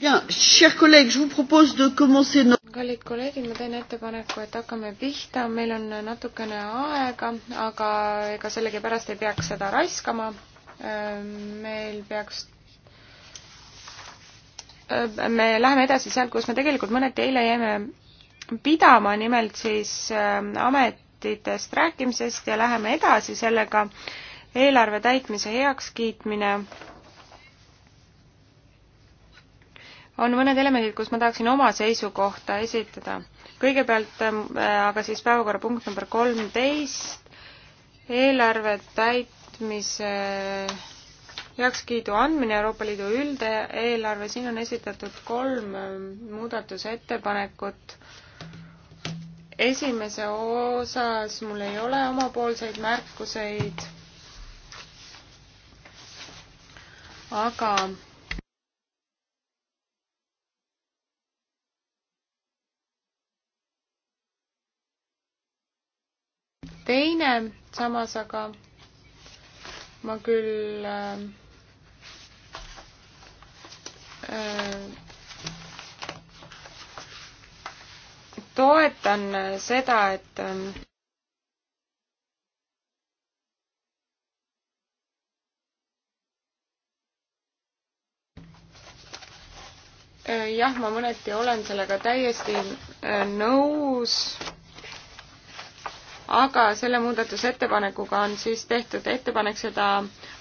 kallid kolleegid, ma teen ettepaneku, et hakkame pihta, meil on natukene aega, aga ega sellegipärast ei peaks seda raiskama. Ehm, meil peaks ehm, me läheme edasi sealt, kus me tegelikult mõneti eile jäime pidama, nimelt siis ehm, ametitest rääkimisest ja läheme edasi sellega eelarve täitmise heakskiitmine on mõned elemendid, kus ma tahaksin oma seisukohta esitada. kõigepealt ähm, äh, aga siis päevakorrapunkt number kolmteist, eelarve täitmise äh, heakskiidu andmine Euroopa Liidu üldeelarve, siin on esitatud kolm ähm, muudatusettepanekut. esimese osas mul ei ole omapoolseid märkuseid, aga teine samas, aga ma küll äh, toetan seda, et äh, jah, ma mõneti olen sellega täiesti äh, nõus aga selle muudatusettepanekuga on siis tehtud ettepanek seda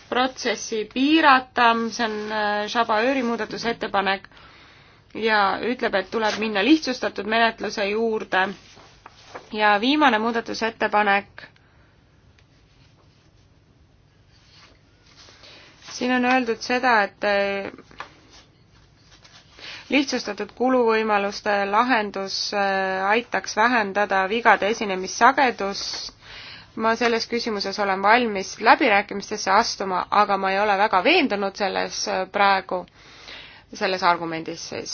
protsessi piirata, see on äh, Shabaööri muudatusettepanek ja ütleb, et tuleb minna lihtsustatud menetluse juurde. ja viimane muudatusettepanek. siin on öeldud seda, et äh, lihtsustatud kuluvõimaluste lahendus äh, aitaks vähendada vigade esinemissagedust. ma selles küsimuses olen valmis läbirääkimistesse astuma, aga ma ei ole väga veendunud selles äh, praegu, selles argumendis siis.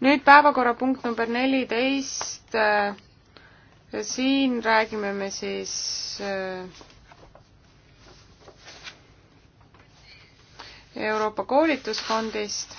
nüüd päevakorrapunkt number neliteist. Äh, siin räägime me siis Euroopa koolitusfondist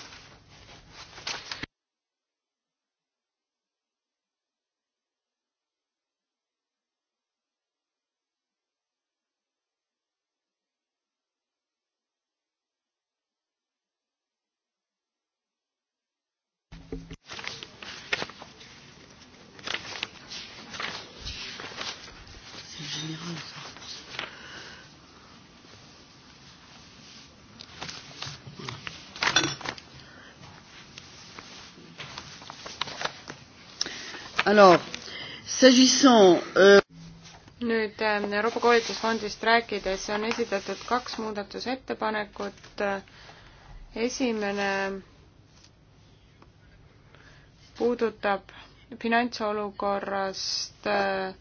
Alors, s'agissant euh... nüüd ähm, Euroopa koolitusfondist rääkides on esitatud kaks muudatusettepanekut. esimene puudutab finantsolukorrast äh,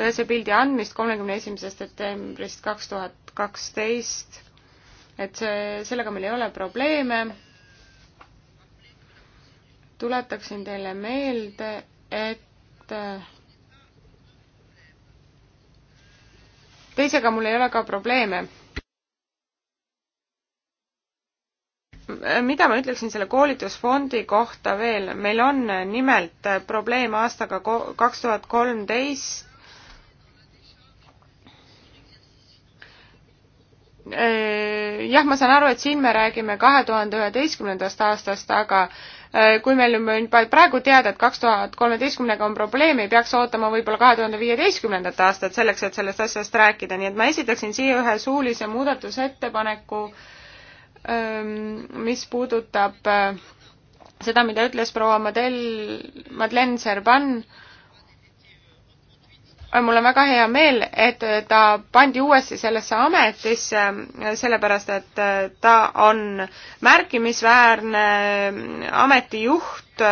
tõese pildi andmist kolmekümne esimesest septembrist kaks tuhat kaksteist. et see, sellega meil ei ole probleeme. tuletaksin teile meelde, et et teisega mul ei ole ka probleeme. mida ma ütleksin selle koolitusfondi kohta veel, meil on nimelt probleem aastaga kaks tuhat kolmteist, jah, ma saan aru, et siin me räägime kahe tuhande üheteistkümnendast aastast, aga Äh, kui meil on juba praegu teada, et kaks tuhat kolmeteistkümnega on probleem, ei peaks ootama võib-olla kahe tuhande viieteistkümnendat aastat selleks, et sellest asjast rääkida, nii et ma esitaksin siia ühe suulise muudatusettepaneku, ähm, mis puudutab äh, seda, mida ütles proua Madel, Madeleine Serban, mul on väga hea meel, et ta pandi uuesti sellesse ametisse, sellepärast et äh, ta on märkimisväärne äh, ametijuht.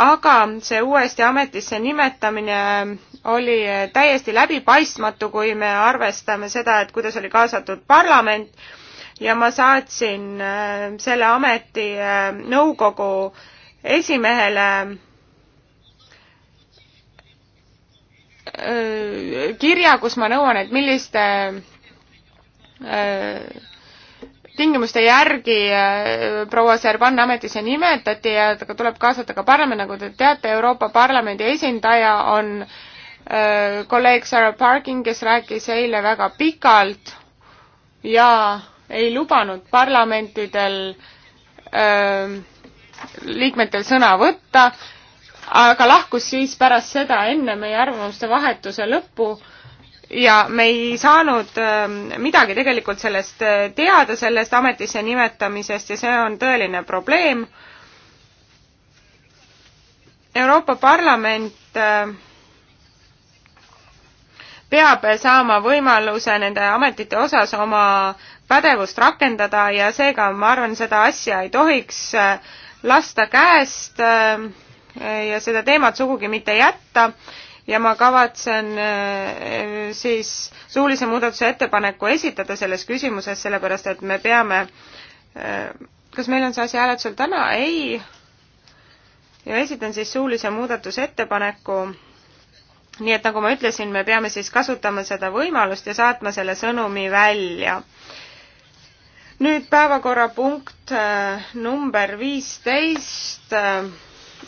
aga see uuesti ametisse nimetamine äh, oli täiesti läbipaistmatu, kui me arvestame seda, et kuidas oli kaasatud parlament ja ma saatsin selle ameti nõukogu esimehele Äh, kirja, kus ma nõuan, et milliste äh, tingimuste järgi äh, proua Serban ametisse nimetati ja temaga tuleb kaasata ka parlament, nagu te teate, Euroopa Parlamendi esindaja on kolleeg Sarah Parkin, kes rääkis eile väga pikalt ja ei lubanud parlamentidel, liikmetel sõna võtta aga lahkus siis pärast seda, enne meie arvamuste vahetuse lõppu ja me ei saanud ähm, midagi tegelikult sellest äh, teada, sellest ametisse nimetamisest ja see on tõeline probleem. Euroopa Parlament äh, peab saama võimaluse nende ametite osas oma pädevust rakendada ja seega ma arvan, seda asja ei tohiks äh, lasta käest äh, ja seda teemat sugugi mitte jätta ja ma kavatsen äh, siis suulise muudatuse ettepaneku esitada selles küsimuses, sellepärast et me peame, äh, kas meil on see asi hääletusel täna? ei. ja esitan siis suulise muudatuse ettepaneku nii et nagu ma ütlesin, me peame siis kasutama seda võimalust ja saatma selle sõnumi välja. nüüd päevakorrapunkt äh, number viisteist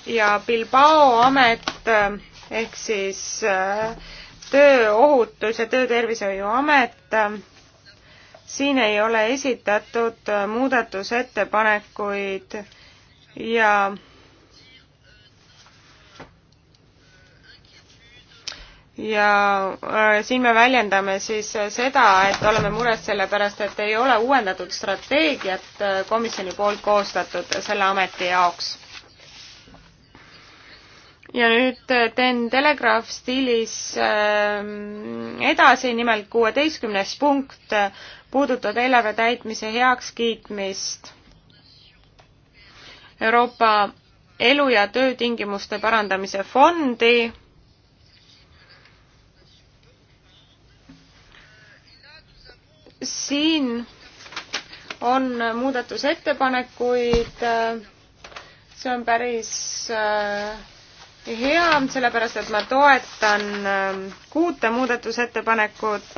ja Bilbao amet eh, ehk siis eh, tööohutus ja töötervishoiuamet. Eh, siin ei ole esitatud muudatusettepanekuid ja ja äh, siin me väljendame siis seda, et oleme mures selle pärast, et ei ole uuendatud strateegiat komisjoni poolt koostatud selle ameti jaoks ja nüüd äh, teen Telegraph stiilis ähm, edasi, nimelt kuueteistkümnes punkt äh, puudutab eelarve täitmise heakskiitmist Euroopa elu- ja töötingimuste parandamise fondi. siin on muudatusettepanekuid, äh, see on päris äh, hea, sellepärast et ma toetan ähm, kuute muudatusettepanekut.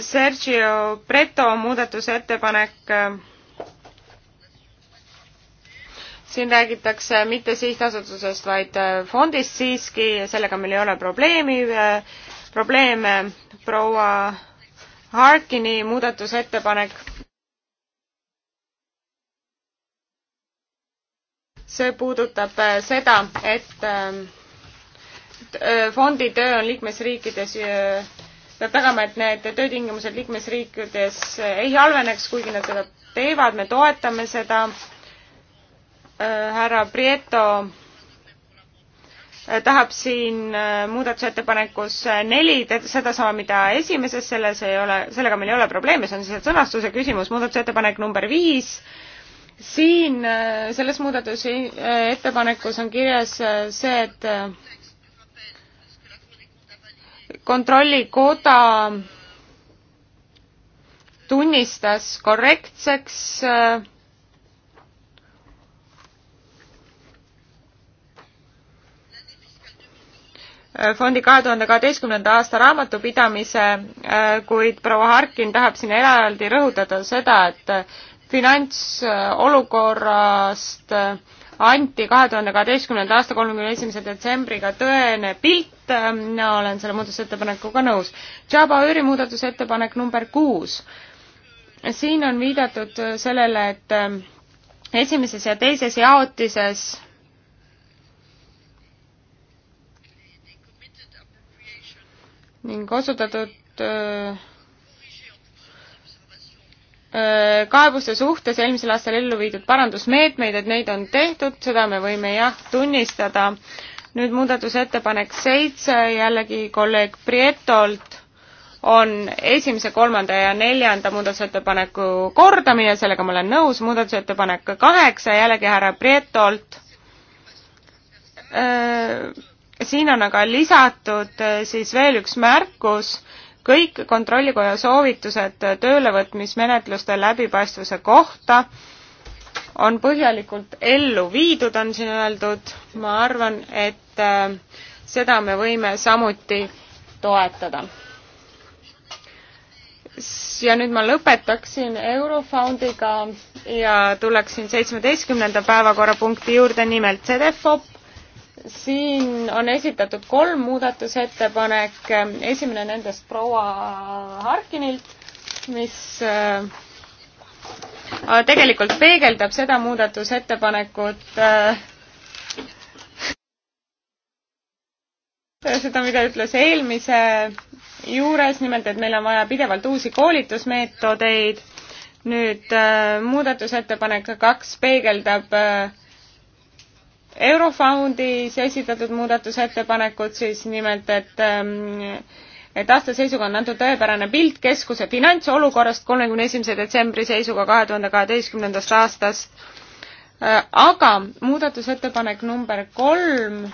Sergio Preto muudatusettepanek. Ähm, siin räägitakse mitte sihtasutusest, vaid äh, fondist siiski ja sellega meil ei ole probleemi, äh, probleeme. proua Harkini muudatusettepanek see puudutab äh, seda, et ähm, äh, fondi töö on liikmesriikides, äh, peab tagama, et need töötingimused liikmesriikides ei halveneks, kuigi nad seda teevad, me toetame seda. härra Prieto tahab siin muudatusettepanekus neli sedasama, mida esimeses, selles ei ole, sellega meil ei ole probleeme, see on lihtsalt sõnastuse küsimus, muudatusettepanek number viis siin äh, selles muudatuse äh, ettepanekus on kirjas äh, see, et kontrollikoda tunnistas korrektseks fondi kahe tuhande kaheteistkümnenda aasta raamatupidamise, kuid proua Harkin tahab siin eraldi rõhutada seda, et finantsolukorrast äh, anti kahe tuhande kaheteistkümnenda aasta kolmekümne esimese detsembriga tõene pilt, äh, mina olen selle muudatusettepanekuga nõus. Java Ööri muudatusettepanek number kuus. siin on viidatud sellele, et äh, esimeses ja teises jaotises ning osutatud öö, kaebuste suhtes eelmisel aastal ellu viidud parandusmeetmeid, et neid on tehtud, seda me võime jah tunnistada. nüüd muudatusettepanek seitse jällegi kolleeg Prietolt on esimese, kolmanda ja neljanda muudatusettepaneku kordamine, sellega ma olen nõus, muudatusettepanek kaheksa jällegi härra Prietolt. siin on aga lisatud siis veel üks märkus kõik Kontrollikoja soovitused töölevõtmismenetluste läbipaistvuse kohta on põhjalikult ellu viidud, on siin öeldud, ma arvan, et äh, seda me võime samuti toetada. ja nüüd ma lõpetaksin Eurofondiga ja tuleksin seitsmeteistkümnenda päevakorrapunkti juurde, nimelt CDFOP siin on esitatud kolm muudatusettepanek, esimene nendest proua Harkinilt, mis äh, tegelikult peegeldab seda muudatusettepanekut, äh, seda, mida ütles eelmise juures, nimelt et meil on vaja pidevalt uusi koolitusmeetodeid, nüüd äh, muudatusettepanek kaks peegeldab äh, Eurofondis esitatud muudatusettepanekud siis nimelt, et ähm, et aasta seisuga on antud tõepärane pilt keskuse finantsolukorrast kolmekümne esimese detsembri seisuga kahe tuhande kaheteistkümnendast aastast. Äh, aga muudatusettepanek number kolm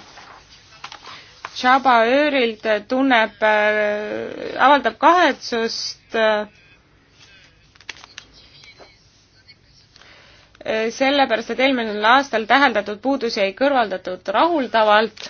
Chaba Öörilt tunneb, äh, avaldab kahetsust äh, Äh, sellepärast, et eelmisel aastal täheldatud puudusi ei kõrvaldatud rahuldavalt.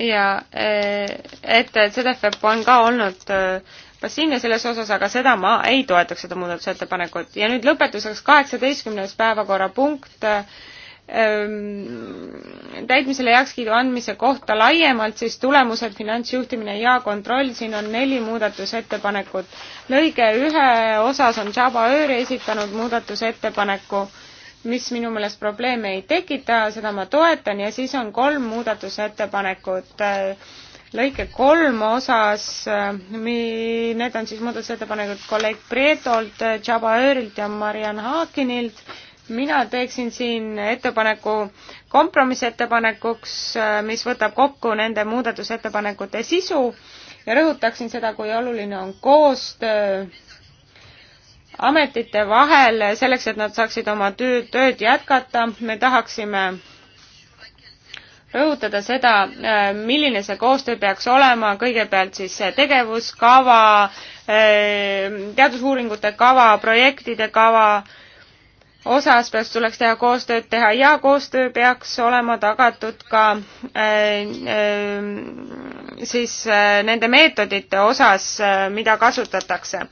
ja äh, et ZDFP on ka olnud äh, passiivne selles osas, aga seda ma ei toetaks, seda muudatusettepanekut. ja nüüd lõpetuseks kaheksateistkümnes päevakorrapunkt äh, täitmisele heakskiidu andmise kohta laiemalt, siis tulemused, finantsjuhtimine ja kontroll, siin on neli muudatusettepanekut. lõige ühe osas on Java Ööri esitanud muudatusettepaneku, mis minu meelest probleeme ei tekita, seda ma toetan ja siis on kolm muudatusettepanekut lõike kolm osas, need on siis muudatusettepanekud kolleeg Bretolt, Java Öörilt ja Mariann Haakinilt mina teeksin siin ettepaneku kompromissettepanekuks, äh, mis võtab kokku nende muudatusettepanekute sisu ja rõhutaksin seda, kui oluline on koostöö ametite vahel selleks, et nad saaksid oma tööd, tööd jätkata. me tahaksime rõhutada seda, äh, milline see koostöö peaks olema, kõigepealt siis tegevuskava, äh, teadusuuringute kava, projektide kava osas peaks, tuleks teha koostööd teha ja koostöö peaks olema tagatud ka äh, äh, siis äh, nende meetodite osas äh,, mida kasutatakse.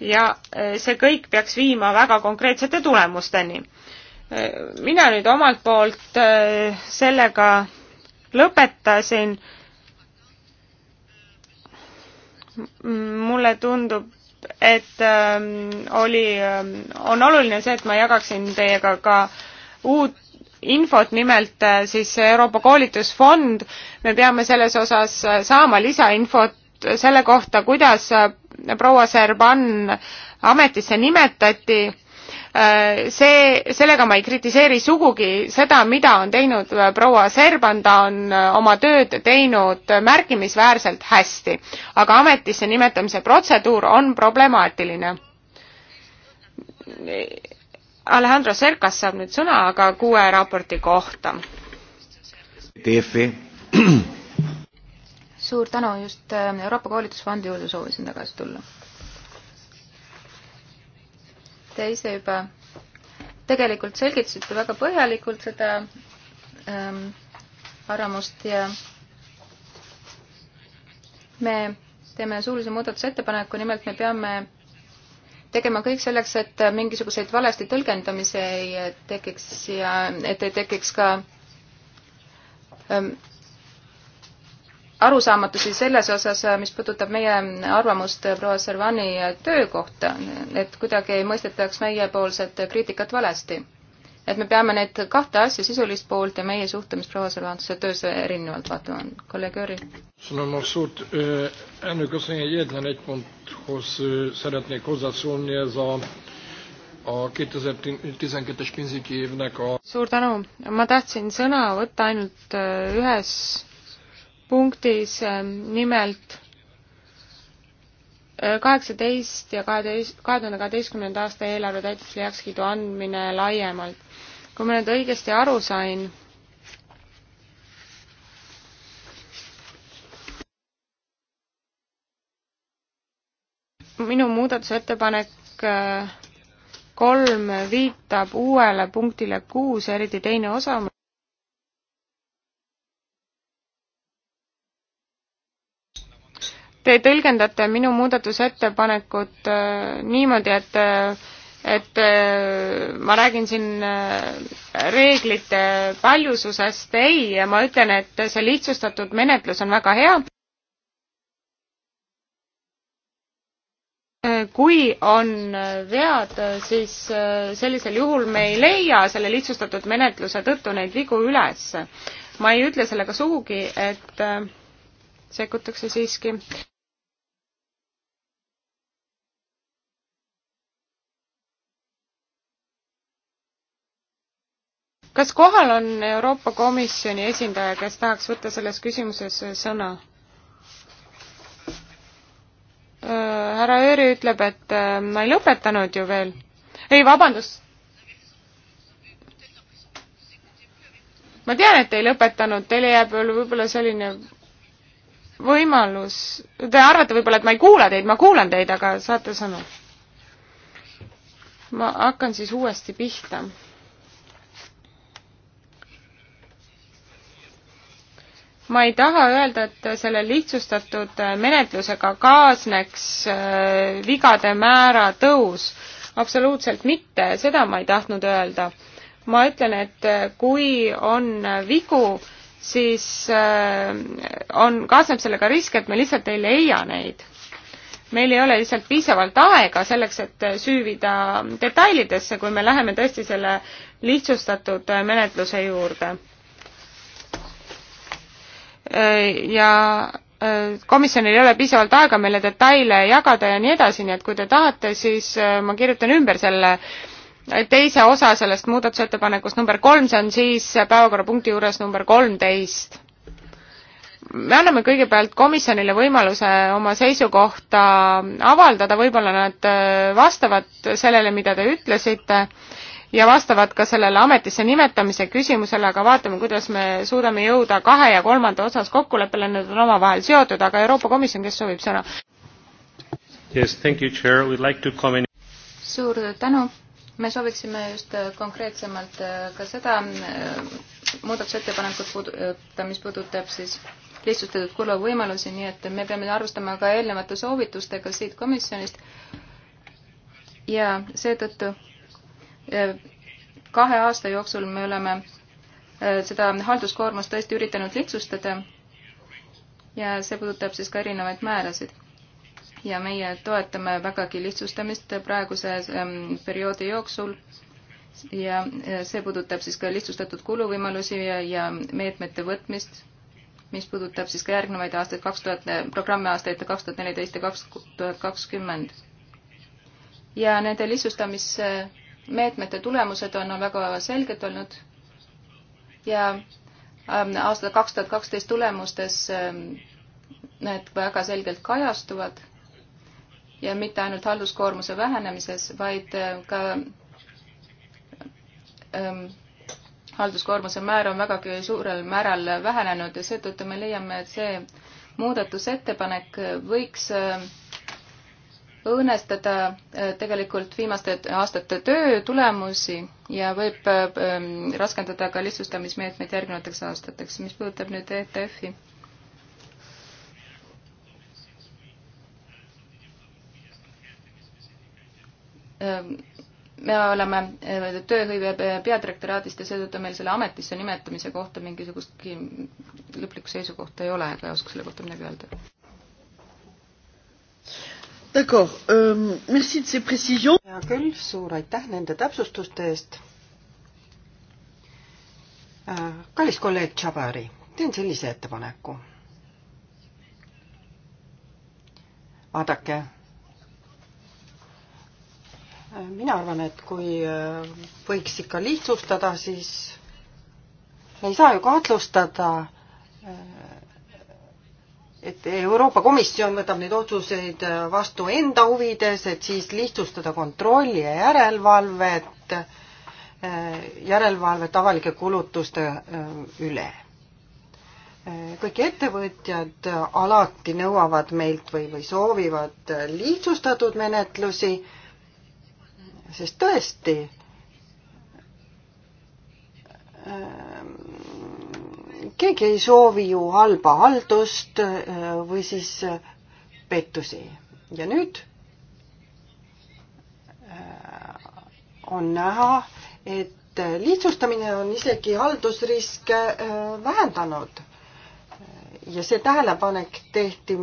ja äh, see kõik peaks viima väga konkreetsete tulemusteni äh,. mina nüüd omalt poolt äh, sellega lõpetasin. mulle tundub et ähm, oli ähm,, on oluline see, et ma jagaksin teiega ka uut infot, nimelt äh, siis Euroopa koolitusfond, me peame selles osas äh, saama lisainfot selle kohta, kuidas äh, proua Serban ametisse nimetati Äh, see, sellega ma ei kritiseeri sugugi seda, mida on teinud äh, proua Serban, ta on äh, oma tööd teinud märkimisväärselt hästi. aga ametisse nimetamise protseduur on problemaatiline. Alejandro Serkas saab nüüd sõna, aga kuue raporti kohta. suur tänu, just Euroopa Koolitusfondi juurde soovisin tagasi tulla Te ise juba tegelikult selgitasite väga põhjalikult seda ähm, arvamust ja me teeme suulise muudatusettepaneku, nimelt me peame tegema kõik selleks, et mingisuguseid valesti tõlgendamisi ei tekiks ja et ei tekiks ka ähm, arusaamatusi selles osas, mis puudutab meie arvamust proua Servani töö kohta, et kuidagi ei mõistetaks meiepoolset kriitikat valesti. et me peame neid kahte asja, sisulist poolt ja meie suhtumist proua Servanuse töös erinevalt vaatama. kolleeg Jüri. sul on maksud, äh, enne kui sa jääd äh, neid poolt, kus sa oled neid konsultatsioone ja sa a 2012-es pénzügyi évnek a... Suur tänu! Ma tahtsin sõna võtta ainult äh, ühes punktis, ähm, nimelt äh, kaheksateist ja kaheteist, kahe tuhande kaheteistkümnenda aasta eelarve täitmisele heakskiidu andmine laiemalt. kui ma nüüd õigesti aru sain, minu muudatusettepanek äh, kolm viitab uuele punktile kuus, eriti teine osa. Te tõlgendate minu muudatusettepanekut äh, niimoodi, et äh, et äh, ma räägin siin reeglite paljususest, ei, ma ütlen, et see lihtsustatud menetlus on väga hea. kui on vead, siis sellisel juhul me ei leia selle lihtsustatud menetluse tõttu neid vigu üles. ma ei ütle sellega sugugi, et sekkutakse siiski kas kohal on Euroopa Komisjoni esindaja, kes tahaks võtta selles küsimuses sõna? Äh, härra Ööri ütleb, et äh, ma ei lõpetanud ju veel. ei, vabandust. ma tean, et te ei lõpetanud, teile jääb veel võib-olla selline võimalus, te arvate võib-olla, et ma ei kuula teid, ma kuulan teid, aga saate sõnu. ma hakkan siis uuesti pihta ma ei taha öelda, et selle lihtsustatud äh, menetlusega kaasneks äh, vigade määra tõus. absoluutselt mitte, seda ma ei tahtnud öelda. ma ütlen, et äh, kui on vigu, siis on, kaasneb sellega risk, et me lihtsalt ei leia neid. meil ei ole lihtsalt piisavalt aega selleks, et süüvida detailidesse, kui me läheme tõesti selle lihtsustatud menetluse juurde Äh, ja äh, komisjonil ei ole piisavalt aega meile detaile jagada ja nii edasi, nii et kui te tahate, siis äh, ma kirjutan ümber selle teise osa sellest muudatusettepanekust number kolm, see on siis päevakorrapunkti juures number kolmteist. me anname kõigepealt komisjonile võimaluse oma seisukohta avaldada, võib-olla nad vastavad sellele, mida te ütlesite ja vastavad ka sellele ametisse nimetamise küsimusele, aga vaatame, kuidas me suudame jõuda kahe ja kolmanda osas kokkuleppele, need on omavahel seotud, aga Euroopa Komisjon, kes soovib sõna? Yes, thank you, chair, we'd like to comment. suur tänu, me sooviksime just konkreetsemalt äh, ka seda äh, muudatusettepanekut puuduta, äh, mis puudutab siis lihtsustatud kuluvõimalusi, nii et me peame arvestama ka eelnevate soovitustega siit komisjonist ja seetõttu kahe aasta jooksul me oleme äh, seda halduskoormust tõesti üritanud lihtsustada ja see puudutab siis ka erinevaid määrasid. ja meie toetame vägagi lihtsustamist praeguse ähm, perioodi jooksul ja äh, see puudutab siis ka lihtsustatud kuluvõimalusi ja, ja meetmete võtmist, mis puudutab siis ka järgnevaid aastaid, kaks tuhat, äh, programmi aastaid kaks tuhat neliteist ja kaks tuhat kakskümmend. ja nende lihtsustamise meetmete tulemused on väga selged olnud ja ähm, aasta kaks tuhat kaksteist tulemustes ähm, need väga selgelt kajastuvad ja mitte ainult halduskoormuse vähenemises, vaid äh, ka ähm, halduskoormuse määr on vägagi suurel määral vähenenud ja seetõttu me leiame, et see muudatusettepanek võiks äh, õõnestada äh, tegelikult viimaste aastate töö tulemusi ja võib ähm, raskendada ka lihtsustamismeetmeid järgnevateks aastateks. mis puudutab nüüd ETF-i, ähm, me oleme äh, tööhõive peadirektoraadist ja seetõttu meil selle ametisse nimetamise kohta mingisugust lõplikku seisukohta ei ole, ega ei oska selle kohta midagi öelda. D'accord euh,, merci de ces précisions. hea küll, suur aitäh nende täpsustuste eest. Äh, kallis kolleeg Tšabari, teen sellise ettepaneku. vaadake, äh, mina arvan, et kui äh, võiks ikka lihtsustada, siis ei saa ju kahtlustada et Euroopa Komisjon võtab neid otsuseid vastu enda huvides, et siis lihtsustada kontrolli ja järelevalvet, äh, järelevalvet avalike kulutuste äh, üle. Äh, kõik ettevõtjad alati nõuavad meilt või, või soovivad lihtsustatud menetlusi, sest tõesti, keegi ei soovi ju halba haldust äh, või siis äh, pettusi. ja nüüd äh, on näha, et lihtsustamine on isegi haldusriske vähendanud. ja see tähelepanek tehti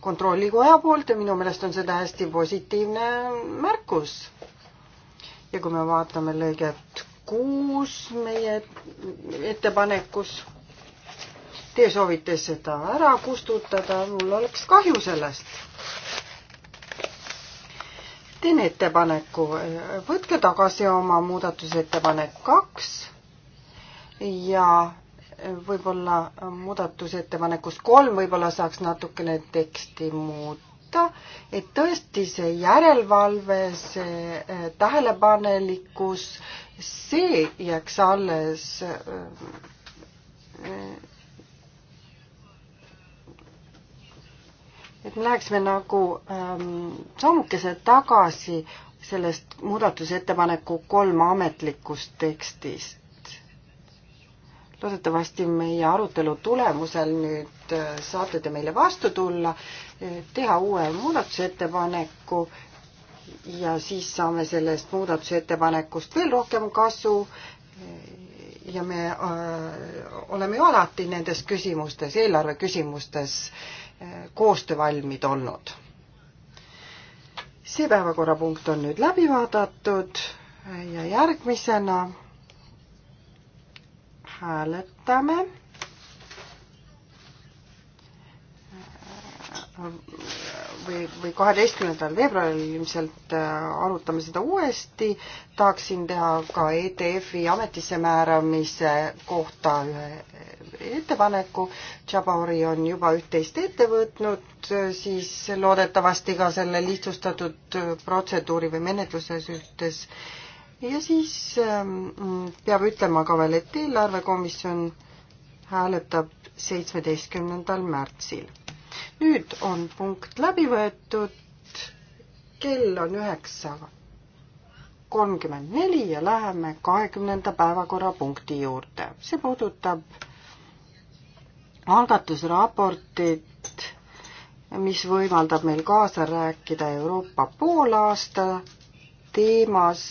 kontrollikoja poolt ja minu meelest on see täiesti positiivne märkus. ja kui me vaatame lõiget kuus meie ettepanekus Teie soovite seda ära kustutada, mul oleks kahju sellest. teen ettepaneku, võtke tagasi oma muudatusettepanek kaks ja võib-olla muudatusettepanekus kolm võib-olla saaks natukene teksti muuta, et tõesti see järelevalve, see tähelepanelikkus, see jääks alles et me läheksime nagu ähm, sammukese tagasi sellest muudatusettepaneku kolm ametlikust tekstist. loodetavasti meie arutelu tulemusel nüüd äh, saate te meile vastu tulla, äh, teha uue muudatusettepaneku ja siis saame sellest muudatusettepanekust veel rohkem kasu äh, ja me äh, oleme ju alati nendes küsimustes, eelarve küsimustes äh, koostöövalmid olnud. see päevakorrapunkt on nüüd läbi vaadatud ja järgmisena hääletame või, või kaheteistkümnendal veebruaril ilmselt äh, arutame seda uuesti. tahaksin teha ka ETF-i ametisse määramise kohta ühe ettepaneku. Jabari on juba üht-teist ette võtnud, siis loodetavasti ka selle lihtsustatud protseduuri või menetluse suhtes. ja siis ähm, peab ütlema ka veel, et eelarvekomisjon hääletab seitsmeteistkümnendal märtsil. nüüd on punkt läbi võetud, kell on üheksa kolmkümmend neli ja läheme kahekümnenda päevakorrapunkti juurde. see puudutab algatusraportit, mis võimaldab meil kaasa rääkida Euroopa poolaasta teemas.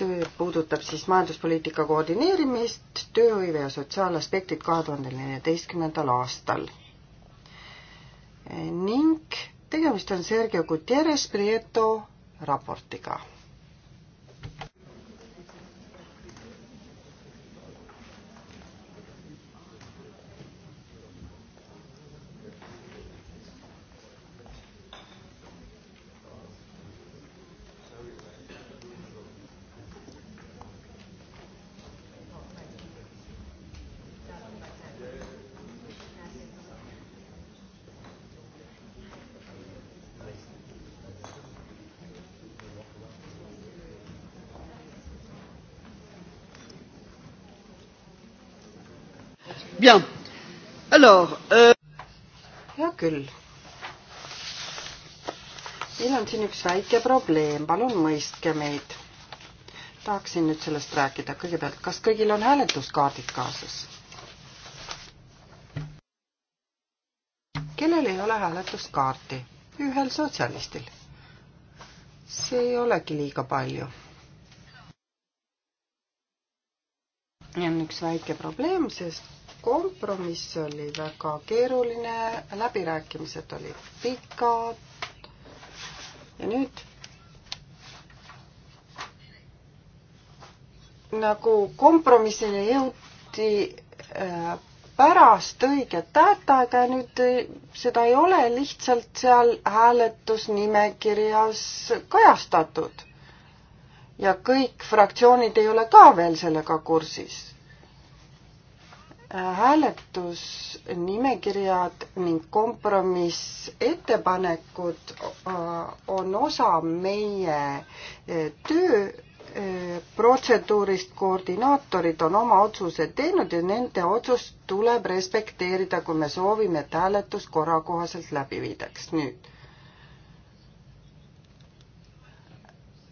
see puudutab siis majanduspoliitika koordineerimist, tööhõive ja sotsiaalaspektid kahe tuhande neljateistkümnendal aastal. ning tegemist on Sergio Gutierrez Prieto raportiga Bien. Alors, euh... hea küll. meil on siin üks väike probleem, palun mõistke meid. tahaksin nüüd sellest rääkida. kõigepealt, kas kõigil on hääletuskaardid kaasas? kellel ei ole hääletuskaarti? ühel sotsialistil. see ei olegi liiga palju ja on üks väike probleem, sest kompromiss oli väga keeruline, läbirääkimised olid pikad. ja nüüd nagu kompromissini jõuti äh, pärast õiget tähtaega ja nüüd äh, seda ei ole lihtsalt seal hääletusnimekirjas kajastatud. ja kõik fraktsioonid ei ole ka veel sellega kursis hääletusnimekirjad ning kompromissettepanekud äh, on osa meie äh, tööprotseduurist, äh, koordinaatorid on oma otsuse teinud ja nende otsust tuleb respekteerida, kui me soovime, et hääletus korrakohaselt läbi viidaks. nüüd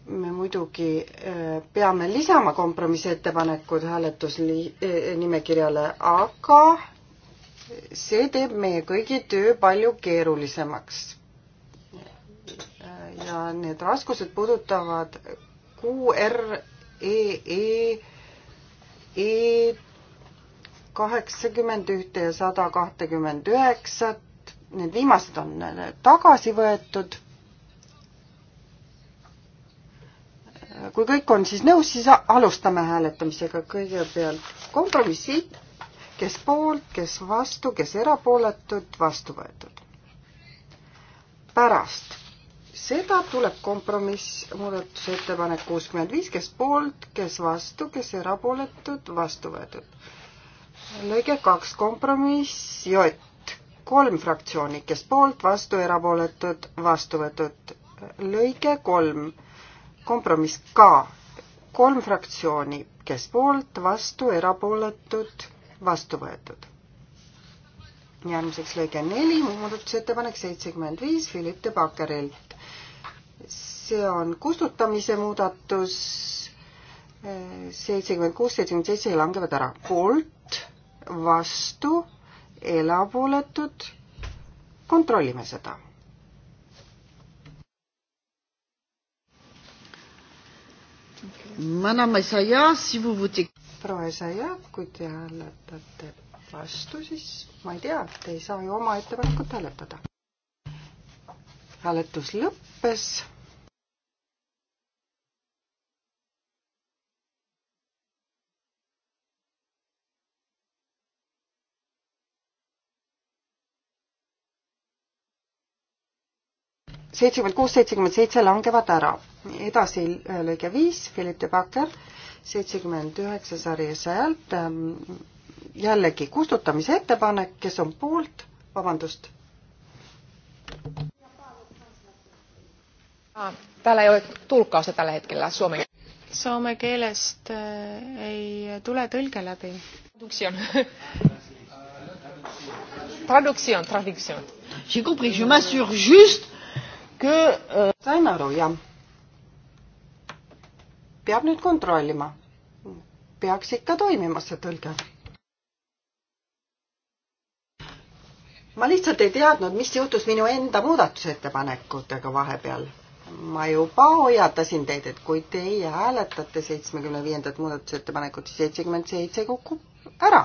me muidugi äh, peame lisama kompromissettepanekud hääletusnimekirjale, äh, aga see teeb meie kõigi töö palju keerulisemaks. ja need raskused puudutavad QREE e, e kaheksakümmend ühte ja sada kahtekümmend üheksat, need viimased on tagasi võetud kui kõik on siis nõus, siis alustame hääletamisega kõigepealt kompromissid, kes poolt, kes vastu, kes erapooletud, vastu võetud. pärast seda tuleb kompromiss, muudatusettepanek kuuskümmend viis, kes poolt, kes vastu, kes erapooletud, vastu võetud. lõige kaks, kompromiss J, kolm fraktsiooni, kes poolt, vastu, erapooletud, vastu võetud. lõige kolm kompromiss ka, kolm fraktsiooni, kes poolt, vastu, erapooletud, vastu võetud. järgmiseks lõige neli, muudatusettepanek seitsekümmend viis Philipp de Bakkerilt. see on kustutamise muudatus, seitsekümmend kuus, seitsekümmend seitse langevad ära, poolt, vastu, erapooletud, kontrollime seda Madame Esaja, si vous votez. proua Esaja, kui te hääletate vastu, siis ma ei tea, te ei saa ju oma ettepanekut hääletada. hääletus lõppes. seitsekümmend kuus, seitsekümmend seitse langevad ära edasi äh, lõige viis, Philip de Backer, seitsekümmend üheksa sari sajalt, ähm, jällegi kustutamise ettepanek, kes on poolt, vabandust. Ah, täällä ei ole tulkkausta tällä hetkellä suomen Soome keelest äh, ei tule tõlge läbi. Traduction. Traduction, traduction. J'ai compris, je m'assure juste que... Euh... Sain aru, jah peab nüüd kontrollima. peaks ikka toimima see tõlge. ma lihtsalt ei teadnud, mis juhtus minu enda muudatusettepanekutega vahepeal. ma juba hoiatasin teid, et kui teie hääletate seitsmekümne viiendat muudatusettepanekut, siis seitsekümmend seitse kukub ära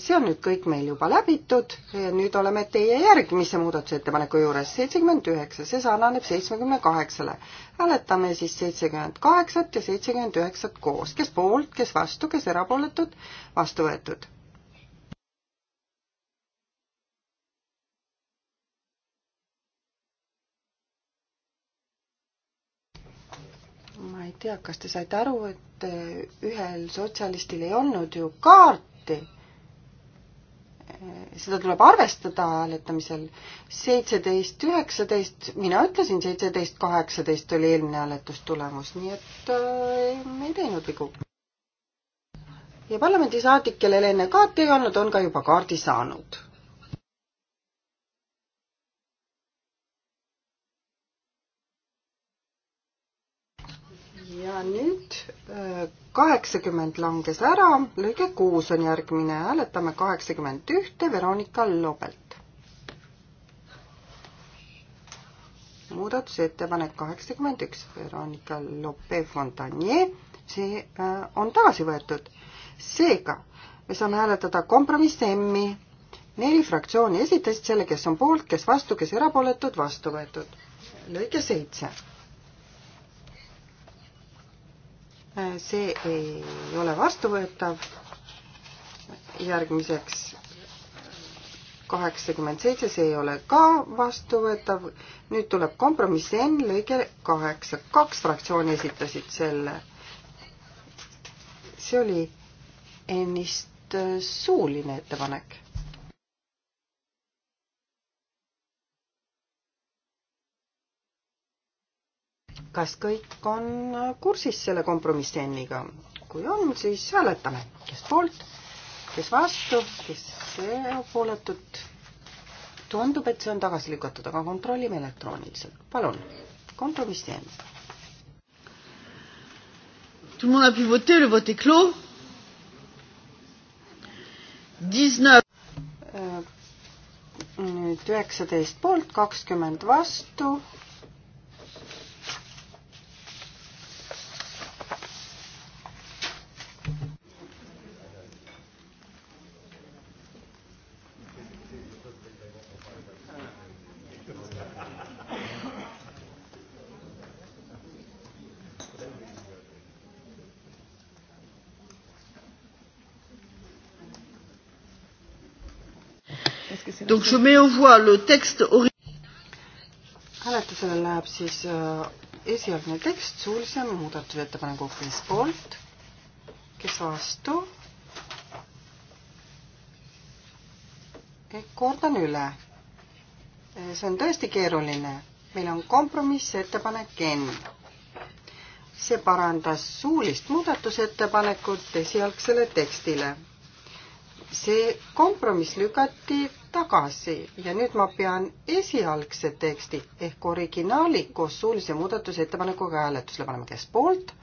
see on nüüd kõik meil juba läbitud ja nüüd oleme teie järgmise muudatusettepaneku juures, seitsekümmend üheksa, see sarnaneb seitsmekümne kaheksale. hääletame siis seitsekümmend kaheksat ja seitsekümmend üheksat koos, kes poolt, kes vastu, kes erapooletud, vastu võetud. ma ei tea, kas te saite aru, et äh, ühel sotsialistil ei olnud ju kaarti seda tuleb arvestada hääletamisel. seitseteist, üheksateist, mina ütlesin seitseteist, kaheksateist oli eelmine hääletustulemus, nii et äh, me ei teinud vigu. ja parlamendisaadik, kellel enne kaarti ei olnud, on ka juba kaardi saanud ja nüüd äh, kaheksakümmend langes ära, lõige kuus on järgmine, hääletame kaheksakümmend ühte Veronika Lobelt. muudatusettepanek kaheksakümmend üks Veronika Lope Fontanier, see äh, on tagasi võetud. seega me saame hääletada kompromiss M-i. neli fraktsiooni esitasid selle, kes on poolt, kes vastu, kes erapooletud, vastu võetud. lõige seitse see ei ole vastuvõetav. järgmiseks kaheksakümmend seitse, see ei ole ka vastuvõetav. nüüd tuleb kompromiss N lõige kaheksa, kaks fraktsiooni esitasid selle. see oli ennist suuline ettepanek kas kõik on kursis selle kompromissi enniga? kui on, siis hääletame, kes poolt, kes vastu, kes pooletud. tundub, et see on tagasi lükatud, aga kontrollime elektrooniliselt. palun, kompromissi enn. Tout le monde a pu voter, le vote est clos. 19 äh, nüüd üheksateist poolt, kakskümmend vastu, Donc je mets au voie le texte ori-. hääletusele läheb siis äh, esialgne tekst suulise muudatusettepaneku kes poolt, kes vastu. kordan üle. Äh, see on tõesti keeruline. meil on kompromissettepanek N. see parandas suulist muudatusettepanekut esialgsele tekstile see kompromiss lükati tagasi ja nüüd ma pean esialgse teksti ehk originaali koos suulise muudatusettepanekuga hääletusele panema, kes poolt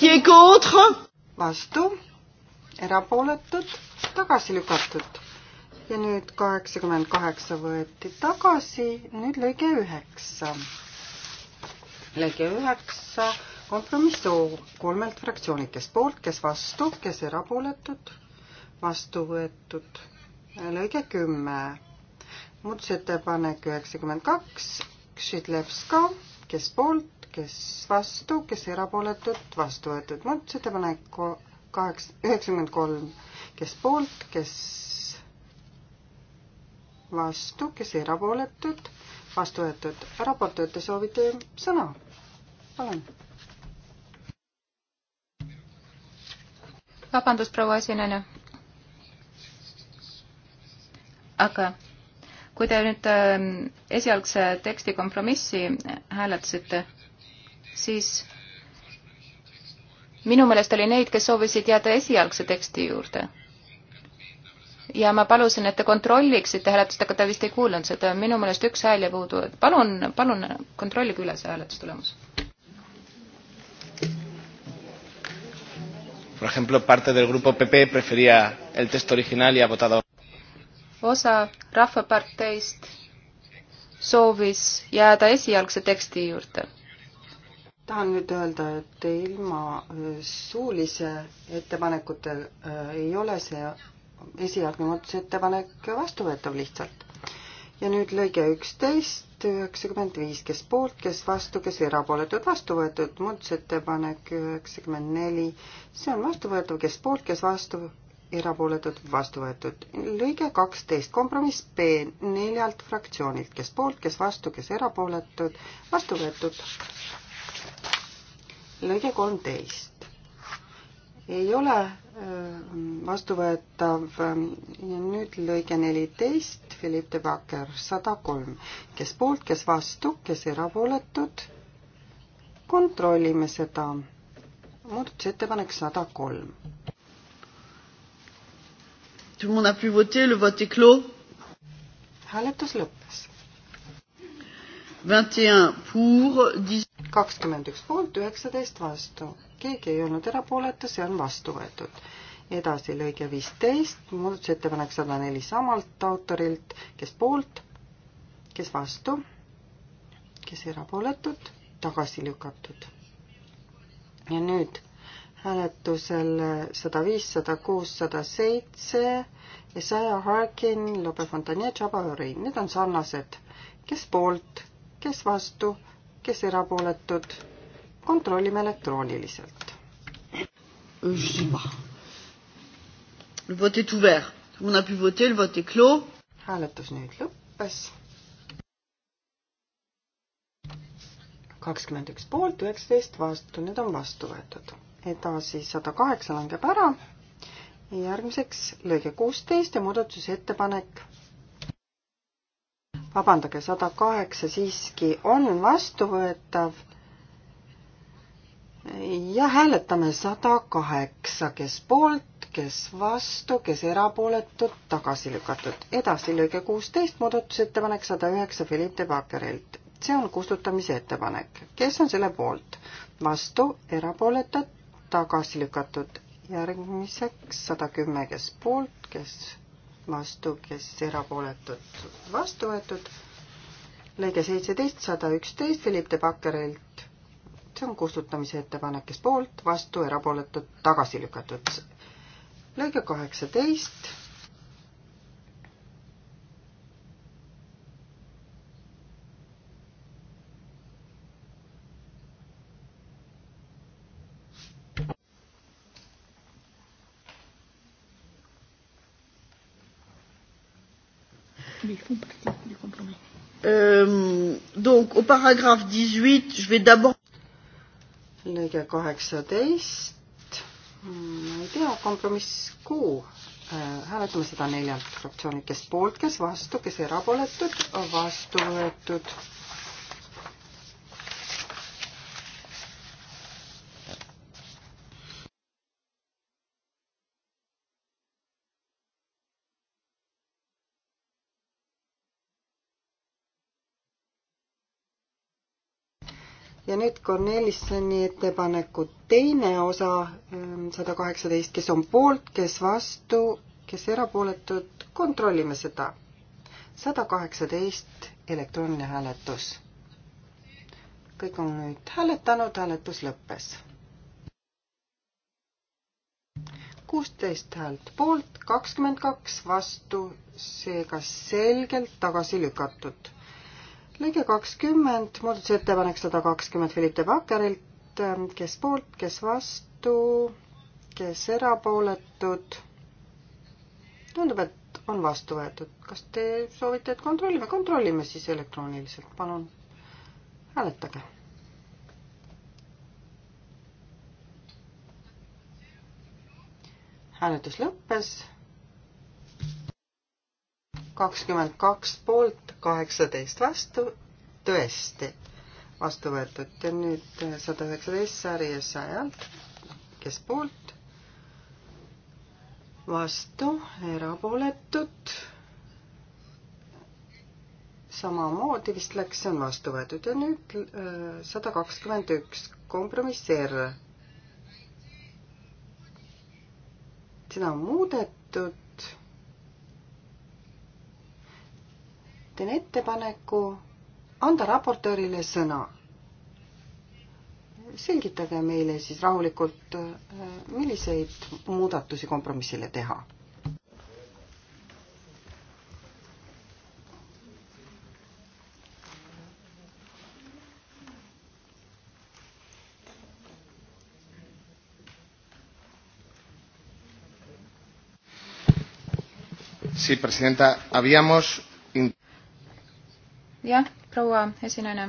qui est contre vastu, erapooletud, tagasi lükatud. ja nüüd kaheksakümmend kaheksa võeti tagasi, nüüd lõige üheksa. lõige üheksa, kompromiss O kolmelt fraktsioonilt, kes poolt, kes vastu, kes erapooletud, vastu võetud. lõige kümme, muudatusettepanek üheksakümmend kaks, Kšitlevska, kes poolt, kes vastu, kes erapooletud, vastu võetud. muudatusettepanek kaheksa, üheksakümmend kolm, kes poolt, kes vastu, kes erapooletud, vastu võetud. raportööte soovite sõna? palun vabandust, proua esinejana. aga kui te nüüd ähm, esialgse teksti kompromissi hääletasite, siis minu meelest oli neid, kes soovisid jääda esialgse teksti juurde. ja ma palusin, et te kontrolliksite hääletust, aga ta vist ei kuulanud seda, minu meelest üks hääl jäi puudu, et palun, palun kontrollige üle see hääletustulemus Por ejemplo, parte del grupo PP prefería el texto original y ha votado. osa Rahvaparteist soovis jääda esialgse teksti juurde. tahan nüüd öelda, et ilma äh, suulise ettepanekuta äh, ei ole see esialgne muudatusettepanek vastuvõetav lihtsalt ja nüüd lõige üksteist, üheksakümmend viis, kes poolt, kes vastu, kes erapooletud, vastu võetud, muudatusettepanek üheksakümmend neli, see on vastuvõetav, kes poolt, kes vastu, erapooletud, vastu võetud. lõige kaksteist, kompromiss B neljalt fraktsioonilt, kes poolt, kes vastu, kes erapooletud, vastu võetud. lõige kolmteist ei ole äh, vastuvõetav ja nüüd lõige neliteist, Philippe de Backer, sada kolm. kes poolt, kes vastu, kes erapooletud? kontrollime seda. muudatusettepanek sada kolm. Tout le monde a pu voter, le vote est clos. Hääletus lõppes. 21 pour 10... 21 poolt, 19 vastu. Keegi ei olnud erapooletu, see on vastu võetud edasi lõige viisteist, muudatusettepanek sada neli samalt autorilt, kes poolt, kes vastu, kes erapooletud, tagasi lükatud. ja nüüd hääletusel sada viis, sada kuus, sada seitse, Esaja Harkin, Lope Fontanier, Tšabaõri, need on sarnased. kes poolt, kes vastu, kes erapooletud, kontrollime elektrooniliselt. Živa Le vote est ouvert. Tout le monde a pu voter, le vote est clos. hääletus nüüd lõppes. kakskümmend üks poolt, üheksateist vastu, need on vastu võetud. edasi sada kaheksa langeb ära. järgmiseks lõige kuusteist ja muudatusettepanek. vabandage, sada kaheksa siiski on vastuvõetav. ja hääletame sada kaheksa, kes poolt, kes vastu, kes erapooletud, tagasi lükatud. edasi lõige kuusteist, muudatusettepanek sada üheksa Philip de Bakkerilt. see on kustutamise ettepanek. kes on selle poolt? vastu, erapooletud, tagasi lükatud. järgmiseks sada kümme, kes poolt, kes vastu, kes erapooletud, vastu võetud. lõige seitseteist, sada üksteist Philip de Bakkerilt see on kustutamise ettepanek, kes poolt, vastu, erapooletud, tagasi lükatud lõige kaheksateist. Euh, donc au paragraphe 18, je vais d'abord. lõige kaheksateist ma ei tea, kompromiss kuu. Äh, hääletame seda neljalt fraktsioonilt, kes poolt, kes vastu, kes erapooletud, vastu võetud Kolleeg Cornelissoni ettepaneku teine osa, ähm, sada kaheksateist, kes on poolt, kes vastu, kes erapooletud, kontrollime seda. sada kaheksateist, elektrooniline hääletus. kõik on nüüd hääletanud, hääletus lõppes. kuusteist häält poolt, kakskümmend kaks vastu, seega selgelt tagasi lükatud lõige kakskümmend, muudatusettepanek sada kakskümmend Philippe Bakkerilt, kes poolt, kes vastu, kes erapooletud. tundub, et on vastu võetud. kas te soovite, et kontrollime? kontrollime siis elektrooniliselt, palun. hääletage hääletus lõppes kakskümmend kaks poolt, kaheksateist vastu, tõesti vastu võetud ja nüüd sada üheksateist sarja sajalt, kes poolt, vastu, erapooletud, samamoodi vist läks, see on vastu võetud ja nüüd äh, sada kakskümmend üks, kompromiss R. seda on muudetud teen ettepaneku anda raportöörile sõna. selgitage meile siis rahulikult, äh, milliseid muudatusi kompromissile teha Sí, presidenta. Habíamos jah, proua esinaine.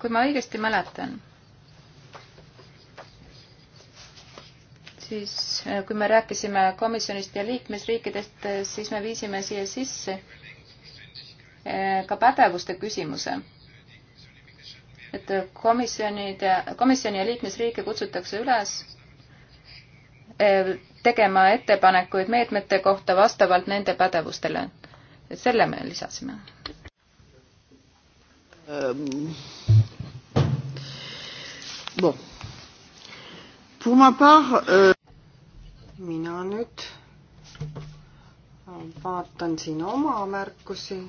kui ma õigesti mäletan, siis äh, kui me rääkisime komisjonist ja liikmesriikidest, äh, siis me viisime siia sisse äh, ka pädevuste küsimuse. et komisjonide, komisjoni ja liikmesriike kutsutakse üles tegema ettepanekuid meetmete kohta vastavalt nende pädevustele et selle me lisasime ähm.. Bon. Pour ma part, euh... mina nüüd äh, vaatan siin oma märkusi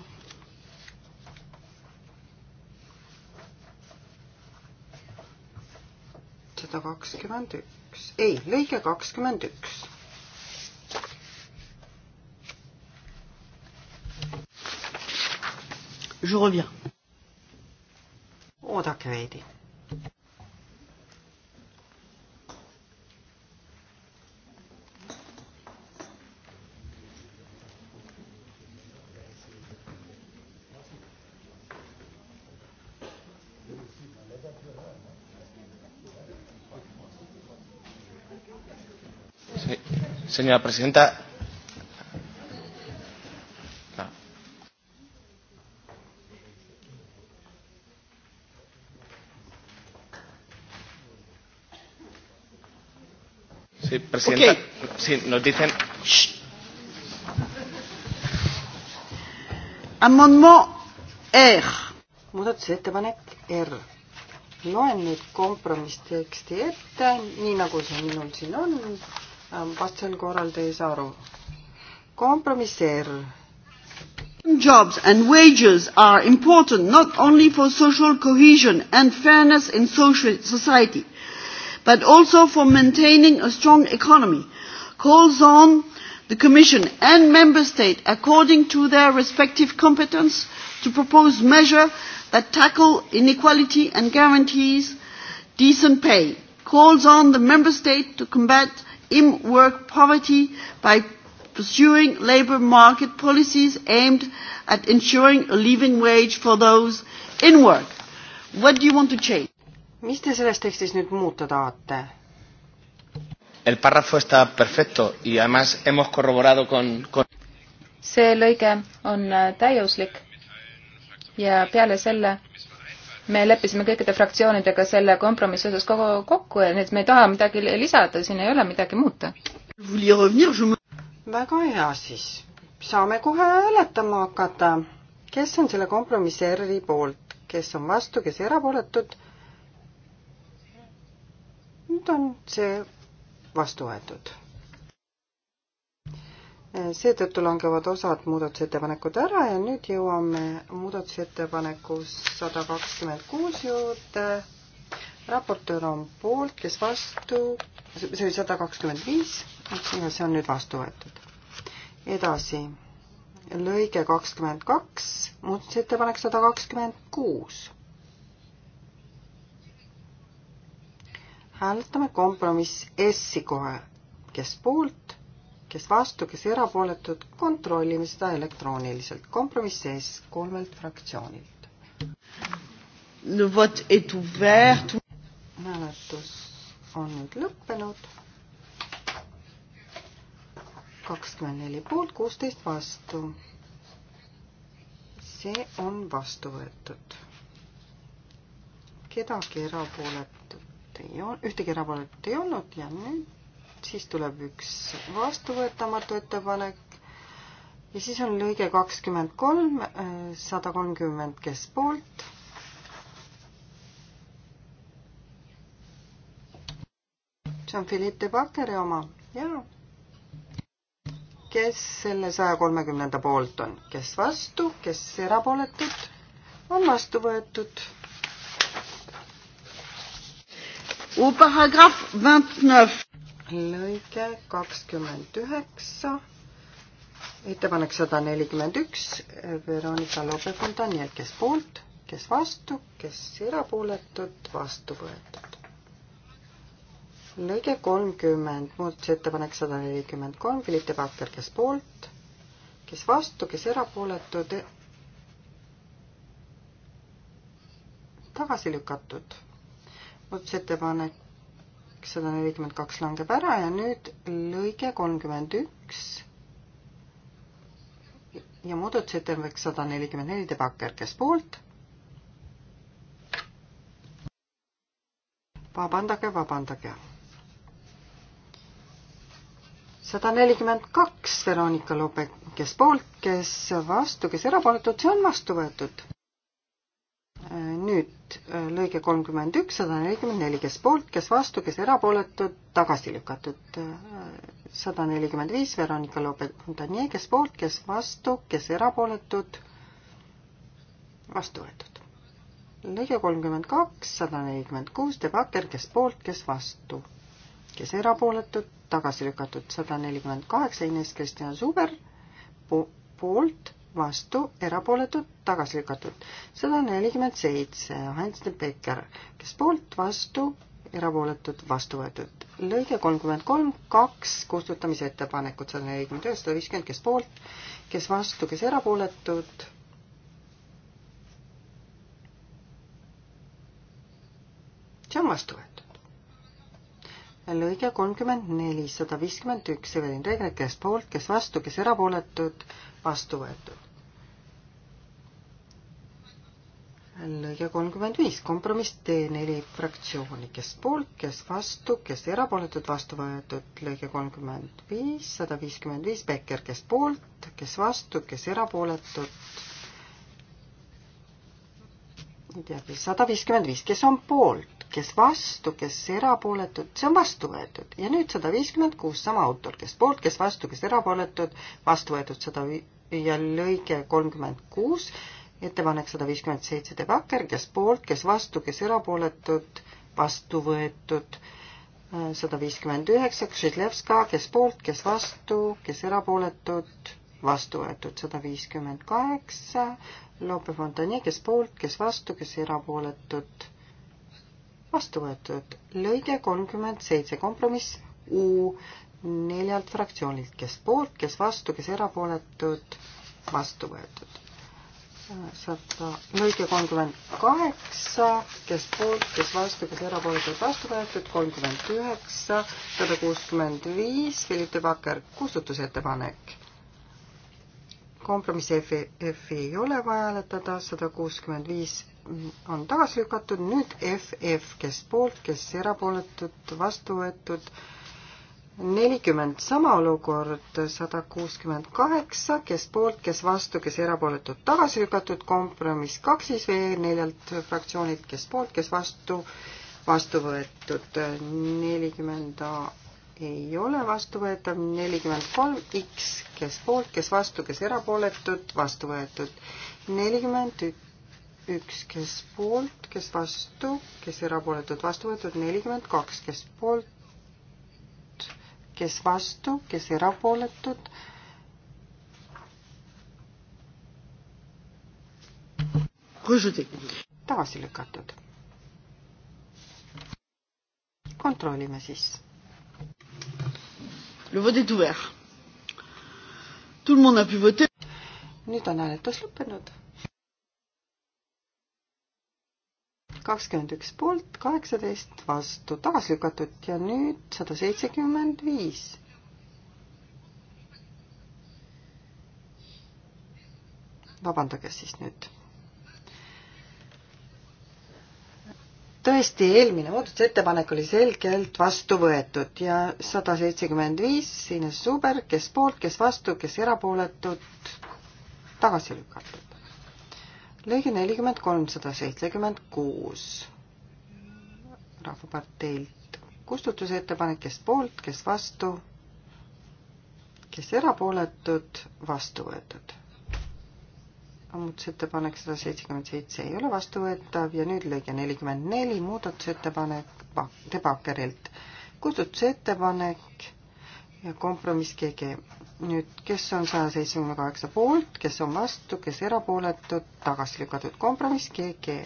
sada kakskümmend üks, ei, lõige kakskümmend üks. je reviens. oodake veidi. Señora presidenta, Presidenta, okay. sí, nos dicen. Shh. Amendement R. muudatusettepanek R. loen nüüd kompromissteksti ette, nii nagu see minul siin on. Äh, vastasel korral te ei saa aru. kompromiss R. Jobs and wages are important not only for social cohesion and fairness in social society but also for maintaining a strong economy calls on the commission and member states according to their respective competence to propose measures that tackle inequality and guarantee decent pay calls on the member states to combat in work poverty by pursuing labour market policies aimed at ensuring a living wage for those in work. What do you want to change? mis te selles tekstis nüüd muuta tahate? El párrafo está perfecto y además hemos corroborado con, con... see lõige on äh, täiuslik ja peale selle me leppisime kõikide fraktsioonidega selle kompromissi osas kogu kokku ja nüüd me ei taha midagi lisada, siin ei ole midagi muuta. väga hea siis, saame kohe hääletama hakata. kes on selle kompromissi ERR-i poolt, kes on vastu, kes erapooletud? nüüd on see vastu võetud. seetõttu langevad osad muudatusettepanekud ära ja nüüd jõuame muudatusettepaneku sada kakskümmend kuus juurde. raportöör on poolt, kes vastu, see oli sada kakskümmend viis, ja see on nüüd vastu võetud. edasi, lõige kakskümmend kaks, muudatusettepanek sada kakskümmend kuus hääletame kompromiss S-i kohe, kes poolt, kes vastu, kes erapooletud, kontrollime seda elektrooniliselt. kompromiss S kolmelt fraktsioonilt. hääletus on nüüd lõppenud. kakskümmend neli poolt, kuusteist vastu. see on vastu võetud. kedagi erapooletu ei olnud, ühtegi erapooletut ei olnud ja nüüd siis tuleb üks vastuvõetamatu ettepanek ja siis on lõige kakskümmend kolm, äh, sada kolmkümmend, kes poolt. see on Philippe de Bakkeri oma, jaa. kes selle saja kolmekümnenda poolt on, kes vastu, kes erapooletud, on vastu võetud paragrahv vingt-neuf. lõige kakskümmend üheksa, ettepanek sada nelikümmend üks, Veronika Lobe-Fontani, kes poolt, kes vastu, kes erapooletud, vastu võetud. lõige kolmkümmend, muudatusettepanek sada nelikümmend kolm, Philippe Bakker, kes poolt, kes vastu, kes erapooletud, tagasi lükatud muudatusettepanek sada nelikümmend kaks langeb ära ja nüüd lõige kolmkümmend üks ja muudatusettepanek sada nelikümmend neli teeb hakerkes poolt. vabandage, vabandage. sada nelikümmend kaks Veronika Lope, kes poolt, kes vastu, kes erapooletud, see on vastu võetud lõige kolmkümmend üks, sada nelikümmend neli, kes poolt, kes vastu, kes erapooletud, tagasi lükatud. sada nelikümmend viis, Veronika Lope-Fontanier, kes poolt, kes vastu, kes erapooletud, vastu võetud. lõige kolmkümmend kaks, sada nelikümmend kuus, De Backer, kes poolt, kes vastu, kes erapooletud, tagasi lükatud. sada nelikümmend kaheksa, Ines Kristina Suber po, poolt vastu, erapooletud, tagasi lükatud. sada nelikümmend seitse, Hans de Becker, kes poolt, vastu, erapooletud, vastu võetud. lõige kolmkümmend kolm, kaks kustutamise ettepanekut, sada nelikümmend üheksa, sada viiskümmend, kes poolt, kes vastu, kes erapooletud. see on vastu võetud lõige kolmkümmend neli, sada viiskümmend üks, Evelin Regner, kes poolt, kes vastu, kes erapooletud, vastu võetud. lõige kolmkümmend viis, kompromiss D neli fraktsiooni, kes poolt, kes vastu, kes erapooletud, vastu võetud, lõige kolmkümmend viis, sada viiskümmend viis, Becker, kes poolt, kes vastu, kes erapooletud, ei teagi, sada viiskümmend viis, kes on poolt? kes vastu, kes erapooletud, see on vastu võetud ja nüüd sada viiskümmend kuus, sama autor, kes poolt, kes vastu, kes erapooletud, vastu võetud sada ja lõige kolmkümmend kuus, ettepanek sada viiskümmend seitse teeb Aker, kes poolt, kes vastu, kes erapooletud, vastu võetud sada viiskümmend üheksa, Kšižlevska, kes poolt, kes vastu, kes erapooletud, vastu võetud sada viiskümmend kaheksa, Lope Fontanier, kes poolt, kes vastu, kes erapooletud vastu võetud. lõige kolmkümmend seitse, kompromiss U neljalt fraktsioonilt, kes poolt, kes vastu, kes erapooletud, vastu võetud. sada, lõige kolmkümmend kaheksa, kes poolt, kes vastu, kes erapooletud, vastu võetud, kolmkümmend üheksa, sada kuuskümmend viis, Philippe Bakker, kustutusettepanek kompromissi F, e, F-i e ei ole vaja hääletada, sada kuuskümmend viis on tagasi lükatud, nüüd FF, kes poolt, kes erapooletud, vastu võetud nelikümmend, sama olukord sada kuuskümmend kaheksa, kes poolt, kes vastu, kes erapooletud, tagasi lükatud, kompromiss kaks siis veel neljalt fraktsioonilt, kes poolt, kes vastu, vastu võetud nelikümmend A ei ole vastuvõetav, nelikümmend kolm X, kes poolt, kes vastu, kes erapooletud, vastu võetud nelikümmend üks üks, kes poolt, kes vastu, kes erapooletud, vastu võetud nelikümmend kaks, kes poolt, kes vastu, kes erapooletud. tagasi lükatud. kontrollime siis. nüüd on hääletus lõppenud kakskümmend üks poolt, kaheksateist vastu, tagasi lükatud ja nüüd sada seitsekümmend viis. vabandage siis nüüd. tõesti, eelmine muudatusettepanek oli selgelt vastu võetud ja sada seitsekümmend viis, Ines Suber, kes poolt, kes vastu, kes erapooletud, tagasi lükatud lõige nelikümmend kolm, sada seitsekümmend kuus Rahvaparteilt. kustutusettepanek, kes poolt, kes vastu, kes erapooletud, vastu võetud. muudatusettepanek sada seitsekümmend seitse ei ole vastuvõetav ja nüüd lõige nelikümmend neli, muudatusettepanek Debakerilt. kustutusettepanek ja kompromiss GG nüüd, kes on saja seitsmekümne kaheksa poolt, kes on vastu, kes erapooletud, tagasi lükatud kompromiss GG.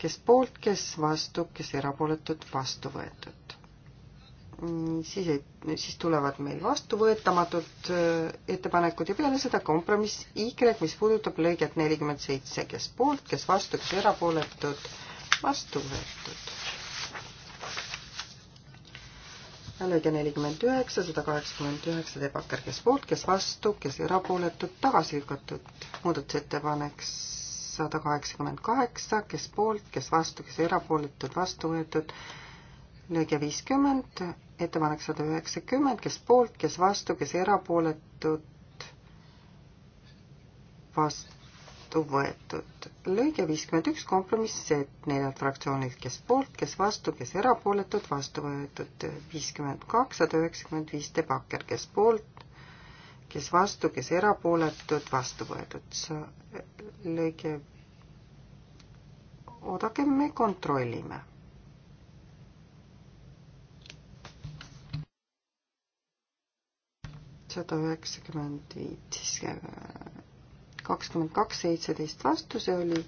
kes poolt, kes vastu, kes erapooletud, vastu võetud. siis ei, siis tulevad meil vastuvõetamatud äh, ettepanekud ja peale seda kompromiss Y, mis puudutab lõiget nelikümmend seitse, kes poolt, kes vastu, kes erapooletud, vastu võetud lõige nelikümmend üheksa, sada kaheksakümmend üheksa teeb Aker, kes poolt, kes vastu, kes erapooletud, tagasi lükatud. muudatusettepanek sada kaheksakümmend kaheksa, kes poolt, kes vastu, kes erapooletud, vastu võetud. lõige viiskümmend, ettepanek sada üheksakümmend, kes poolt, kes vastu, kes erapooletud, vastu vastu võetud. lõige viiskümmend üks kompromiss, et neljalt fraktsioonilt, kes poolt, kes vastu, kes erapooletud, vastu võetud viiskümmend kaks, sada üheksakümmend viis debakker, kes poolt, kes vastu, kes erapooletud, vastu võetud. lõige, oodake, me kontrollime sada üheksakümmend viit, siis äh, kakskümmend kaks, seitseteist vastu, see oli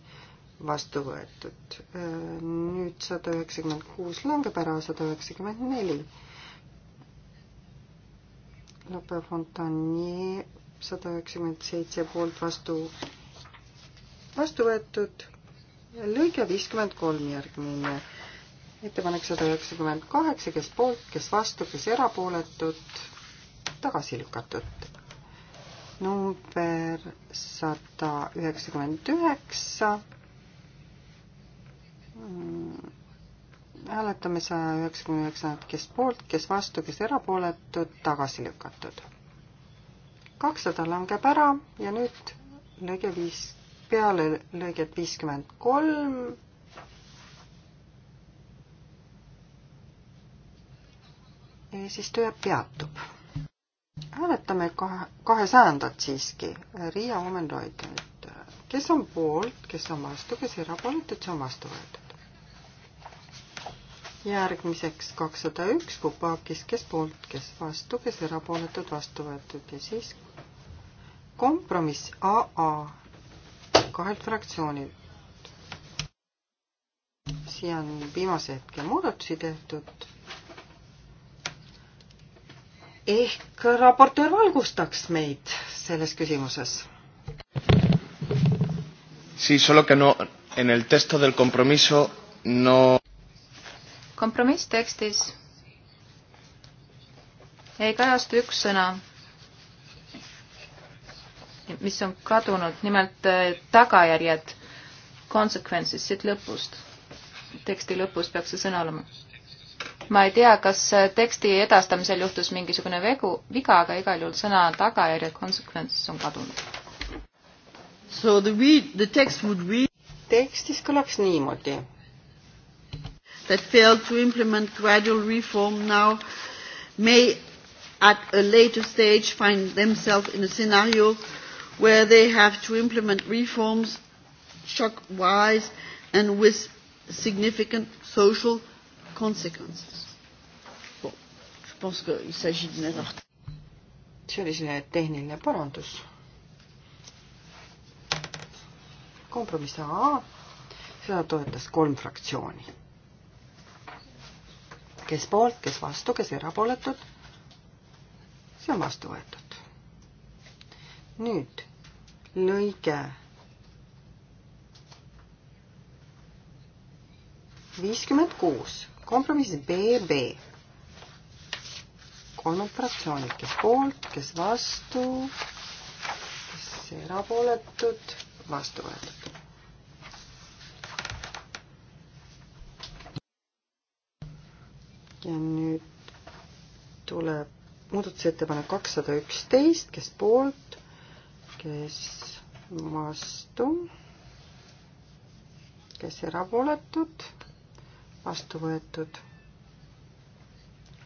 vastu võetud. nüüd sada üheksakümmend kuus langeb ära, sada üheksakümmend neli. Lope Fontanier sada üheksakümmend seitse poolt vastu, vastu võetud. lõige viiskümmend kolm järgmine. ettepanek sada üheksakümmend kaheksa, kes poolt, kes vastu, kes erapooletud, tagasi lükatud number sada üheksakümmend üheksa. hääletame saja üheksakümne üheksandat, kes poolt, kes vastu, kes erapooletud, tagasi lükatud. kakssada langeb ära ja nüüd lõige viis, peale lõiget viiskümmend kolm eesistuja peatub hääletame kahe, kahesajandat siiski. Riia Omenroidelt, kes on poolt, kes on vastu, kes erapooletud, see on vastu võetud. järgmiseks kakssada üks Kupakis, kes poolt, kes vastu, kes erapooletud, vastu võetud ja siis kompromiss AA kahelt fraktsioonilt. siia on viimase hetke muudatusi tehtud ehk raportöör valgustaks meid selles küsimuses. Sí, solo que no, en el texto del compromiso no. kompromisstekstis ei kajastu üks sõna, mis on kadunud, nimelt eh, tagajärjed, consequences siit lõpust. teksti lõpus peaks see sõna olema ma ei tea, kas teksti edastamisel juhtus mingisugune vegu, viga, aga igal juhul sõna tagajärjed, consequences on kadunud. So the read, the text would read tekstis kõlaks niimoodi. That failed to implement gradual reform now may at a later stage find themselves in a scenario where they have to implement reforms shock-wise and with significant social consequences. Bon, je pense qu'il s'agit d'une erreur. see oli selline tehniline parandus. kompromiss A, seda toetas kolm fraktsiooni. kes poolt, kes vastu, kes erapooletud, see on vastu võetud. nüüd lõige viiskümmend kuus kompromiss BB. kolmand fraktsioonid, kes poolt, kes vastu, kes erapooletud, vastu võetud. ja nüüd tuleb muudatusettepanek kakssada üksteist, kes poolt, kes vastu, kes erapooletud vastu võetud.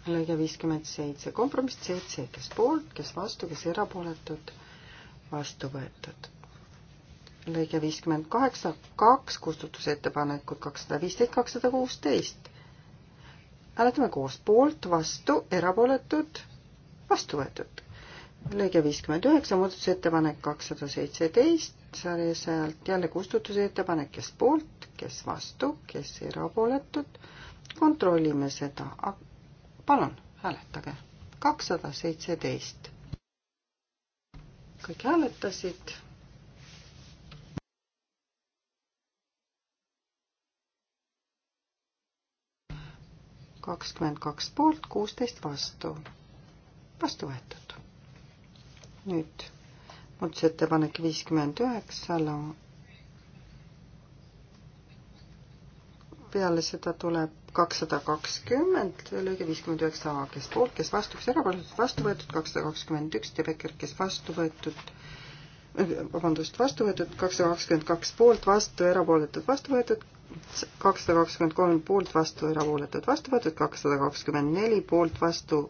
lõige viiskümmend seitse, kompromiss seitse, kes poolt, kes vastu, kes erapooletud, vastu võetud. lõige viiskümmend kaheksa, kaks kustutusettepanekut, kakssada viisteist, kakssada kuusteist. hääletame koos, poolt, vastu, erapooletud, vastu võetud. lõige viiskümmend üheksa, muudatusettepanek kakssada seitseteist, sarjas häält jälle kustutusettepanek, kes poolt, kes vastu, kes erapooletud. kontrollime seda. palun hääletage. kakssada seitseteist. kõik hääletasid. kakskümmend kaks poolt, kuusteist vastu. vastu võetud. nüüd muudatusettepanek viiskümmend üheksa peale seda tuleb kakssada kakskümmend, lõige viiskümmend üheksa A, kes poolt, kes vastu, kes erapooletud, vastu võetud, kakssada kakskümmend üks, Tebeker, kes vastu võetud, vabandust, vastu võetud, kakssada kakskümmend kaks poolt, vastu, erapooletud, vastu võetud, kakssada kakskümmend kolm poolt, vastu, erapooletud, vastu võetud, kakssada kakskümmend neli poolt, vastu,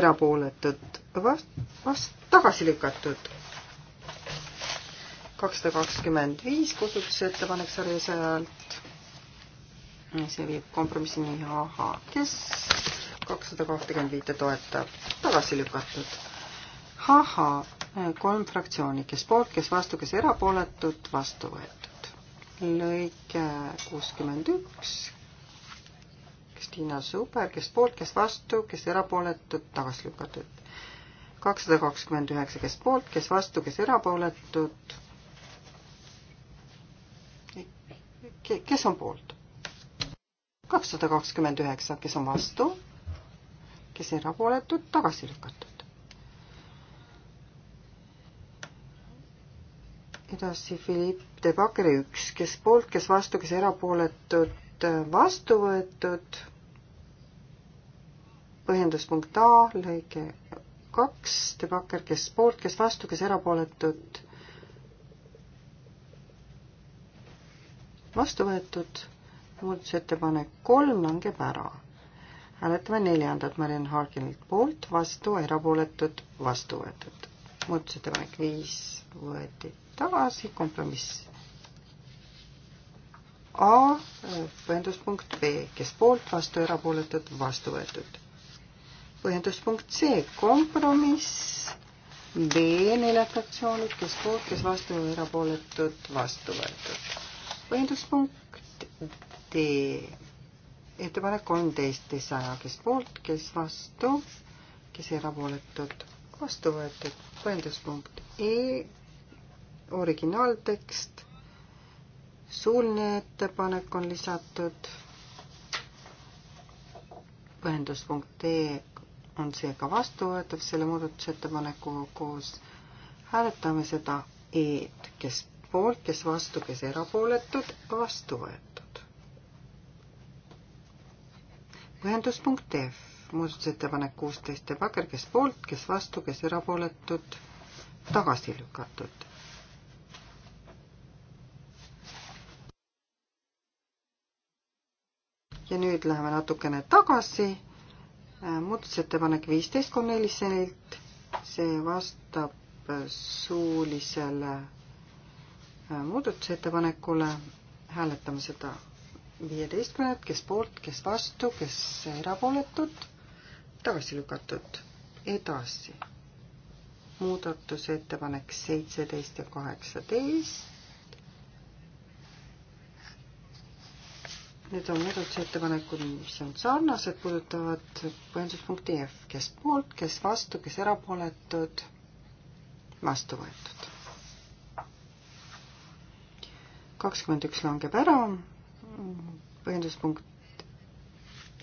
erapooletud, vast-, vast-, tagasi lükatud kakssada kakskümmend viis kutsutusettepanek sarjase ajalt see viib kompromissini AH, kes kakssada kahtekümmend viite toetab, tagasi lükatud. AH, kolm fraktsiooni, kes poolt, kes vastu, kes erapooletud, vastu võetud. lõige kuuskümmend üks, Kristiina Suber, kes poolt, kes vastu, kes erapooletud, tagasi lükatud. kakssada kakskümmend üheksa, kes poolt, kes vastu, kes erapooletud, kes on poolt? kakssada kakskümmend üheksa, kes on vastu, kes erapooletud, tagasi lükatud. edasi Philippe de Bacre üks, kes poolt, kes vastu, kes erapooletud, vastu võetud. põhjenduspunkt A, lõige kaks, de Bacre, kes poolt, kes vastu, kes erapooletud, vastu võetud muudatusettepanek kolm langeb ära. hääletame neljandat Mariann Harkinilt poolt, vastu, erapooletud, vastu võetud. muudatusettepanek viis võeti tagasi, kompromiss A, põhjenduspunkt B, kes poolt, vastu, erapooletud, vastu võetud. põhjenduspunkt C, kompromiss B neljad fraktsioonid, kes poolt, kes vastu, erapooletud, vastu võetud. põhjenduspunkt D ettepanek kolmteist lisaja, kes poolt, kes vastu, kes erapooletud, vastu võetud, põhjenduspunkt E, originaaltekst, suuline ettepanek on lisatud, põhjenduspunkt E on seega vastuvõetav selle muudatusettepanekuga koos, hääletame seda E-d, kes poolt, kes vastu, kes erapooletud, vastu võetud põhjenduspunkt F, muudatusettepanek kuusteist ja paber, kes poolt, kes vastu, kes erapooletud, tagasi lükatud. ja nüüd läheme natukene tagasi äh, muudatusettepanek viisteist Cornelissenilt, see vastab suulisele äh, muudatusettepanekule, hääletame seda viieteistkümnendat, kes poolt, kes vastu, kes erapooletud, tagasi lükatud. edasi, muudatusettepanek seitseteist ja kaheksateist. Need on muudatusettepanekud, mis on sarnased, puudutavad põhjenduspunkti F, kes poolt, kes vastu, kes erapooletud, vastu võetud. kakskümmend üks langeb ära, põhjenduspunkt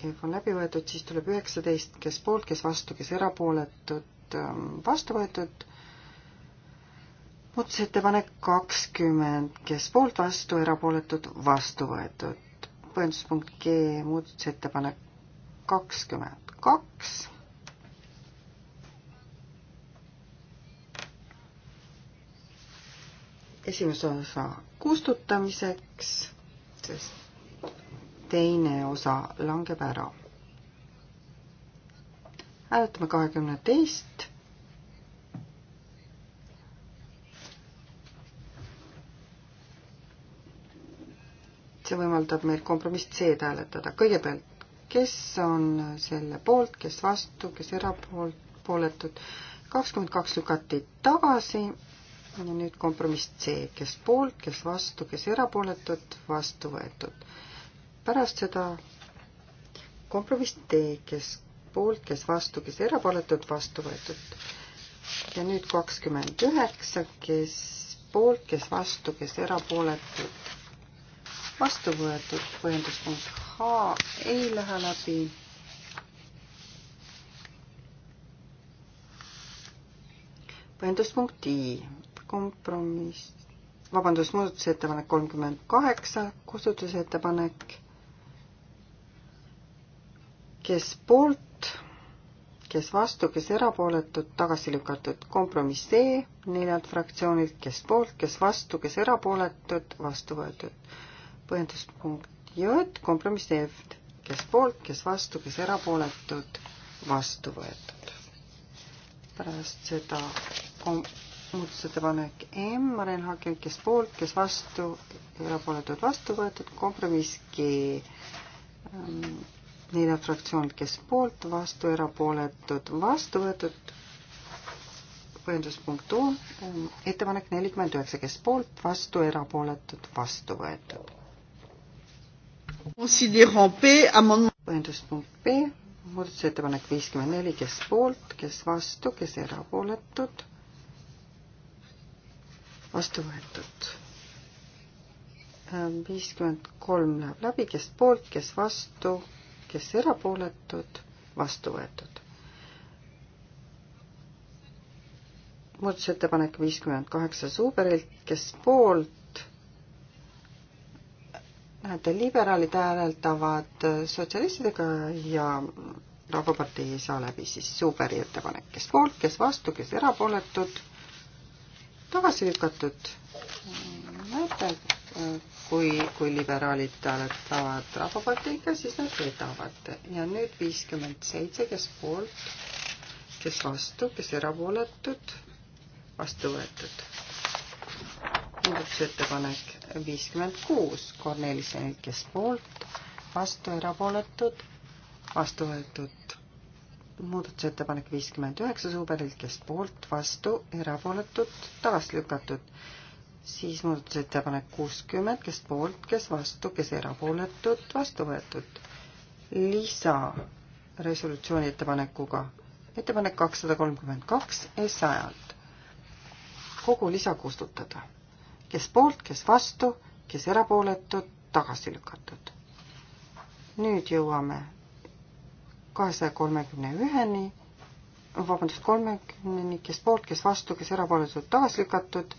F on läbi võetud, siis tuleb üheksateist, kes poolt, kes vastu, kes erapooletud, ähm, vastu võetud. muudatusettepanek kakskümmend, kes poolt, vastu, erapooletud, vastu võetud. põhjenduspunkt G, muudatusettepanek kakskümmend kaks esimese osa kustutamiseks, sest teine osa langeb ära. hääletame kahekümne teist. see võimaldab meil kompromiss C-d hääletada. kõigepealt, kes on selle poolt, kes vastu, kes erapooletud, kakskümmend kaks lükati tagasi ja nüüd kompromiss C, kes poolt, kes vastu, kes erapooletud, vastu võetud pärast seda kompromiss D, kes poolt, kes vastu, kes erapooletud, vastu võetud. ja nüüd kakskümmend üheksa, kes poolt, kes vastu, kes erapooletud, vastu võetud, põhjenduspunkt H ei lähe läbi. põhjenduspunkt I, kompromiss, vabandust, muudatusettepanek kolmkümmend kaheksa, kustutusettepanek kes poolt, kes vastu, kes erapooletud, tagasi lükatud. kompromiss E neljalt fraktsioonilt, kes poolt, kes vastu, kes erapooletud, vastu võetud. põhjenduspunkt J, kompromiss F, kes poolt, kes vastu, kes erapooletud, vastu võetud. pärast seda kom-, muudatusettepanek M, Maren Hakel, kes poolt, kes vastu, erapooletud, vastu võetud, kompromiss G ehm, nelja fraktsioon, kes poolt, vastu, erapooletud, vastu võetud. põhjenduspunkt U, ettepanek nelikümmend üheksa, kes poolt, vastu, erapooletud, vastu võetud. põhjenduspunkt B, muudatusettepanek viiskümmend neli, kes poolt, kes vastu, kes erapooletud, vastu võetud äh, viiskümmend kolm läheb läbi, kes poolt, kes vastu, kes erapooletud, vastu võetud. muudatusettepanek viiskümmend kaheksa Suuberilt, kes poolt, näete, liberaalid hääldavad sotsialistidega ja Rahvapartei ei saa läbi, siis Suuberi ettepanek, kes poolt, kes vastu, kes erapooletud, tagasi lükatud. näete, kui, kui liberaalid hääletavad Rahvaparteiga, siis nad võidavad. ja nüüd viiskümmend seitse, kes poolt, kes vastu, kes erapooletud, vastu võetud. muudatusettepanek viiskümmend kuus, Kornelissonilt, kes poolt, vastu, erapooletud, vastu võetud. muudatusettepanek viiskümmend üheksa, Suuberilt, kes poolt, vastu, erapooletud, tagasi lükatud siis muudatusettepanek kuuskümmend, kes poolt, kes vastu, kes erapooletud, vastu võetud. lisa resolutsiooni ettepanekuga, ettepanek kakssada kolmkümmend kaks SAE-lt. kogu lisa kustutada, kes poolt, kes vastu, kes erapooletud, tagasi lükatud. nüüd jõuame kahesaja kolmekümne üheni, vabandust, kolmekümneni, kes poolt, kes vastu, kes erapooletud, tagasi lükatud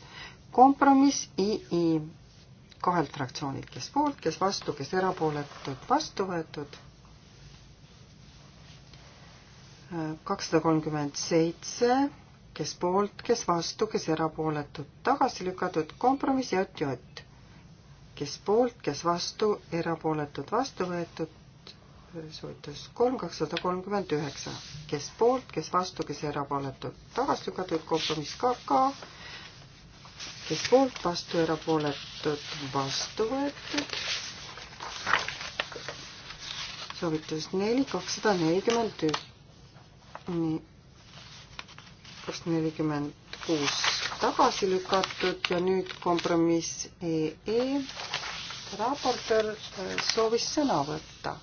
kompromiss II kahelt fraktsioonilt, kes poolt, kes vastu, kes erapooletud, vastu võetud. kakssada kolmkümmend seitse, kes poolt, kes vastu, kes erapooletud, tagasi lükatud, kompromiss JJ. kes poolt, kes vastu, erapooletud, vastu võetud, soovitus kolm kakssada kolmkümmend üheksa, kes poolt, kes vastu, kes erapooletud, tagasi lükatud, kompromiss KK kes poolt, vastu, erapooletud, vastu võetud. soovitus neli, kakssada nelikümmend üks. nii, kakssada nelikümmend kuus tagasi lükatud ja nüüd kompromiss EE. E raportöör äh, soovis sõna võtta.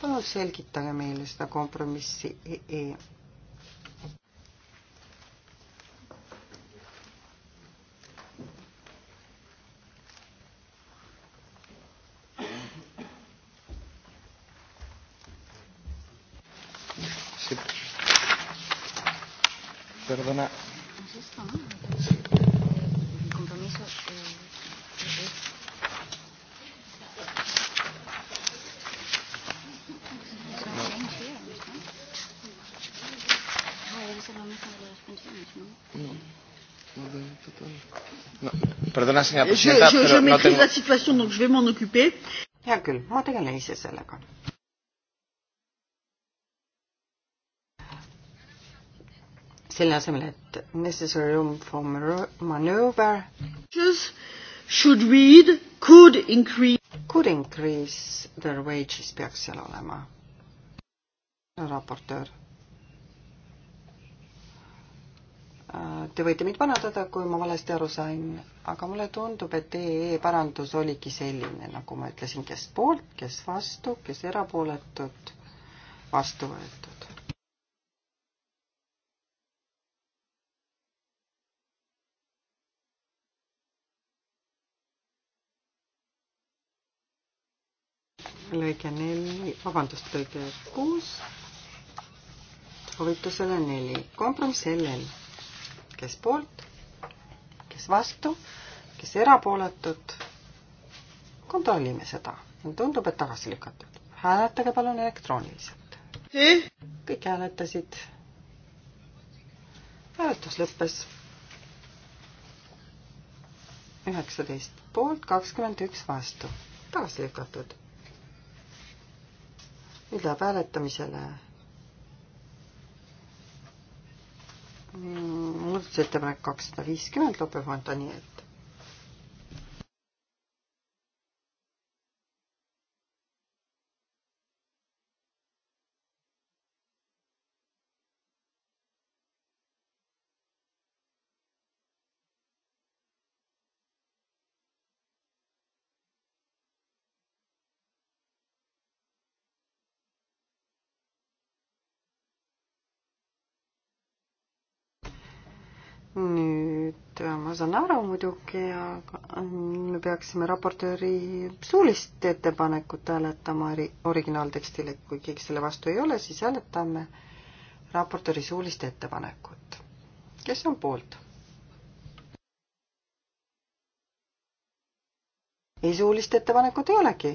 palun selgitage meile seda kompromissi EE e perdona. Es esto, ¿no? Sí. El compromiso. Perdona, señora presidenta, je, je, je pero no tengo... la situación, donc je vais m'en occuper. Hea küll, ma tegelen ise sellega selle asemel, et necessary room for maneuver. Should read could increase. Could increase their wages peaks seal olema. raportöör. Äh, te võite mind parandada, kui ma valesti aru sain, aga mulle tundub, et EE e parandus oligi selline, nagu ma ütlesin, kes poolt, kes vastu, kes erapooletud, vastu võetud lõige neli, vabandust, lõige kuus, soovitusele neli, kompromiss LL, kes poolt, kes vastu, kes erapooletud, kontrollime seda. tundub, et tagasi lükatud. hääletage palun elektrooniliselt. Eh? kõik hääletasid. hääletus lõppes üheksateist poolt, kakskümmend üks vastu, tagasi lükatud nüüd läheb hääletamisele muudatusettepanek kakssada viiskümmend Lope Fontani saan aru muidugi, aga ähm, me peaksime raportööri suulist ettepanekut hääletama originaaltekstile, kui keegi selle vastu ei ole, siis hääletame raportööri suulist ettepanekut. kes on poolt? ei, suulist ettepanekut ei olegi.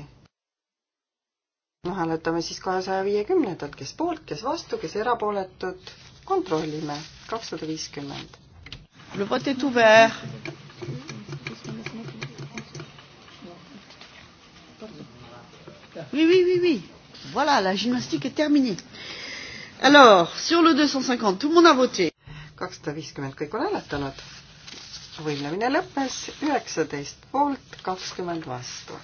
no hääletame siis kahesaja viiekümnendat, kes poolt, kes vastu, kes erapooletud, kontrollime, kakssada viiskümmend Le vote est ouvert. Oui, oui, oui, oui. Voilà, la gymnastique est terminée. Alors, sur le 250, tout le monde a voté. 250 kõik on hääletanud. võimlemine lõppes üheksateist poolt, kakskümmend vastu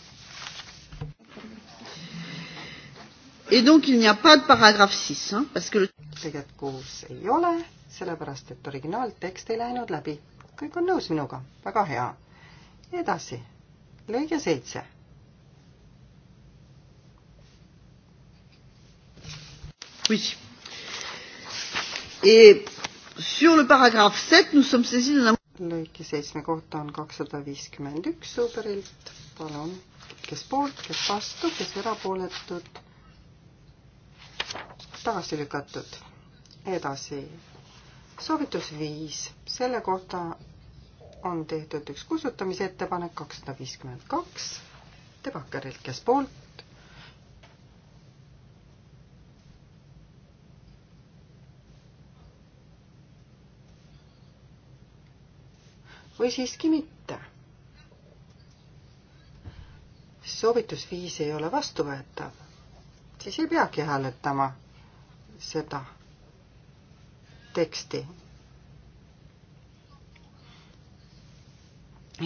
Et donc il n'y a pas de paragrahve 6, hein, parce que le... lõiget kuus ei ole, sellepärast et originaaltekst ei läinud läbi. kõik on nõus minuga, väga hea. edasi, lõige seitse. Oui. Et sur le paragraphe 7, nous sommes saisis d'un lõike seitsme kohta on kakssada viiskümmend üks Uberilt. palun, kes poolt, kes vastu, kes erapooletud tagasi lükatud. edasi, soovitus viis, selle kohta on tehtud üks kustutamise ettepanek kakssada viiskümmend kaks Debakerilt, kes poolt. või siiski mitte. soovitusviis ei ole vastuvõetav, siis ei peagi hääletama seda teksti.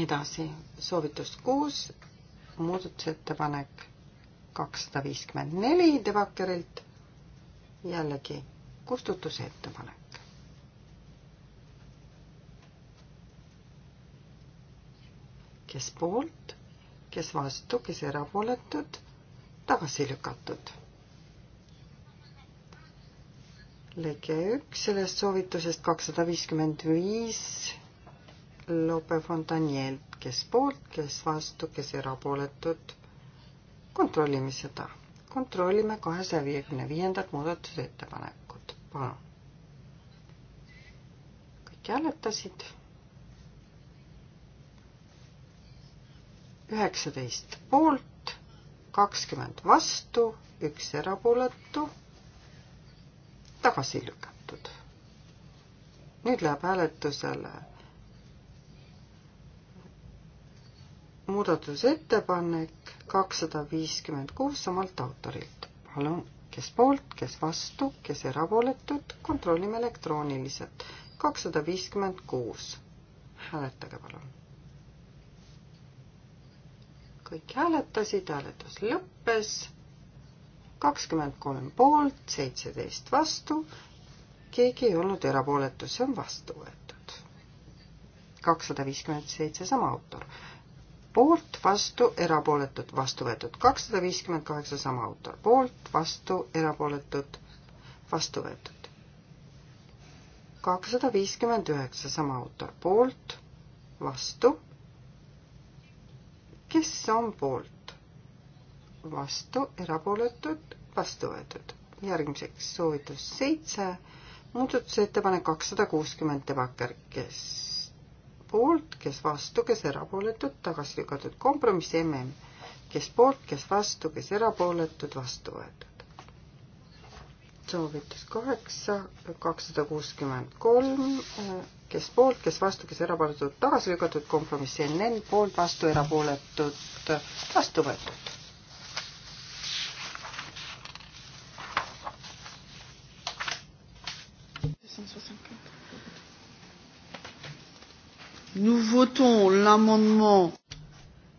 edasi, soovitus kuus, muudatusettepanek kakssada viiskümmend neli Debakkerilt, jällegi kustutuse ettepanek. kes poolt, kes vastu, kes erapooletud, tagasi lükatud lõige üks sellest soovitusest kakssada viiskümmend viis Lope Fontaniel, kes poolt, kes vastu, kes erapooletud. kontrollime seda, kontrollime kahesaja viiekümne viiendat muudatusettepanekut, palun. kõik hääletasid üheksateist poolt, kakskümmend vastu, üks erapooletu tagasi lükatud. nüüd läheb hääletusele muudatusettepanek kakssada viiskümmend kuus samalt autorilt. palun, kes poolt, kes vastu, kes erapooletud, kontrollime elektrooniliselt. kakssada viiskümmend kuus. hääletage palun. kõik hääletasid, hääletus lõppes kakskümmend kolm poolt, seitseteist vastu, keegi ei olnud erapooletu, see on vastu võetud. kakssada viiskümmend seitse, sama autor. poolt, vastu, erapooletud, vastu võetud. kakssada viiskümmend kaheksa, sama autor. poolt, vastu, erapooletud, vastu võetud. kakssada viiskümmend üheksa, sama autor. poolt, vastu. kes on poolt? vastu, erapooletud, vastu võetud. järgmiseks soovitus seitse, muudatusettepanek kakssada kuuskümmend debakker, kes poolt, kes vastu, kes erapooletud, tagasi lükatud kompromiss mm, kes poolt, kes vastu, kes erapooletud, vastu võetud. soovitus kaheksa, kakssada kuuskümmend kolm, kes poolt, kes vastu, kes erapooletud, tagasi lükatud kompromiss NN, poolt, vastu, erapooletud, vastu võetud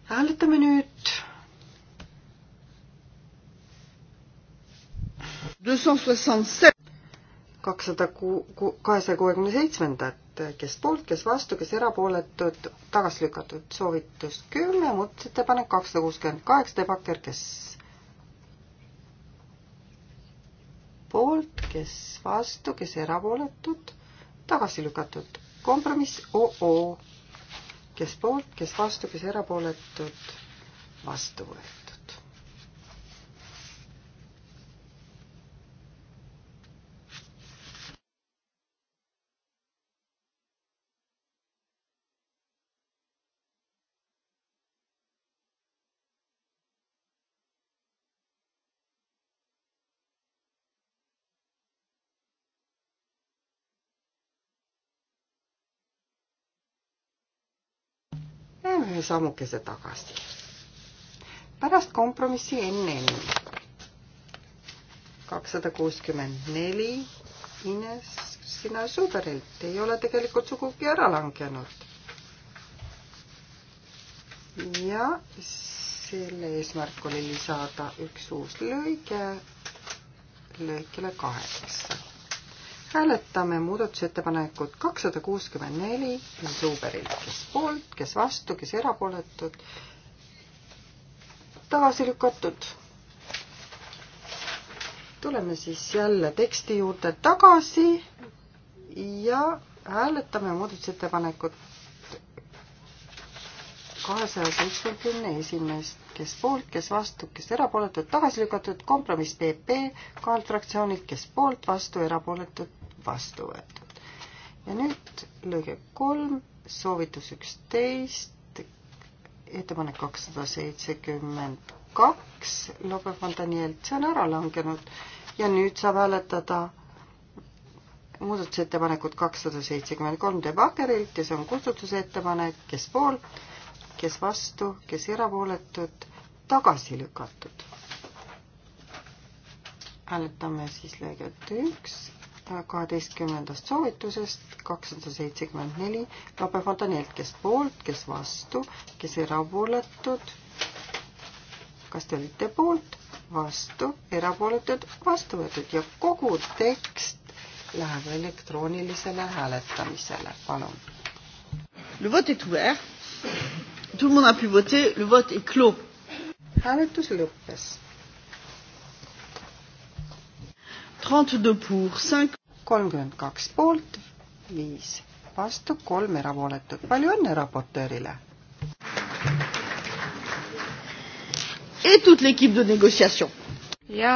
hääletame nüüd. kakssada ku-, kahesaja kuuekümne seitsmendat, kes poolt, kes vastu, kes erapooletud, tagasi lükatud, soovitus kümme, muudatusettepanek kakssada kuuskümmend kaheksa, debakker, kes poolt, kes vastu, kes erapooletud, tagasi lükatud, kompromiss OO kes poolt, kes vastu, kes erapooletud, vastu võetud. Läheme ühe sammukese tagasi. pärast kompromissi NN kakssada kuuskümmend neli Ines, sina Suberilt ei ole tegelikult sugugi ära langenud. ja selle eesmärk oli lisada üks uus lõige lõikele kaheksa hääletame muudatusettepanekut kakssada kuuskümmend neli Zuberilt, kes poolt, kes vastu, kes erapooletud, tagasi lükatud. tuleme siis jälle teksti juurde tagasi ja hääletame muudatusettepanekut kahesaja seitsmekümne esimest kes poolt, kes vastu, kes erapooletud, tagasi lükatud, kompromiss PP kahelt fraktsioonilt, kes poolt, vastu, erapooletud, vastu võetud. ja nüüd lõige kolm, soovitus üksteist, ettepanek kakssada seitsekümmend kaks, Lobe Fontanielt, see on ära langenud ja nüüd saab hääletada muudatusettepanekut kakssada seitsekümmend kolm teeb Akerilt, kes on kustutuse ettepanek, kes poolt, kes vastu, kes erapooletud, tagasi lükatud. hääletame siis lõiget üks kaheteistkümnendast soovitusest kakssada seitsekümmend neli Pape Fontanelt, kes poolt, kes vastu, kes erapooletud. kas te olite poolt, vastu, erapooletud, vastu võetud ja kogu tekst läheb elektroonilisele hääletamisele, palun. Le vote est ouvert. Tout le monde a pu voter, le vote est clos hääletus lõppes. kolmkümmend kaks poolt, viis vastu, kolm erapooletut. palju õnne raportöörile! et toute l'équipe de négociation. ja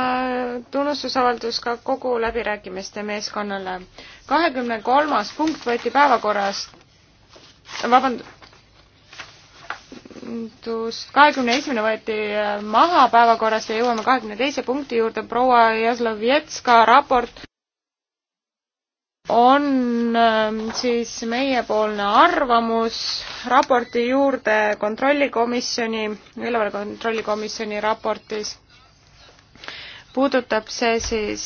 tunnustusavaldus ka kogu läbirääkimiste meeskonnale. kahekümne kolmas punkt võeti päevakorrast, vabandust, vabandust, kahekümne esimene võeti äh, maha päevakorrast ja jõuame kahekümne teise punkti juurde, proua Jaslovetska raport on ähm, siis meiepoolne arvamus raporti juurde kontrollikomisjoni, eelarve kontrollikomisjoni raportis. puudutab see siis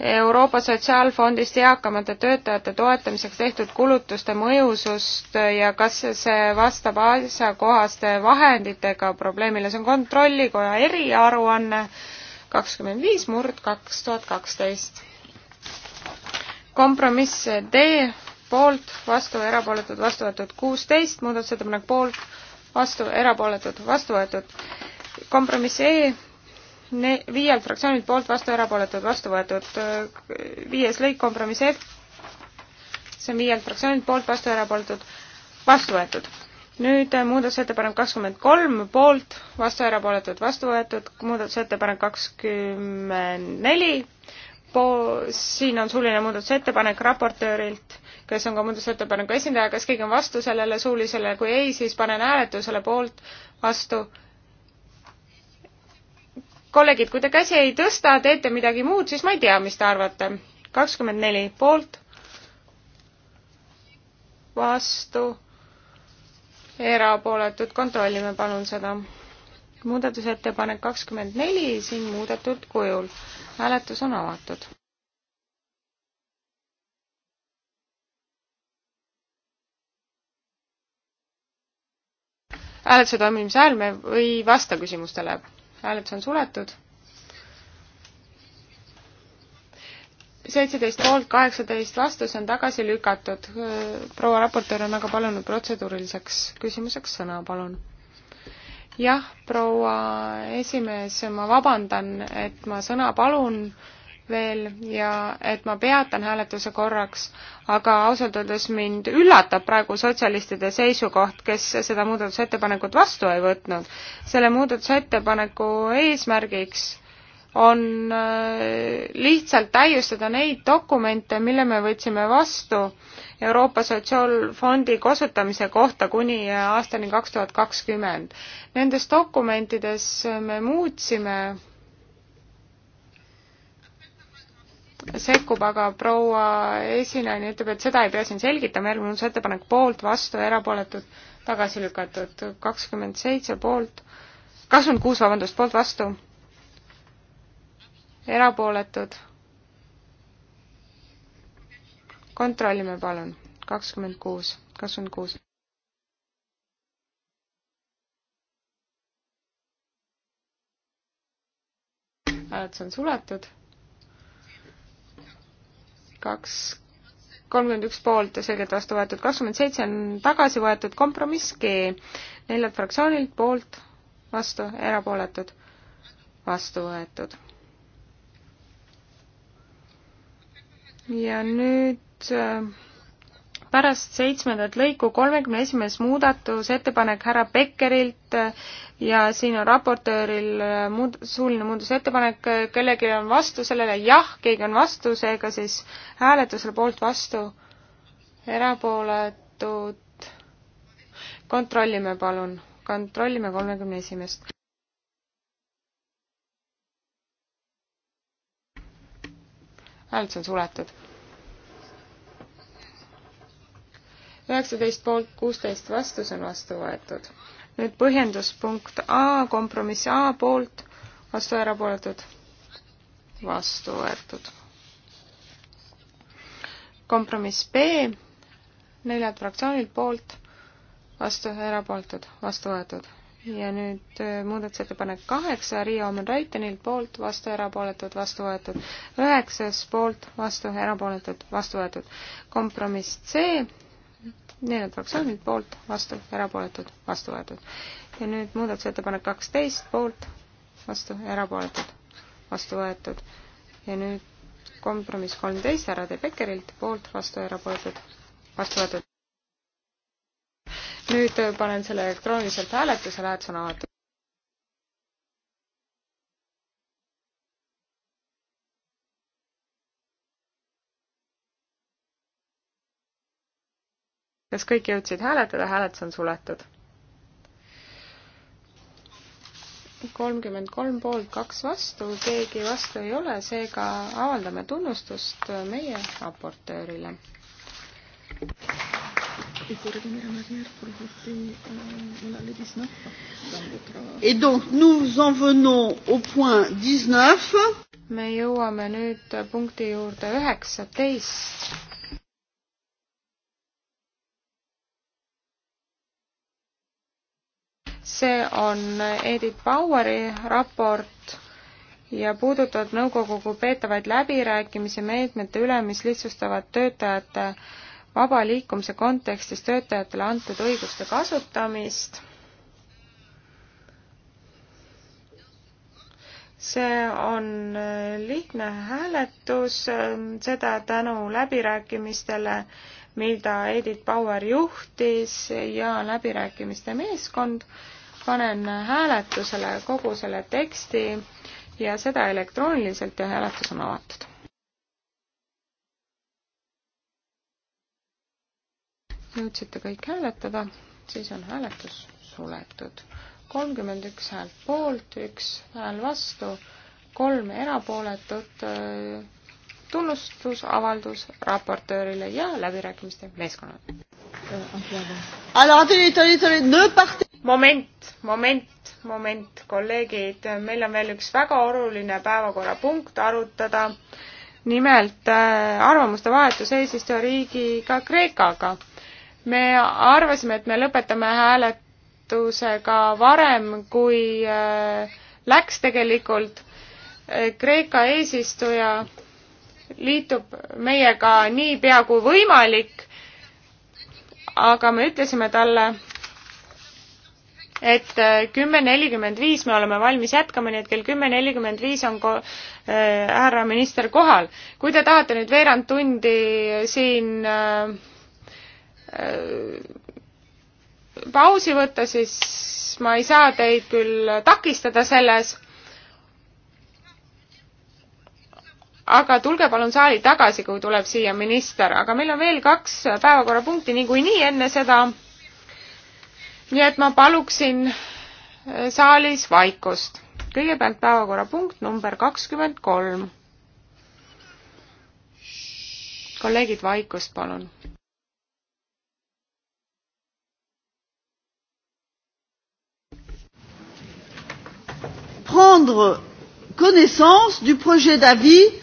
Euroopa Sotsiaalfondist eakamate töötajate toetamiseks tehtud kulutuste mõjusust ja kas see vastab asjakohaste vahenditega probleemile, see on Kontrollikoja eriaruanne kakskümmend viis murd kaks tuhat kaksteist. kompromiss D poolt, vastu, erapooletud, vastu võetud kuusteist, muudatusettepanek poolt, vastu, erapooletud, vastu võetud. kompromiss E ne-, viielt fraktsioonilt poolt, vastu, erapooletud, vastu võetud. viies lõik, kompromiss F, see on viielt fraktsioonilt poolt, vastu, erapooletud, vastu võetud. nüüd äh, muudatusettepanek kakskümmend kolm, poolt, vastu, erapooletud, vastu võetud, muudatusettepanek kakskümmend neli, po-, siin on suuline muudatusettepanek raportöörilt, kes on ka muudatusettepaneku esindaja, kas keegi on vastu sellele suulisele, kui ei, siis panen hääletusele poolt, vastu kolleegid, kui te käsi ei tõsta, teete midagi muud, siis ma ei tea, mis te arvate. kakskümmend neli poolt, vastu, erapooletud, kontrollime palun seda. muudatusettepanek kakskümmend neli siin muudetud kujul. hääletus on avatud. hääletuse toimimise ajal me ei vasta küsimustele hääletus on suletud. seitseteist poolt, kaheksateist vastu, see on tagasi lükatud. proua raportöör on väga palunud protseduuriliseks küsimuseks sõna, palun. jah, proua esimees, ma vabandan, et ma sõna palun veel ja et ma peatan hääletuse korraks, aga ausalt öeldes mind üllatab praegu sotsialistide seisukoht, kes seda muudatusettepanekut vastu ei võtnud. selle muudatusettepaneku eesmärgiks on äh, lihtsalt täiustada neid dokumente, mille me võtsime vastu Euroopa Sotsiaalfondi kasutamise kohta kuni aastani kaks tuhat kakskümmend. Nendes dokumentides me muutsime sekkub, aga proua esinaine ütleb, et seda ei pea siin selgitama, järgmine muudatusettepanek poolt, vastu, erapooletud, tagasi lükatud, kakskümmend seitse poolt, kakskümmend kuus, vabandust, poolt, vastu, erapooletud. kontrollime palun, kakskümmend kuus, kakskümmend kuus. hääletus on suletud kaks, kolmkümmend üks poolt ja selgelt vastu võetud, kakskümmend seitse on tagasi võetud, kompromiss G, neljalt fraktsioonilt poolt, vastu, erapooletud, vastu võetud. ja nüüd äh, pärast seitsmendat lõiku kolmekümne esimees muudatusettepanek härra Beckerilt äh, ja siin on raportööril äh, muud-, suuline muudatusettepanek, äh, kellelgi on vastu sellele jah, keegi on vastu, seega siis hääletusele poolt vastu, erapooletud. kontrollime palun, kontrollime kolmekümne esimest. hääletus on suletud üheksateist poolt, kuusteist vastu, see on vastu võetud. nüüd põhjenduspunkt A, kompromiss A poolt, vastu erapooletud, vastu võetud. kompromiss B, neljad fraktsioonid poolt, vastu erapooletud, vastu võetud ja nüüd äh, muudatusettepanek kaheksa, Riia Omen-Raitenilt poolt, vastu erapooletud, vastu võetud. üheksas poolt, vastu erapooletud, vastu võetud. kompromiss C neljand fraktsioonilt poolt, vastu, erapooletud, vastu võetud. ja nüüd muudatusettepanek kaksteist poolt, vastu, erapooletud, vastu võetud. ja nüüd kompromiss kolmteist härra De Beckerilt, poolt, vastu, erapooletud, vastu võetud. nüüd panen selle elektrooniliselt hääletusele, hääletus on avatud. kas kõik jõudsid hääletada, hääletus on suletud. kolmkümmend kolm poolt, kaks vastu, keegi vastu ei ole, seega avaldame tunnustust meie raportöörile. Et donc nous en venons au point 19. me jõuame nüüd punkti juurde üheksateist see on Edith Baueri raport ja puudutavad nõukoguga peetavaid läbirääkimisi meetmete üle, mis lihtsustavad töötajate vaba liikumise kontekstis töötajatele antud õiguste kasutamist. see on lihtne hääletus, seda tänu läbirääkimistele, mida Edith Bauer juhtis ja läbirääkimiste meeskond panen hääletusele kogu selle teksti ja seda elektrooniliselt ja hääletus on avatud. jõudsite kõik hääletada, siis on hääletus suletud. kolmkümmend üks häält poolt, üks hääl vastu, kolm erapooletut, tunnustusavaldus raportöörile ja läbirääkimiste meeskonnale. Alors attendez, attendez, attendez, ne partez moment, moment, moment, kolleegid, meil on veel üks väga oluline päevakorrapunkt arutada. nimelt äh, arvamuste vahetus eesistujariigiga Kreekaga. me arvasime, et me lõpetame hääletusega varem, kui äh, läks tegelikult. Äh, Kreeka eesistuja liitub meiega niipea kui võimalik, aga me ütlesime talle, et äh, kümme nelikümmend viis me oleme valmis jätkama, nii et kell kümme nelikümmend viis on ko-, äh, härra minister kohal. kui te tahate nüüd veerand tundi siin äh, äh, pausi võtta, siis ma ei saa teid küll takistada selles, aga tulge palun saali tagasi, kui tuleb siia minister, aga meil on veel kaks päevakorrapunkti niikuinii enne seda nii et ma paluksin äh, saalis vaikust. kõigepealt päevakorrapunkt number kakskümmend kolm. kolleegid, vaikust palun. prendre connaissance du projet d'avis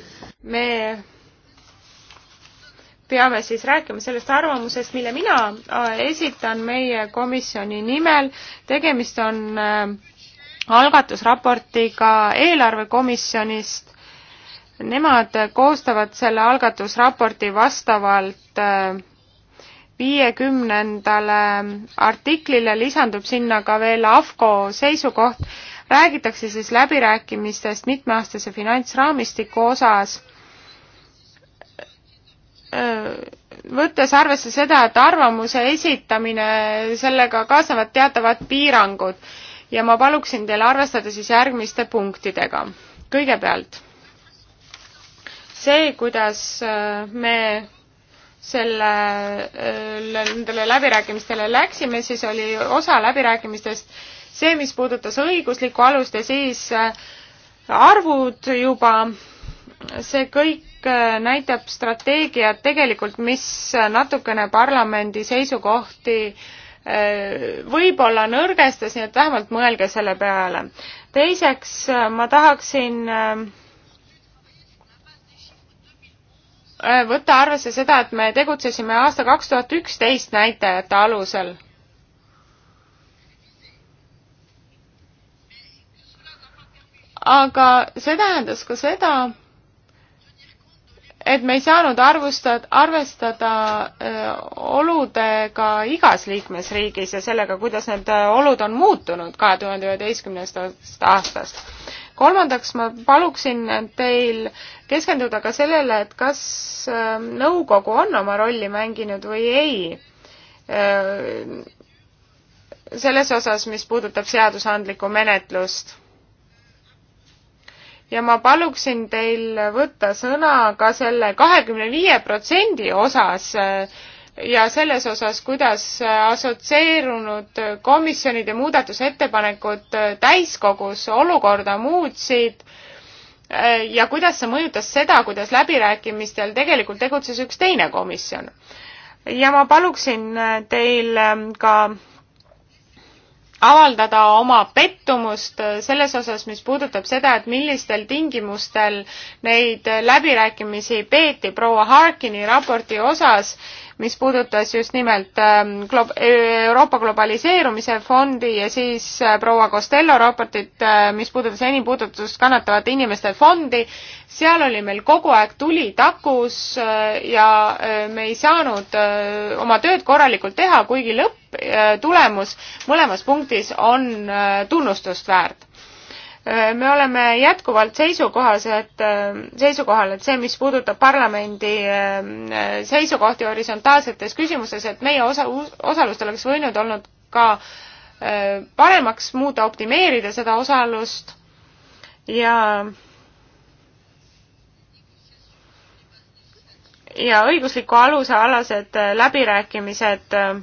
me peame siis rääkima sellest arvamusest, mille mina äh, esitan meie komisjoni nimel. tegemist on äh, algatusraportiga eelarvekomisjonist. Nemad koostavad selle algatusraporti vastavalt äh, viiekümnendale artiklile, lisandub sinna ka veel AFCO seisukoht. räägitakse siis läbirääkimistest mitmeaastase finantsraamistiku osas võttes arvesse seda, et arvamuse esitamine, sellega kaasnevad teatavad piirangud ja ma paluksin teil arvestada siis järgmiste punktidega. kõigepealt see, kuidas äh, me selle, äh, nendele läbirääkimistele läksime, siis oli osa läbirääkimistest see, mis puudutas õiguslikku alust ja siis äh, arvud juba, see kõik Äh, näitab strateegiat tegelikult, mis natukene parlamendi seisukohti äh, võib-olla nõrgestas, nii et vähemalt mõelge selle peale. teiseks äh, ma tahaksin võtta arvesse seda, et me tegutsesime aasta kaks tuhat üksteist näitajate alusel aga see tähendas ka seda, et me ei saanud arvustada, arvestada öö, oludega igas liikmesriigis ja sellega, kuidas need olud on muutunud kahe tuhande üheteistkümnendast aastast. kolmandaks ma paluksin teil keskenduda ka sellele, et kas öö, nõukogu on oma rolli mänginud või ei öö, selles osas, mis puudutab seadusandlikku menetlust ja ma paluksin teil võtta sõna ka selle kahekümne viie protsendi osas äh, ja selles osas, kuidas äh, assotsieerunud komisjonide muudatusettepanekud äh, täiskogus olukorda muutsid ja kuidas see mõjutas seda, kuidas läbirääkimistel tegelikult tegutses üks teine komisjon. ja ma paluksin teil ähm, ka avaldada oma pettumust selles osas, mis puudutab seda, et millistel tingimustel neid läbirääkimisi peeti proua Harkini raporti osas mis puudutas just nimelt ähm, glo-, e-, Euroopa globaliseerumise fondi ja siis äh, proua Costello raportit, äh, mis puudutas enim puudutust kannatavate inimeste fondi, seal oli meil kogu aeg tuli takus äh, ja me ei saanud oma tööd korralikult teha, kuigi lõpptulemus mõlemas punktis on tunnustust väärt Äh, me oleme jätkuvalt seisukohas, et äh, seisukohal, et see, mis puudutab parlamendi äh, seisukohti horisontaalsetes küsimustes, et meie osa, osalust oleks võinud olnud ka paremaks muuta, optimeerida seda osalust ja ja õigusliku aluse alased läbirääkimised äh,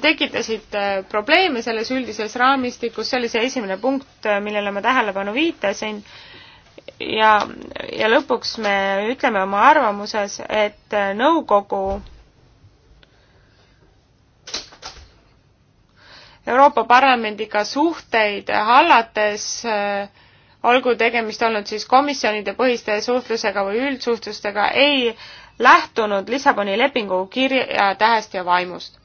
tekitasid äh, probleeme selles üldises raamistikus, see oli see esimene punkt, äh, millele ma tähelepanu viitasin, ja, ja lõpuks me ütleme oma arvamuses, et äh, nõukogu Euroopa Parlamendiga suhteid hallates olgu tegemist olnud siis komisjonide põhiste suhtlusega või üldsuhtlustega, ei lähtunud Lissaboni lepingu kirja tähest ja vaimust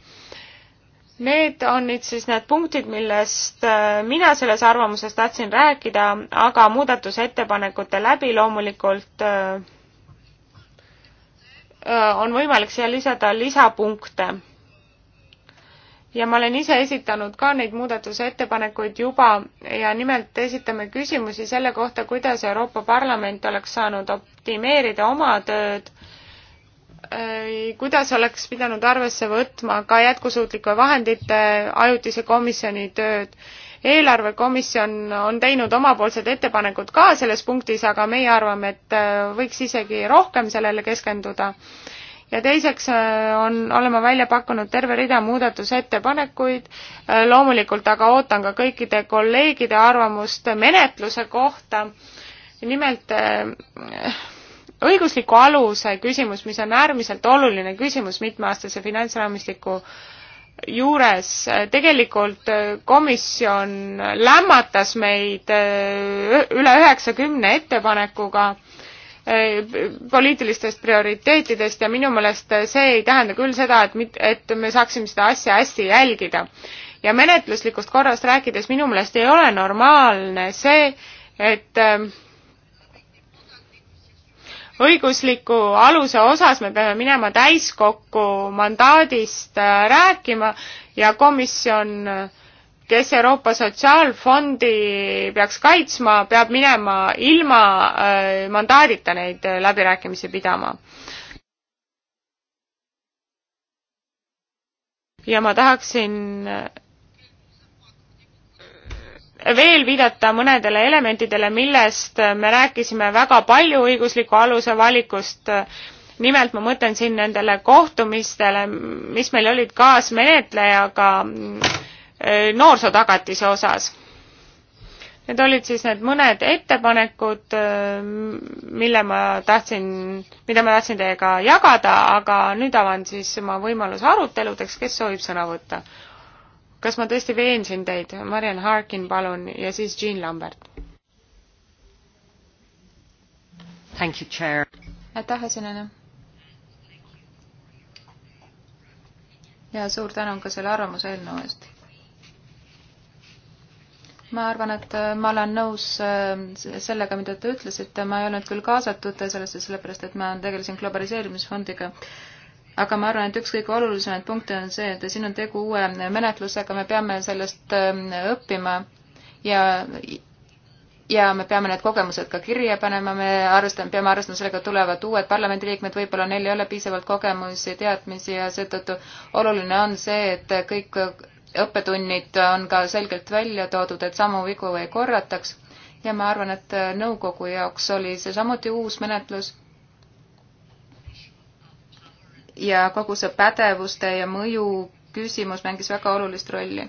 Need on nüüd siis need punktid, millest äh, mina selles arvamuses tahtsin rääkida, aga muudatusettepanekute läbi loomulikult äh, äh, on võimalik siia lisada lisapunkte. ja ma olen ise esitanud ka neid muudatusettepanekuid juba ja nimelt esitame küsimusi selle kohta, kuidas Euroopa Parlament oleks saanud optimeerida oma tööd Äh, kuidas oleks pidanud arvesse võtma ka jätkusuutlike vahendite ajutise komisjoni tööd. eelarvekomisjon on teinud omapoolsed ettepanekud ka selles punktis, aga meie arvame, et äh, võiks isegi rohkem sellele keskenduda. ja teiseks äh, on, oleme välja pakkunud terve rida muudatusettepanekuid, loomulikult aga ootan ka kõikide kolleegide arvamust menetluse kohta, nimelt õigusliku aluse küsimus, mis on äärmiselt oluline küsimus mitmeaastase finantsraamistiku juures, tegelikult äh, komisjon lämmatas meid äh, üle üheksakümne ettepanekuga äh, poliitilistest prioriteetidest ja minu meelest see ei tähenda küll seda, et mit-, et me saaksime seda asja hästi jälgida. ja menetluslikust korrast rääkides minu meelest ei ole normaalne see, et äh, õigusliku aluse osas me peame minema täiskokku mandaadist äh, rääkima ja komisjon, kes Euroopa Sotsiaalfondi peaks kaitsma, peab minema ilma äh, mandaadita neid äh, läbirääkimisi pidama. ja ma tahaksin veel viidata mõnedele elementidele, millest me rääkisime väga palju õigusliku aluse valikust. nimelt ma mõtlen siin nendele kohtumistele, mis meil olid kaasmenetlejaga äh, noorsootagatise osas. Need olid siis need mõned ettepanekud, äh, mille ma tahtsin, mida ma tahtsin teiega jagada, aga nüüd avan siis oma võimaluse aruteludeks, kes soovib sõna võtta kas ma tõesti veensin teid? Marian Harkin, palun, ja siis Jean Lambert. aitäh, esineja. ja suur tänu ka selle arvamuse eelnõu eest. ma arvan, et äh, ma olen nõus äh, sellega, mida te ütlesite, ma ei olnud küll kaasatud sellesse, sellepärast et ma tegelesin globaliseerimisfondiga aga ma arvan, et üks kõige olulisemaid punkte on see, et siin on tegu uue menetlusega, me peame sellest ähm, õppima ja ja me peame need kogemused ka kirja panema, me arvestame, peame arvestama sellega, tulevad uued parlamendiliikmed, võib-olla neil ei ole piisavalt kogemusi, teadmisi ja seetõttu oluline on see, et kõik õppetunnid on ka selgelt välja toodud, et samu vigu ei korrataks. ja ma arvan, et nõukogu jaoks oli see samuti uus menetlus ja kogu see pädevuste ja mõju küsimus mängis väga olulist rolli.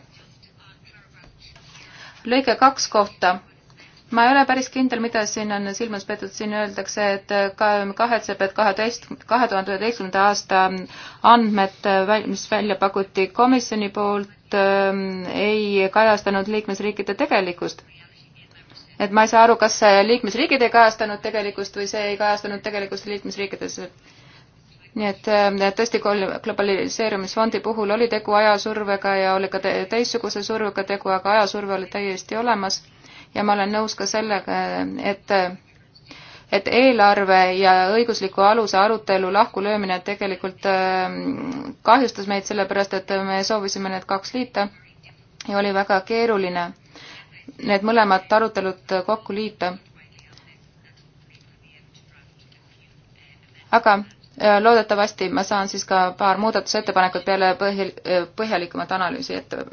lõige kaks kohta. ma ei ole päris kindel, mida siin on silmas peetud, siin öeldakse, et ka kahetseb, et kaheteist, kahe tuhande üheteistkümnenda aasta andmed, mis välja pakuti komisjoni poolt, ähm, ei kajastanud liikmesriikide tegelikkust et ma ei saa aru, kas liikmesriigid ei kajastanud tegelikkust või see ei kajastanud tegelikkust liikmesriikides, et nii et äh, tõesti globaliseerumisfondi puhul oli tegu ajasurvega ja oli ka teistsuguse survega tegu, aga ajasurve oli täiesti olemas ja ma olen nõus ka sellega, et et eelarve ja õigusliku aluse arutelu lahkulöömine tegelikult ähm, kahjustas meid, sellepärast et me soovisime need kaks liita ja oli väga keeruline need mõlemad arutelud kokku liita. aga Äh, loodetavasti ma saan siis ka paar muudatusettepanekut peale põhi, äh, põhjalikumat analüüsi ette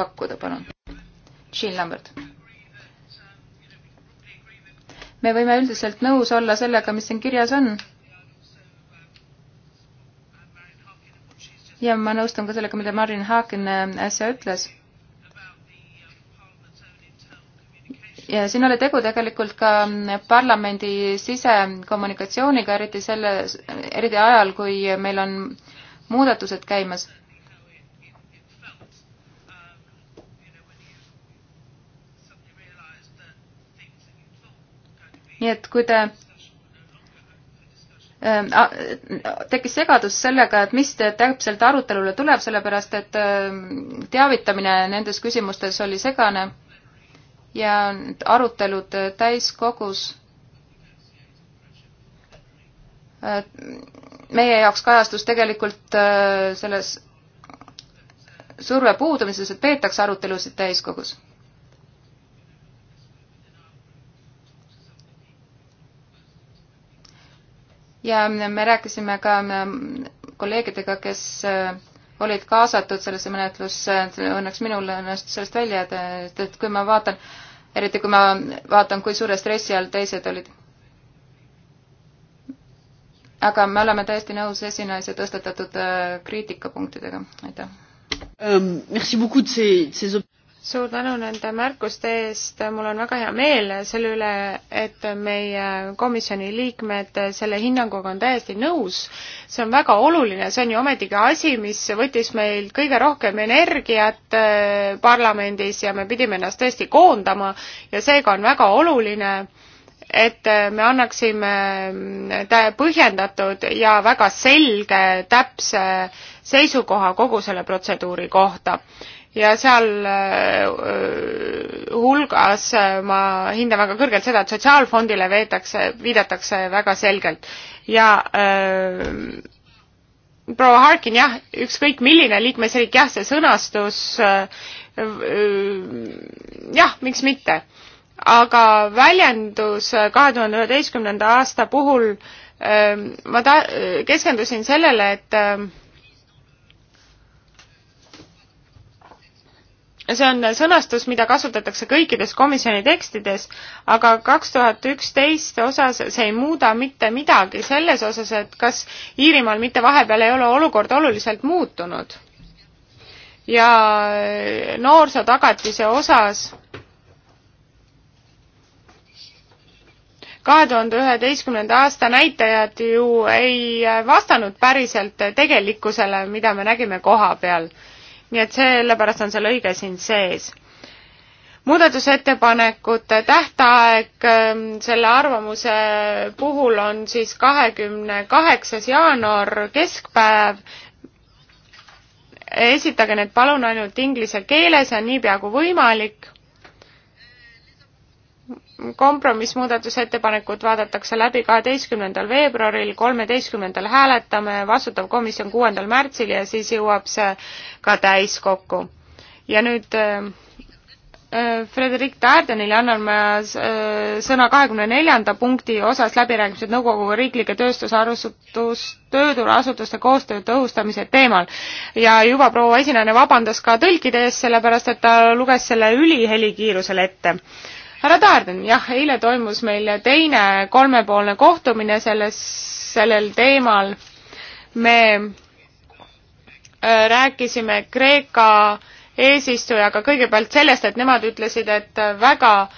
pakkuda, palun. Jean Lambert. me võime üldiselt nõus olla sellega, mis siin kirjas on. ja ma nõustun ka sellega, mida Marin Haaken äh, äsja ütles ja siin oli tegu tegelikult ka parlamendi sisekommunikatsiooniga, eriti selle, eriti ajal, kui meil on muudatused käimas. nii et kui te ähm, tekkis segadus sellega, et mis täpselt arutelule tuleb, sellepärast et ähm, teavitamine nendes küsimustes oli segane ja need arutelud täiskogus meie jaoks kajastus tegelikult äh, selles surve puudumises, et peetakse arutelusid täiskogus. ja me rääkisime ka äh, kolleegidega, kes äh, olid kaasatud sellesse menetlusse, õnneks minul õnnestus sellest välja jääda, et, et kui ma vaatan äh, eriti kui ma vaatan, kui suure stressi all teised olid. aga me oleme täiesti nõus esinaise tõstatatud äh, kriitikapunktidega, aitäh um, suur tänu nende märkuste eest, mul on väga hea meel selle üle, et meie komisjoni liikmed selle hinnanguga on täiesti nõus. see on väga oluline, see on ju ometigi asi, mis võttis meilt kõige rohkem energiat eh, parlamendis ja me pidime ennast tõesti koondama ja seega on väga oluline, et me annaksime mm, põhjendatud ja väga selge, täpse seisukoha kogu selle protseduuri kohta ja seal äh, hulgas äh, ma hindan väga kõrgelt seda, et sotsiaalfondile veetakse, viidatakse väga selgelt ja äh, proua Harkin, jah, ükskõik milline liikmesriik, jah, see sõnastus, jah, miks mitte. aga väljendus kahe tuhande üheteistkümnenda aasta puhul ma ta-, keskendusin sellele, et see on sõnastus, mida kasutatakse kõikides komisjoni tekstides, aga kaks tuhat üksteist osas see ei muuda mitte midagi selles osas, et kas Iirimaal mitte vahepeal ei ole olukord oluliselt muutunud. ja noorsootagatise osas kahe tuhande üheteistkümnenda aasta näitajad ju ei vastanud päriselt tegelikkusele, mida me nägime koha peal nii et sellepärast on seal lõige siin sees. muudatusettepanekute tähtaeg ähm, selle arvamuse puhul on siis kahekümne kaheksas jaanuar, keskpäev. esitage need palun ainult inglise keeles ja niipea kui võimalik kompromissmuudatusettepanekud vaadatakse läbi kaheteistkümnendal veebruaril, kolmeteistkümnendal hääletame, vastutav komisjon kuuendal märtsil ja siis jõuab see ka täiskokku. ja nüüd äh, äh, Frederik Taerdenile annan ma äh, sõna kahekümne neljanda punkti osas läbirääkimised nõukoguga riiklike tööstusasutus, tööturuasutuste koostöö tõhustamise teemal. ja juba proua esinejana vabandas ka tõlkide ees, sellepärast et ta luges selle ülihelikiirusel ette härra Taarden, jah, eile toimus meil teine kolmepoolne kohtumine selles, sellel teemal. me äh, rääkisime Kreeka eesistujaga kõigepealt sellest, et nemad ütlesid, et väga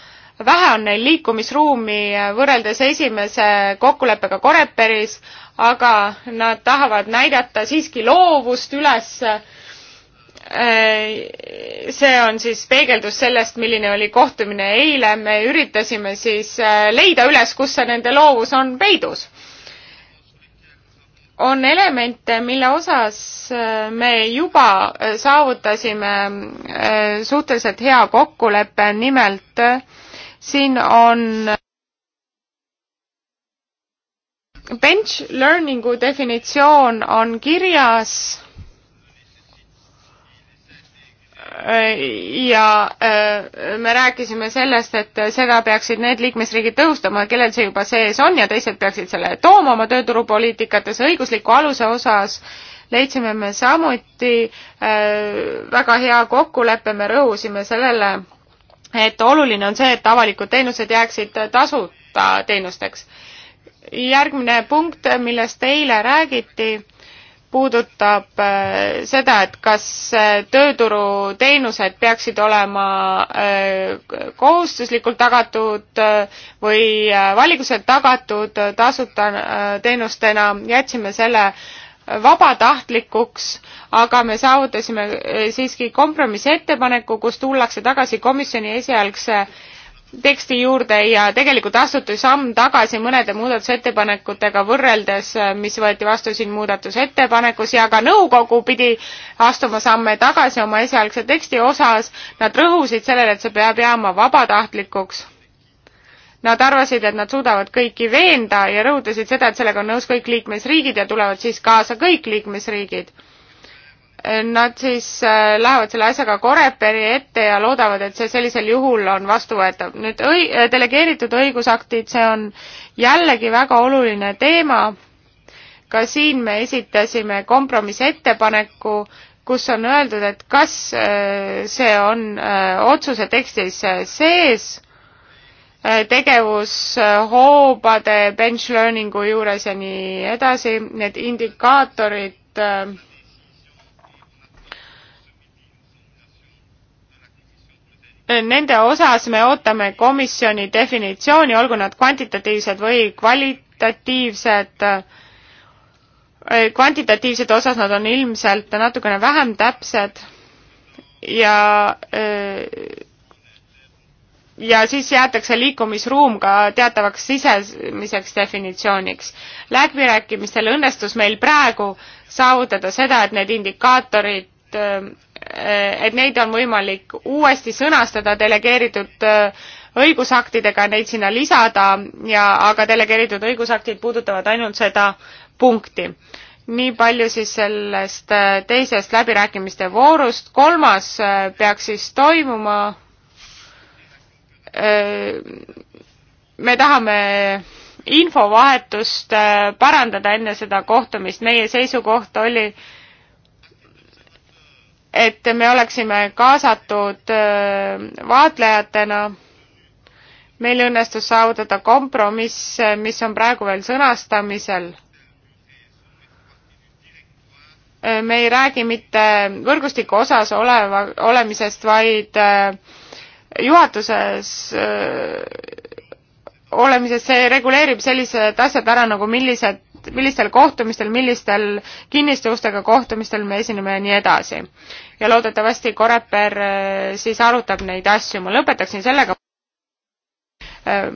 vähe on neil liikumisruumi võrreldes esimese kokkuleppega Koreperis, aga nad tahavad näidata siiski loovust üles Äh, see on siis peegeldus sellest, milline oli kohtumine eile, me üritasime siis äh, leida üles, kus see nende loovus on peidus. on elemente, mille osas äh, me juba saavutasime suhteliselt hea kokkuleppe, nimelt siin on bench learningu definitsioon on kirjas ja äh, me rääkisime sellest, et seda peaksid need liikmesriigid tõhustama, kellel see juba sees on ja teised peaksid selle tooma oma tööturupoliitikates õigusliku aluse osas leidsime me samuti äh, väga hea kokkuleppe, me rõhusime sellele, et oluline on see, et avalikud teenused jääksid tasuta teenusteks. järgmine punkt, millest eile räägiti puudutab äh, seda, et kas äh, tööturuteenused peaksid olema äh, kohustuslikult tagatud või valikuselt tagatud tasuta teenustena, jätsime selle vabatahtlikuks, aga me saavutasime siiski kompromissettepaneku, kus tullakse tagasi komisjoni esialgse teksti juurde ja tegelikult astuti samm tagasi mõnede muudatusettepanekutega võrreldes, mis võeti vastu siin muudatusettepanekus ja ka nõukogu pidi astuma samme tagasi oma esialgse teksti osas. Nad rõhusid sellele, et see peab jääma vabatahtlikuks. Nad arvasid, et nad suudavad kõiki veenda ja rõhutasid seda, et sellega on nõus kõik liikmesriigid ja tulevad siis kaasa kõik liikmesriigid nad siis äh, lähevad selle asjaga Coreperi ette ja loodavad, et see sellisel juhul on vastuvõetav. nüüd õi-, äh, delegeeritud õigusaktid, see on jällegi väga oluline teema. ka siin me esitasime kompromissettepaneku, kus on öeldud, et kas äh, see on otsuse tekstis sees tegevushoobade bench learningu juures ja nii edasi, need indikaatorid äh, nende osas me ootame komisjoni definitsiooni, olgu nad kvantitatiivsed või kvalitatiivsed. Äh, kvantitatiivsete osas nad on ilmselt natukene vähem täpsed ja äh, ja siis jäetakse liikumisruum ka teatavaks sisemiseks definitsiooniks. läbirääkimistel õnnestus meil praegu saavutada seda, et need indikaatorid äh, Eh, et neid on võimalik uuesti sõnastada delegeeritud eh, õigusaktidega, neid sinna lisada ja, aga delegeeritud õigusaktid puudutavad ainult seda punkti. nii palju siis sellest eh, teisest läbirääkimiste voorust, kolmas peaks siis toimuma. me tahame infovahetust parandada enne seda kohtumist, meie seisukoht oli äh, et me oleksime kaasatud äh, vaatlejatena. meil õnnestus saavutada kompromiss, äh, mis on praegu veel sõnastamisel. Äh, me ei räägi mitte võrgustiku osas oleva, olemisest, vaid juhatuses olemises, see reguleerib sellised asjad ära nagu millised millist, millistel kohtumistel, millistel kinniste ustega kohtumistel me esineme ja nii edasi. ja loodetavasti Koreper eh, siis arutab neid asju, ma lõpetaksin sellega. Eh,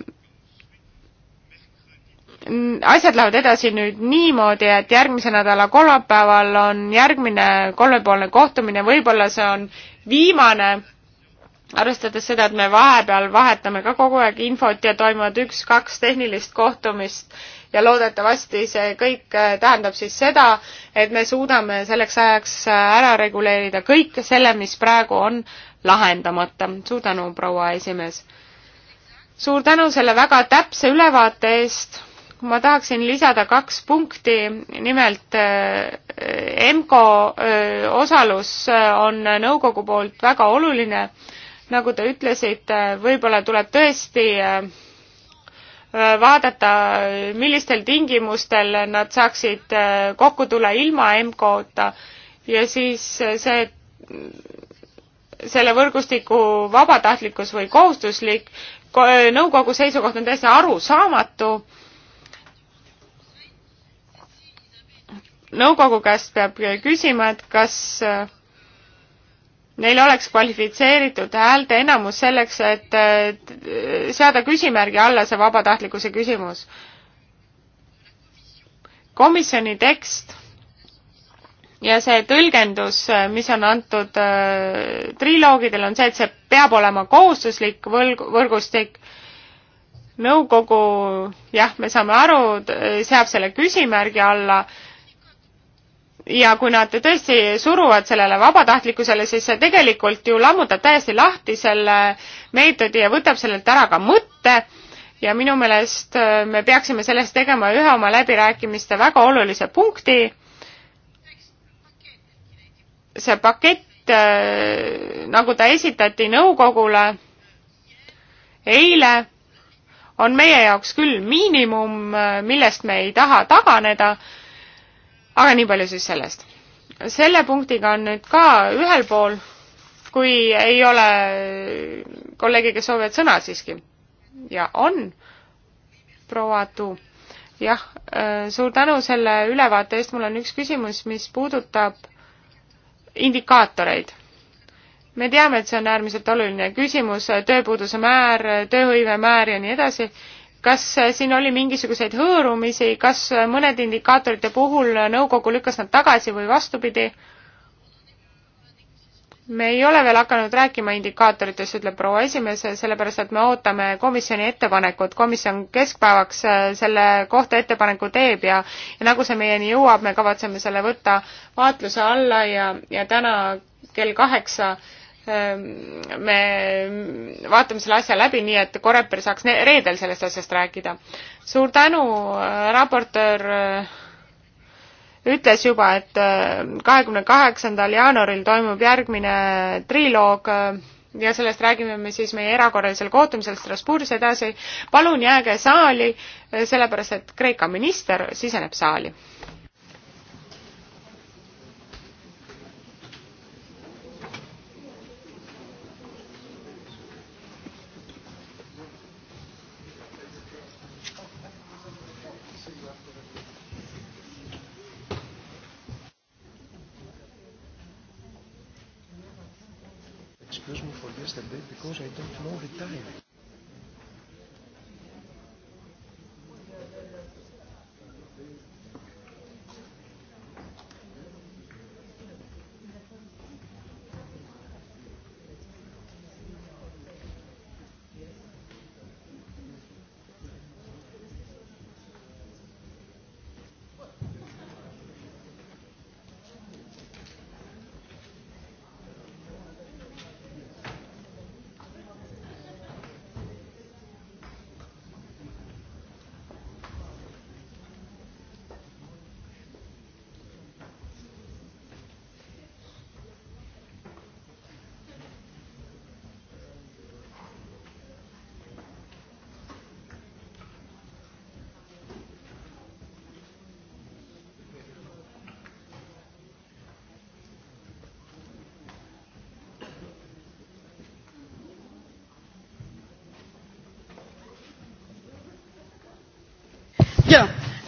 asjad lähevad edasi nüüd niimoodi, et järgmise nädala kolmapäeval on järgmine kolmepoolne kohtumine, võib-olla see on viimane arvestades seda, et me vahepeal vahetame ka kogu aeg infot ja toimuvad üks-kaks tehnilist kohtumist ja loodetavasti see kõik äh, tähendab siis seda, et me suudame selleks ajaks äh, ära reguleerida kõik selle, mis praegu on lahendamata. suur tänu, proua esimees! suur tänu selle väga täpse ülevaate eest ma tahaksin lisada kaks punkti, nimelt EMCO äh, osalus on nõukogu poolt väga oluline. nagu te ütlesite, võib-olla tuleb tõesti Äh, vaadata, millistel tingimustel nad saaksid äh, kokku tulla ilma MKO-ta ja siis äh, see, selle võrgustiku vabatahtlikkus või kohustuslik, nõukogu seisukoht on täiesti arusaamatu nõukogu käest peab küsima, et kas neil oleks kvalifitseeritud häälte enamus selleks, et seada küsimärgi alla see vabatahtlikkuse küsimus. komisjoni tekst ja see tõlgendus, mis on antud äh, triloogidele, on see, et see peab olema kohustuslik võlg, võrgustik. nõukogu, jah, me saame aru, seab selle küsimärgi alla äh, ja kui nad tõesti suruvad sellele vabatahtlikkusele, siis see tegelikult ju lammutab täiesti lahti selle meetodi ja võtab sellelt ära ka mõtte ja minu meelest äh, me peaksime sellest tegema ühe oma läbirääkimiste väga olulise punkti. see pakett, äh, nagu ta esitati nõukogule eile, on meie jaoks küll miinimum, äh, millest me ei taha taganeda aga nii palju siis sellest. selle punktiga on nüüd ka ühel pool, kui ei ole kolleege, kes soovivad sõna siiski. ja on, proua Atu. jah, äh, suur tänu selle ülevaate eest, mul on üks küsimus, mis puudutab indikaatoreid me teame, et see on äärmiselt oluline küsimus, tööpuuduse määr, tööhõive määr ja nii edasi kas siin oli mingisuguseid hõõrumisi, kas mõnede indikaatorite puhul nõukogu lükkas nad tagasi või vastupidi? me ei ole veel hakanud rääkima indikaatoritest, ütleb proua esimees, sellepärast et me ootame komisjoni ettepanekut. komisjon keskpäevaks äh, selle kohta ettepaneku teeb ja, ja nagu see meieni jõuab, me kavatseme selle võtta vaatluse alla ja, ja täna kell kaheksa 8 Ehm, me vaatame selle asja läbi, nii et Koreper saaks reedel sellest asjast rääkida. suur tänu, äh, raportöör äh, ütles juba, et äh, kahekümne kaheksandal jaanuaril toimub järgmine triloog ja sellest räägime me siis meie erakorralisel kohtumisel Strasbourgis edasi. palun jääge saali, sellepärast et Kreeka minister siseneb saali because I don't know the time.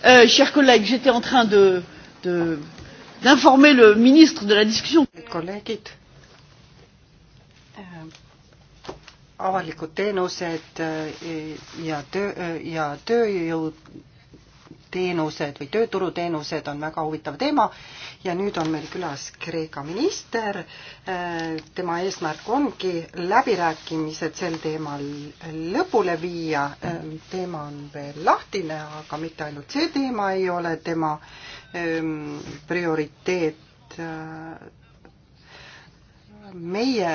Euh, chers collègues, j'étais en train de, de, d'informer le ministre de la discussion. kolleegid, äh, avalikud teenused äh, ja töö äh, ja tööjõud teenused või tööturuteenused on väga huvitav teema ja nüüd on meil külas Kreeka minister. Äh, tema eesmärk ongi läbirääkimised sel teemal lõpule viia. Äh, teema on veel lahtine, aga mitte ainult see teema ei ole tema ähm, prioriteet äh, meie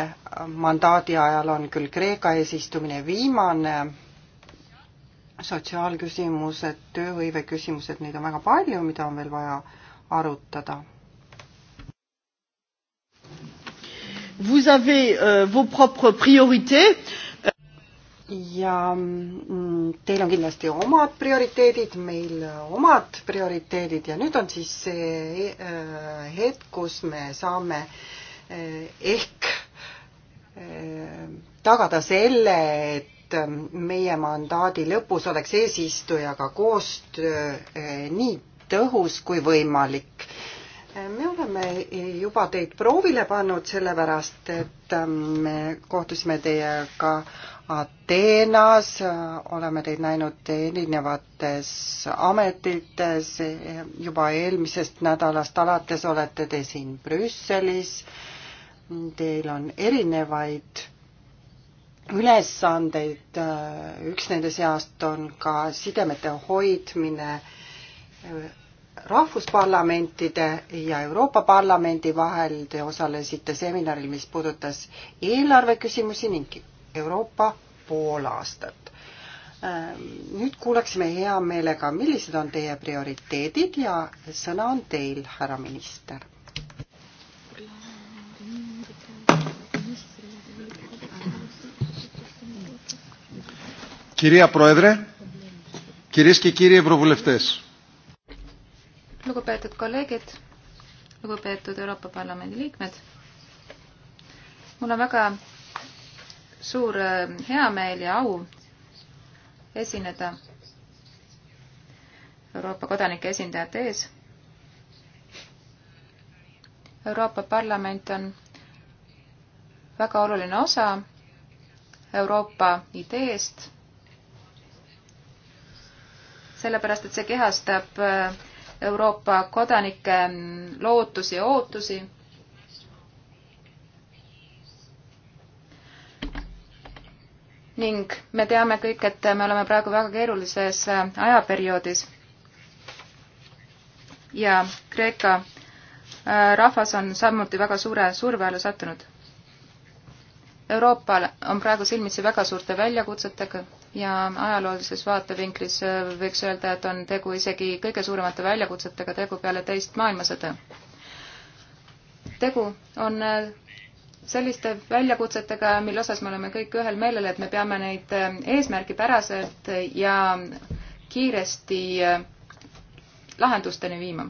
mandaadi ajal on küll Kreeka eesistumine viimane sotsiaalküsimused, tööhõive küsimused, neid on väga palju, mida on veel vaja arutada. Vous avez euh, vos propres priorités. ja mm, teil on kindlasti omad prioriteedid, meil omad prioriteedid ja nüüd on siis see äh, hetk, kus me saame äh, ehk äh, tagada selle, et et ähm, meie mandaadi lõpus oleks eesistujaga koostöö äh, nii tõhus kui võimalik. Äh, me oleme juba teid proovile pannud, sellepärast et ähm, me kohtusime teiega Ateenas, äh, oleme teid näinud erinevates ametites, juba eelmisest nädalast alates olete te siin Brüsselis. Teil on erinevaid ülesandeid, äh, üks nende seast on ka sidemete hoidmine äh, rahvusparlamentide ja Euroopa Parlamendi vahel. Te osalesite seminaril, mis puudutas eelarveküsimusi ning Euroopa poolaastat. Äh, nüüd kuulaksime hea meelega, millised on teie prioriteedid ja sõna on teil, härra minister Κυρία Πρόεδρε, κυρίες και κύριοι Ευρωβουλευτές. Lugupeetud kolleegid, lugupeetud Euroopa Parlamendi liikmed. Mul on väga suur äh, heameel ja au esineda Euroopa kodanike esindajate ees. Euroopa Parlament on väga oluline osa Euroopa ideest sellepärast et see kehastab äh, Euroopa kodanike mm, lootusi ja ootusi. ning me teame kõik, et me oleme praegu väga keerulises äh, ajaperioodis. ja Kreeka äh, rahvas on samuti väga suure surve alla sattunud Euroopal on praegu silmitsi väga suurte väljakutsetega ja ajaloolises vaatevinklis äh, võiks öelda, et on tegu isegi kõige suuremate väljakutsetega tegu peale teist maailmasõda. tegu on äh, selliste väljakutsetega, mille osas me oleme kõik ühel meelel, et me peame neid äh, eesmärgipäraselt ja kiiresti lahendusteni viima.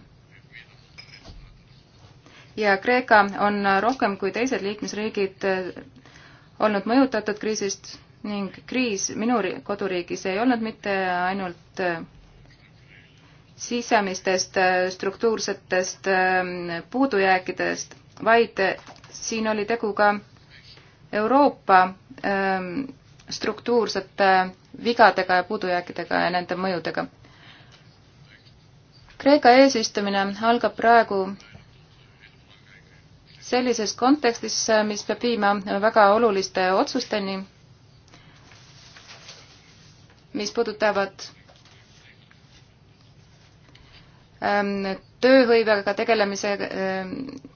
ja Kreeka on rohkem kui teised liikmesriigid olnud mõjutatud kriisist ning kriis minu koduriigis ei olnud mitte ainult äh, sisemistest äh, struktuursetest ähm, puudujääkidest, vaid äh, siin oli tegu ka Euroopa ähm, struktuursete vigadega ja puudujääkidega ja nende mõjudega. Kreeka eesistumine algab praegu sellises kontekstis, mis peab viima väga oluliste otsusteni mis puudutavad ähm, tööhõivega tegelemise, ähm,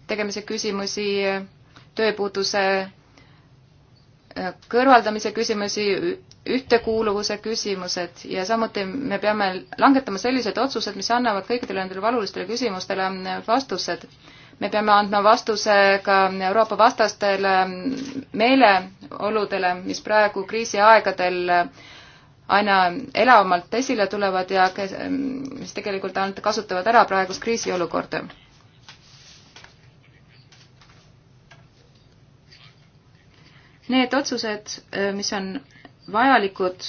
tegemise küsimusi, tööpuuduse äh, kõrvaldamise küsimusi, ühtekuuluvuse küsimused ja samuti me peame langetama sellised otsused, mis annavad kõikidele nendele valulistele küsimustele ähm, vastused. me peame andma vastuse ka Euroopa vastastele meeleoludele, mis praegu kriisiaegadel äh, aina elavamalt esile tulevad ja kes, mm, mis tegelikult ainult kasutavad ära praegust kriisiolukorda. Need otsused, mis on vajalikud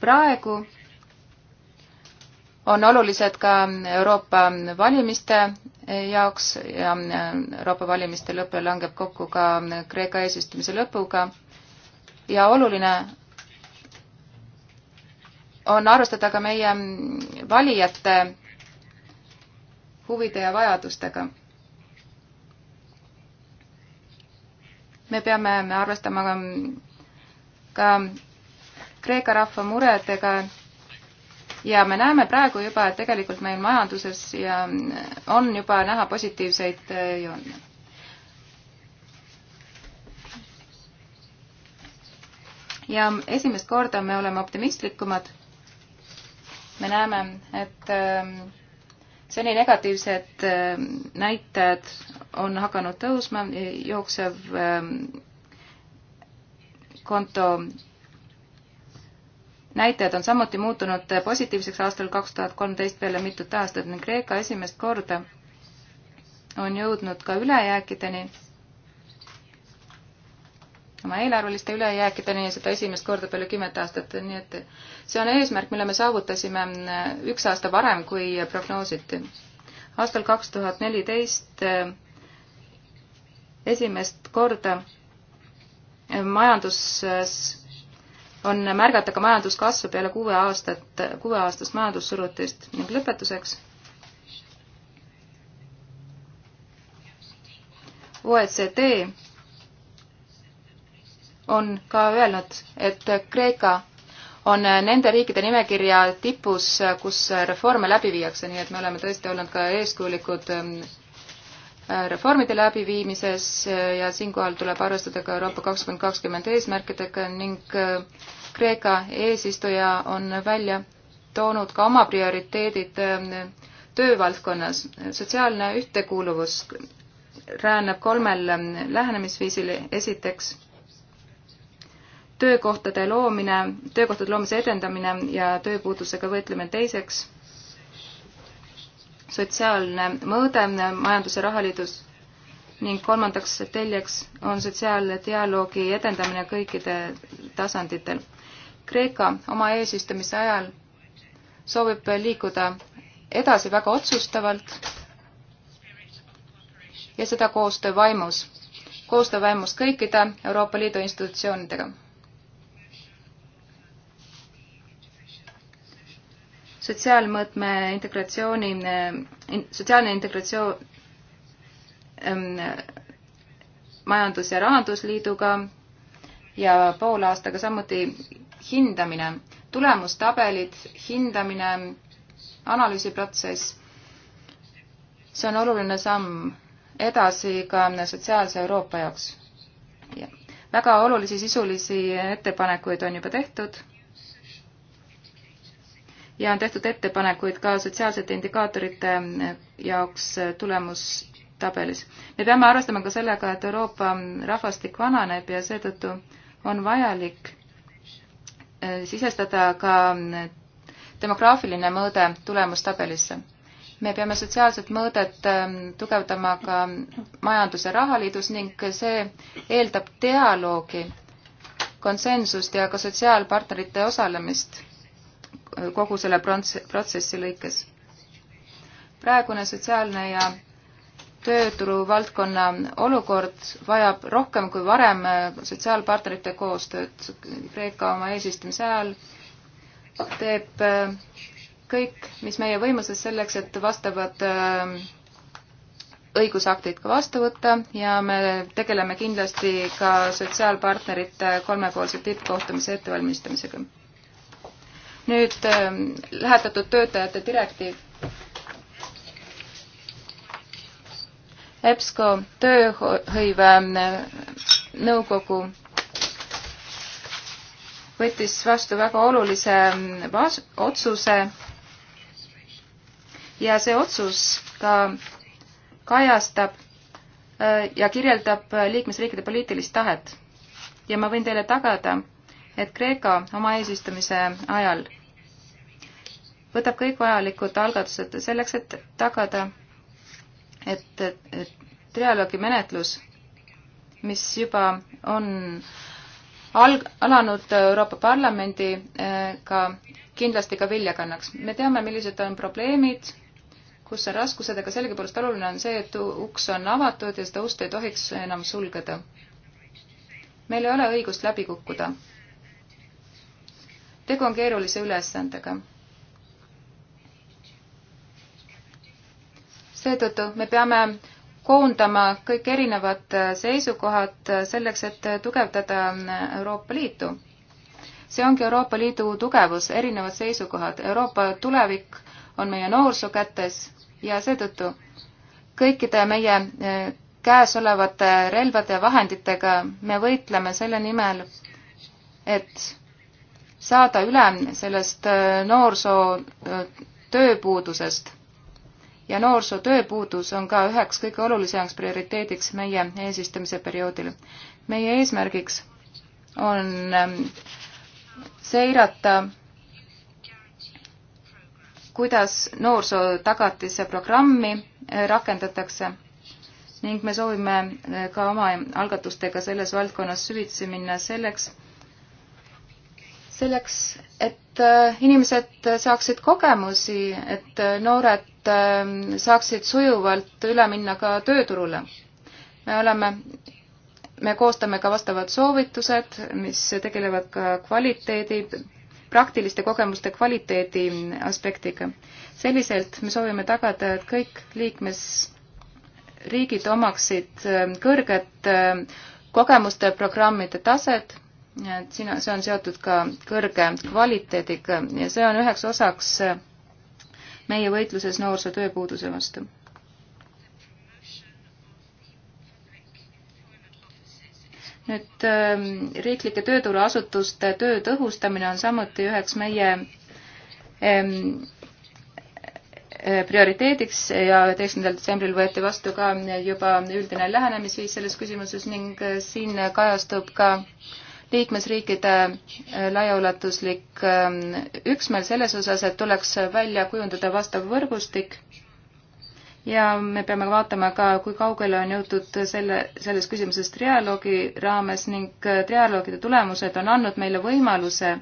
praegu, on olulised ka Euroopa valimiste jaoks ja Euroopa valimiste lõpe langeb kokku ka Kreeka eesistumise lõpuga ja oluline on arvestada ka meie valijate huvide ja vajadustega. me peame arvestama ka, ka Kreeka rahva muredega ja me näeme praegu juba, et tegelikult meil majanduses ja on juba näha positiivseid joone. ja esimest korda me oleme optimistlikumad me näeme, et ähm, seni negatiivsed ähm, näitajad on hakanud tõusma, jooksev ähm, konto näitajad on samuti muutunud positiivseks aastal kaks tuhat kolmteist peale mitut aastat ning Kreeka esimest korda on jõudnud ka ülejääkideni oma eelarveliste ülejääkideni ja seda esimest korda peale kümmet aastat, nii et see on eesmärk, mille me saavutasime äh, üks aasta varem, kui prognoositi. aastal kaks tuhat neliteist äh, esimest korda äh, majanduses on märgata ka majanduskasvu peale kuue aastat, kuueaastast majandussurutist ning lõpetuseks OECD on ka öelnud, et Kreeka on nende riikide nimekirja tipus, kus reforme läbi viiakse, nii et me oleme tõesti olnud ka eeskujulikud ähm, reformide läbiviimises äh, ja siinkohal tuleb arvestada ka Euroopa kakskümmend kakskümmend eesmärkidega ning äh, Kreeka eesistuja on välja toonud ka oma prioriteedid ähm, töövaldkonnas. sotsiaalne ühtekuuluvus rääneb kolmel ähm, lähenemisviisil, esiteks töökohtade loomine, töökohtade loomise edendamine ja tööpuudusega võitlemine teiseks, sotsiaalne mõõde majandus- ja rahaliidus ning kolmandaks teljeks on sotsiaaldialoogi edendamine kõikide tasanditel. Kreeka oma eesistumise ajal soovib liikuda edasi väga otsustavalt ja seda koostöö vaimus, koostöö vaimus kõikide Euroopa Liidu institutsioonidega sotsiaalmõõtme integratsiooni, sotsiaalne integratsioon ähm, majandus- ja rahandusliiduga ja poole aastaga samuti hindamine, tulemustabelid, hindamine, analüüsiprotsess. see on oluline samm edasi ka sotsiaalse Euroopa jaoks ja. väga olulisi sisulisi ettepanekuid on juba tehtud ja on tehtud ettepanekuid ka sotsiaalsete indikaatorite eh, jaoks eh, tulemustabelis. me peame arvestama ka sellega, et Euroopa rahvastik vananeb ja seetõttu on vajalik eh, sisestada ka demograafiline mõõde tulemustabelisse. me peame sotsiaalset mõõdet tugevdama ka majanduse rahaliidus ning see eeldab dialoogi, konsensust ja ka sotsiaalpartnerite osalemist kogu selle prots-, protsessi lõikes. praegune sotsiaalne ja tööturu valdkonna olukord vajab rohkem kui varem äh, sotsiaalpartnerite koostööd. Kreeka oma eesistumise ajal teeb äh, kõik, mis meie võimuses selleks, et vastavad äh, õigusaktid ka vastu võtta ja me tegeleme kindlasti ka sotsiaalpartnerite kolmepoolse tippkohtumise ettevalmistamisega nüüd ähm, lähetatud töötajate direktiiv. EBSCO tööhõive äh, nõukogu võttis vastu väga olulise ähm, vas-, otsuse ja see otsus ka kajastab äh, ja kirjeldab äh, liikmesriikide poliitilist tahet. ja ma võin teile tagada, et Kreeka oma eesistumise ajal võtab kõik vajalikud algatused selleks, et tagada, et, et trialoogi menetlus, mis juba on alg-, alanud Euroopa Parlamendiga, eh, kindlasti ka vilja kannaks. me teame, millised on probleemid, kus on raskused, aga sellegipoolest oluline on see, et uks on avatud ja seda ust ei tohiks enam sulgeda. meil ei ole õigust läbi kukkuda. tegu on keerulise ülesandega seetõttu me peame koondama kõik erinevad äh, seisukohad äh, selleks, et äh, tugevdada Euroopa Liitu. see ongi Euroopa Liidu tugevus, erinevad seisukohad. Euroopa tulevik on meie noorsoo kätes ja seetõttu kõikide meie käesolevate relvade ja vahenditega me võitleme selle nimel, et saada üle sellest noorsoo tööpuudusest ja noorsootööpuudus on ka üheks kõige olulisemaks prioriteediks meie eesistumise perioodil. meie eesmärgiks on ähm, seirata, kuidas noorsootagatise programmi äh, rakendatakse ning me soovime äh, ka oma algatustega selles valdkonnas süvitsi minna selleks, selleks, et äh, inimesed saaksid kogemusi, et noored nad ähm, saaksid sujuvalt üle minna ka tööturule. me oleme, me koostame ka vastavad soovitused, mis tegelevad ka kvaliteedi, praktiliste kogemuste kvaliteedi aspektiga. selliselt me soovime tagada, et kõik liikmesriigid omaksid ähm, kõrget ähm, kogemuste programmide taset et sina, see on seotud ka kõrge kvaliteediga ja see on üheks osaks äh, meie võitluses noorsootööpuuduse vastu. nüüd ähm, riiklike tööturuasutuste töö tõhustamine on samuti üheks meie ähm, äh, prioriteediks ja üheteistkümnendal detsembril võeti vastu ka juba üldine lähenemisviis selles küsimuses ning äh, siin kajastub ka äh, liikmesriikide äh, laiaulatuslik ähm, üksmeel selles osas, et tuleks välja kujundada vastav võrgustik ja me peame vaatama ka, kui kaugele on jõutud selle, selles küsimuses trialoogi raames ning äh, trialoogide tulemused on andnud meile võimaluse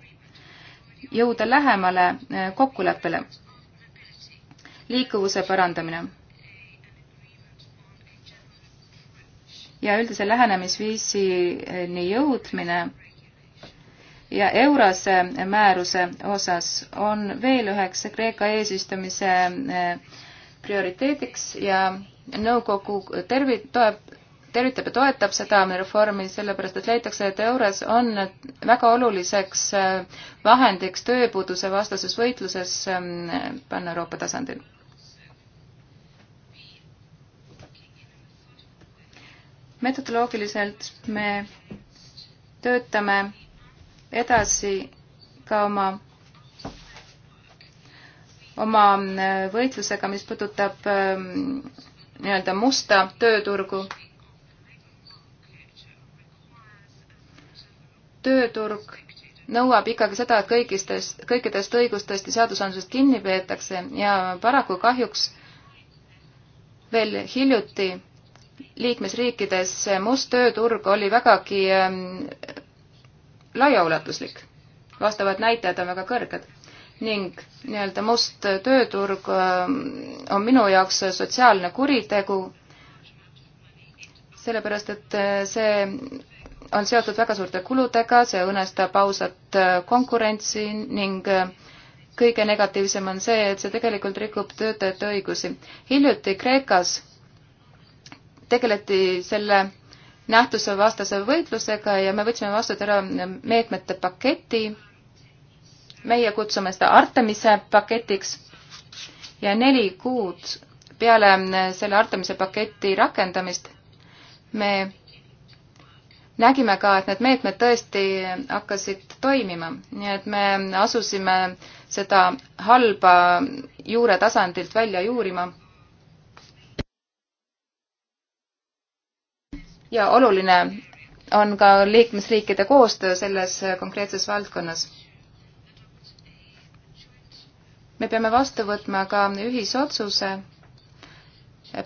jõuda lähemale äh, kokkuleppele. liikuvuse parandamine ja üldise lähenemisviisini eh, jõudmine ja Eurase eh, määruse osas on veel üheks Kreeka eesistumise eh, prioriteediks ja nõukogu tervi-, toeb, tervitab ja toetab seda reformi, sellepärast et leitakse, et EURES on väga oluliseks vahendiks tööpuuduse vastases võitluses Pan-Euroopa tasandil metodoloogiliselt me töötame edasi ka oma, oma äh, võitlusega, mis puudutab ähm, nii-öelda musta tööturgu. tööturg nõuab ikkagi seda, et kõigistest, kõikidest õigustest ja seadusandlusest kinni peetakse ja paraku kahjuks veel hiljuti liikmesriikides must tööturg oli vägagi ähm, laiaulatuslik. vastavad näitajad on väga kõrged ning nii-öelda must tööturg ähm, on minu jaoks sotsiaalne kuritegu, sellepärast et äh, see on seotud väga suurte kuludega, see õõnestab ausat äh, konkurentsi ning äh, kõige negatiivsem on see, et see tegelikult rikub töötajate õigusi. hiljuti Kreekas tegeleti selle nähtuse vastase võitlusega ja me võtsime vastu terve meetmete paketi. meie kutsume seda Artemise paketiks ja neli kuud peale selle Artemise paketi rakendamist me nägime ka, et need meetmed tõesti hakkasid toimima, nii et me asusime seda halba juure tasandilt välja juurima ja oluline on ka liikmesriikide koostöö selles konkreetses valdkonnas. me peame vastu võtma ka ühisotsuse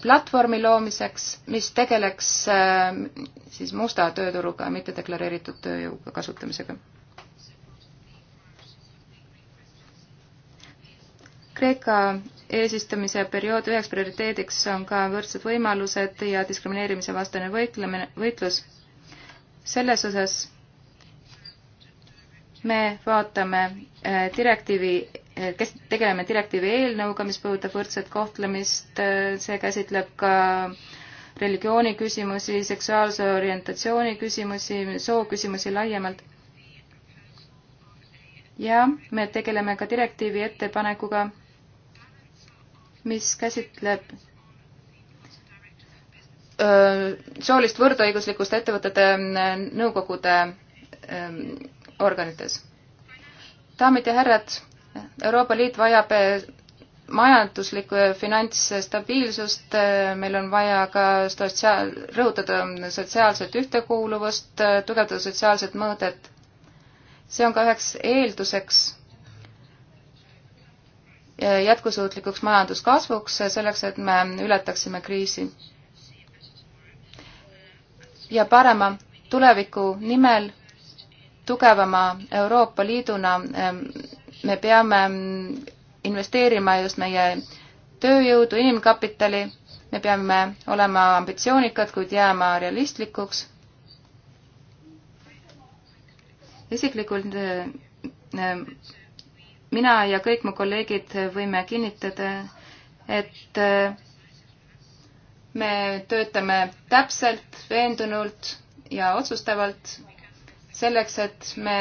platvormi loomiseks, mis tegeleks äh, siis musta tööturuga, mitte deklareeritud tööjõuga kasutamisega. Kreeka eesistumise perioodi üheks prioriteediks on ka võrdsed võimalused ja diskrimineerimise vastane võitlemine, võitlus. selles osas me vaatame eh, direktiivi, eh, kes, tegeleme direktiivi eelnõuga, mis puudutab võrdset kohtlemist, eh, see käsitleb ka religiooni küsimusi, seksuaalse orientatsiooni küsimusi, soo küsimusi laiemalt. ja me tegeleme ka direktiivi ettepanekuga mis käsitleb soolist võrdõiguslikkust ettevõtete nõukogude organites. daamid ja härrad, Euroopa Liit vajab majanduslikku ja finantsstabiilsust, meil on vaja ka sotsiaal, rõhutada sotsiaalset ühtekuuluvust, tugevdada sotsiaalset mõõdet. see on ka üheks eelduseks jätkusuutlikuks majanduskasvuks, selleks et me ületaksime kriisi. ja parema tuleviku nimel, tugevama Euroopa Liiduna ehm, me peame investeerima just meie tööjõudu, inimkapitali, me peame olema ambitsioonikad, kuid jääma realistlikuks. isiklikult ehm, ehm, mina ja kõik mu kolleegid võime kinnitada, et me töötame täpselt, veendunult ja otsustavalt selleks, et me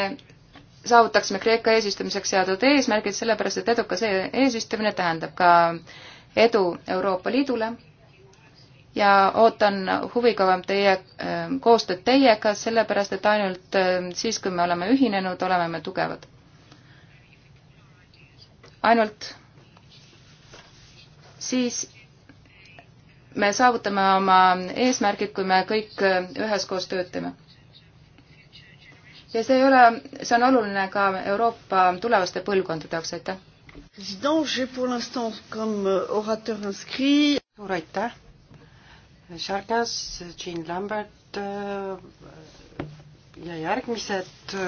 saavutaksime Kreeka eesistumiseks seatud eesmärgid, sellepärast et edukas eesistumine tähendab ka edu Euroopa Liidule ja ootan huviga teie, koostööd teiega, sellepärast et ainult äh, siis, kui me oleme ühinenud, oleme me tugevad ainult siis me saavutame oma eesmärgid, kui me kõik äh, üheskoos töötame. ja see ei ole, see on oluline ka Euroopa tulevaste põlvkondade jaoks, aitäh. Euh, suur aitäh. Chargas, Jean Lambert äh, ja järgmised äh,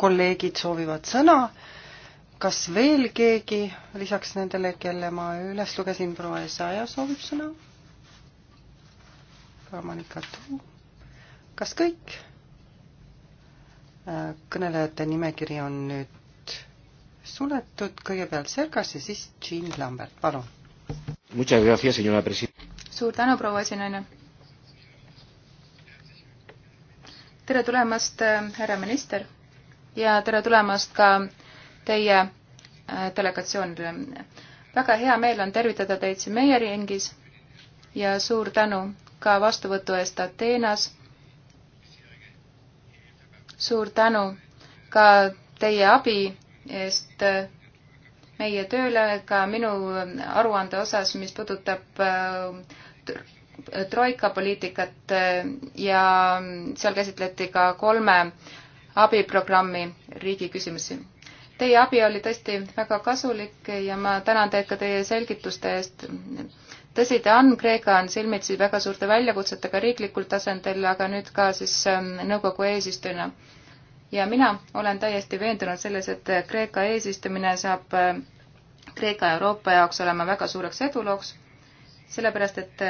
kolleegid soovivad sõna kas veel keegi lisaks nendele, kelle ma üles lugesin, proua Esaja soovib sõna? proua Monika Tuu. kas kõik? Äh, kõnelejate nimekiri on nüüd suletud, kõigepealt Sergas ja siis Jean Lambert, palun. suur tänu, proua esinaine. tere tulemast, äh, härra minister ja tere tulemast ka teie äh, delegatsioonile. väga hea meel on tervitada teid siin meie ringis ja suur tänu ka vastuvõtu eest Ateenas. suur tänu ka teie abi eest äh, meie tööle, ka minu aruande osas, mis puudutab äh, troika poliitikat ja seal käsitleti ka kolme abiprogrammi riigi küsimusi Teie abi oli tõesti väga kasulik ja ma tänan teid ka teie selgituste eest. tõsi ta on, Kreeka on silmitsi väga suurte väljakutsetega riiklikul tasandil, aga nüüd ka siis ähm, nõukogu eesistujana. ja mina olen täiesti veendunud selles, et Kreeka eesistumine saab äh, Kreeka Euroopa jaoks olema väga suureks edulooks, sellepärast et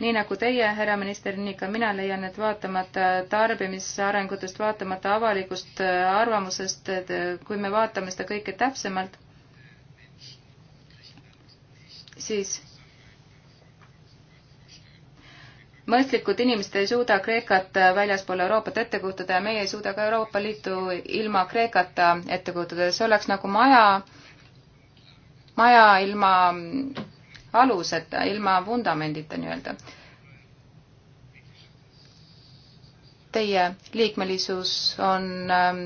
nii nagu teie, härra minister, nii ka mina leian, et vaatamata tarbimisarengutest, vaatamata avalikust äh, arvamusest, äh, kui me vaatame seda kõike täpsemalt, siis mõistlikud inimesed ei suuda Kreekat äh, väljaspool Euroopat ette kujutada ja meie ei suuda ka Euroopa Liitu ilma Kreekata ette kujutada. see oleks nagu maja, maja ilma aluseta, ilma vundamendita nii-öelda. Teie liikmelisus on ähm,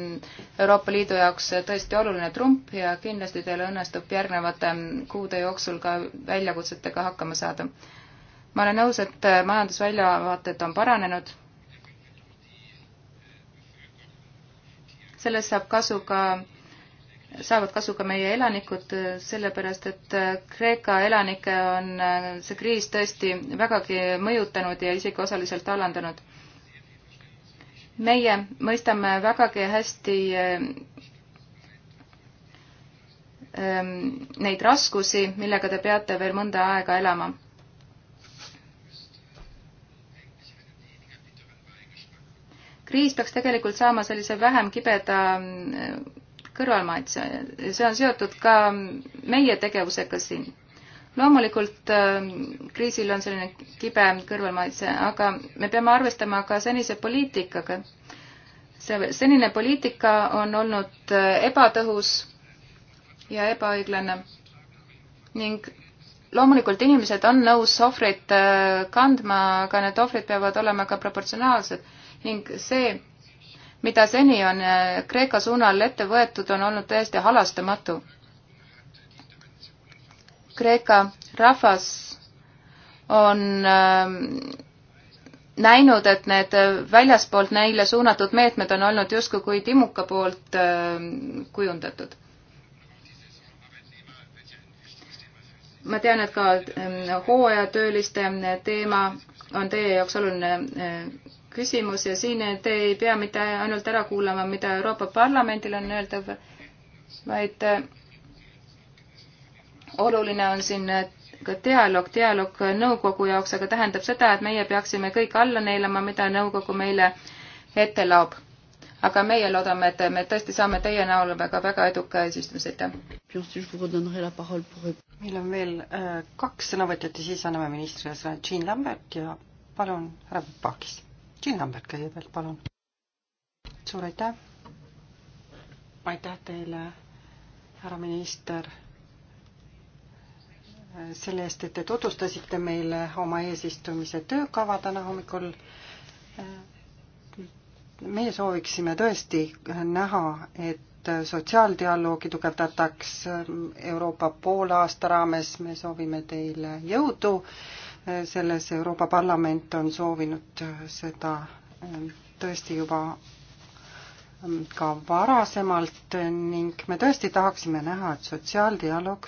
Euroopa Liidu jaoks tõesti oluline trump ja kindlasti teil õnnestub järgnevate ähm, kuude jooksul ka väljakutsetega hakkama saada. ma olen nõus, et äh, majandusväljavaated on paranenud sellest saab kasu ka saavad kasu ka meie elanikud, sellepärast et äh, Kreeka elanikke on äh, see kriis tõesti vägagi mõjutanud ja isegi osaliselt alandanud. meie mõistame vägagi hästi äh, ähm, neid raskusi, millega te peate veel mõnda aega elama kriis peaks tegelikult saama sellise vähem kibeda kõrvalmaitse, see on seotud ka meie tegevusega siin. loomulikult ähm, kriisil on selline kibe kõrvalmaitse, aga me peame arvestama ka senise poliitikaga. see senine poliitika on olnud äh, ebatõhus ja ebaõiglane ning loomulikult inimesed on nõus ohvrit äh, kandma, aga need ohvrid peavad olema ka proportsionaalsed ning see, mida seni on äh, Kreeka suunal ette võetud, on olnud täiesti halastamatu. Kreeka rahvas on ähm, näinud, et need väljaspoolt neile suunatud meetmed on olnud justkui kui timuka poolt ähm, kujundatud. ma tean, et ka ähm, hooajatööliste teema on teie jaoks oluline äh, küsimus ja siin te ei pea mitte ainult ära kuulama, mida Euroopa Parlamendil on öelda, vaid äh, oluline on siin äh, ka dialoog, dialoog nõukogu jaoks, aga tähendab seda, et meie peaksime kõik alla neelama, mida nõukogu meile ette laob. aga meie loodame, et me tõesti saame teie näol väga, väga eduka eesistumise, aitäh! meil on veel äh, kaks sõnavõtjat ja siis anname ministrile sõna, Jean Lambert ja palun, härra Pakis Jean Lambert kõigepealt, palun. suur aitäh. aitäh teile, härra minister, selle eest, et te tutvustasite meile oma eesistumise töökava täna hommikul meie sooviksime tõesti näha, et sotsiaaldialoogi tugevdataks Euroopa poolaasta raames, me soovime teile jõudu selles Euroopa Parlament on soovinud seda ähm, tõesti juba ähm, ka varasemalt ning me tõesti tahaksime näha, et sotsiaaldialoog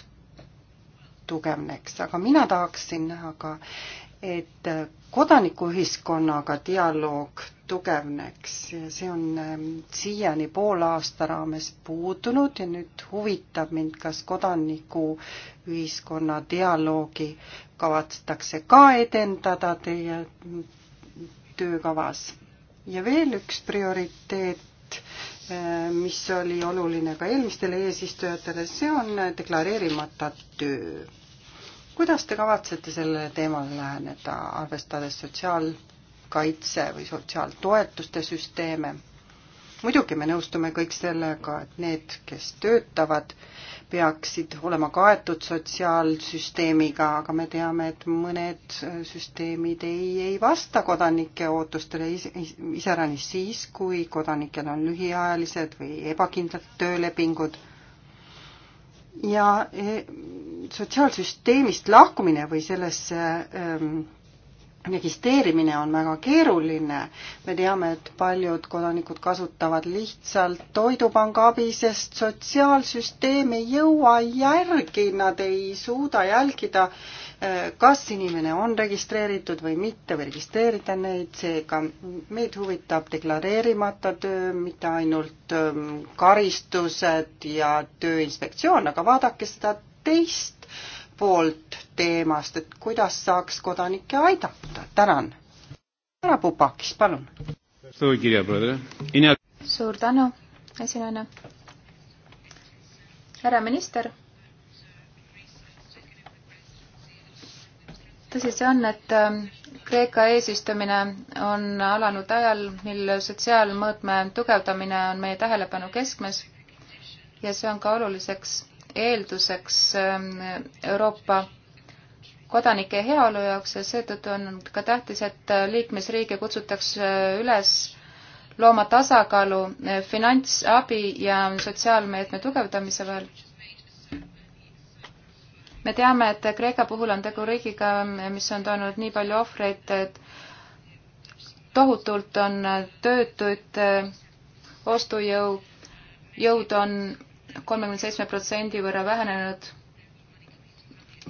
tugevneks, aga mina tahaksin näha ka, et kodanikuühiskonnaga dialoog tugevneks ja see on ähm, siiani poole aasta raames puudunud ja nüüd huvitab mind, kas kodanikuühiskonna dialoogi kavatsetakse ka edendada teie töökavas. ja veel üks prioriteet, eh, mis oli oluline ka eelmistele eesistujatele, see on deklareerimata töö. kuidas te kavatsete sellele teemale läheneda, arvestades sotsiaalkaitse või sotsiaaltoetuste süsteeme? muidugi me nõustume kõik sellega, et need, kes töötavad, peaksid olema kaetud sotsiaalsüsteemiga, aga me teame, et mõned süsteemid ei, ei vasta kodanike ootustele iseäranis siis, kui kodanikel on lühiajalised või ebakindlad töölepingud. ja e, sotsiaalsüsteemist lahkumine või sellesse ähm, registreerimine on väga keeruline. me teame, et paljud kodanikud kasutavad lihtsalt Toidupanga abi, sest sotsiaalsüsteem ei jõua järgi, nad ei suuda jälgida, eh, kas inimene on registreeritud või mitte või registreerida neid, seega meid huvitab deklareerimata töö, mitte ainult eh, karistused ja tööinspektsioon, aga vaadake seda teist poolt teemast, et kuidas saaks kodanikke aidata, tänan. härra Pupakis, palun. suur tänu, esinejana. härra minister. tõsi see on, et ähm, Kreeka eesistumine on alanud ajal, mil sotsiaalmõõtme tugevdamine on meie tähelepanu keskmes ja see on ka oluliseks eelduseks ähm, Euroopa kodanike heaolu jaoks ja seetõttu on ka tähtis, et äh, liikmesriige kutsutakse äh, üles looma tasakaalu äh, finantsabi ja sotsiaalmeetme tugevdamise vahel. me teame, et Kreeka puhul on tegu riigiga, mis on toonud nii palju ohvreid, et tohutult on töötuid, ostujõu, jõud on kolmekümne seitsme protsendi võrra vähenenud.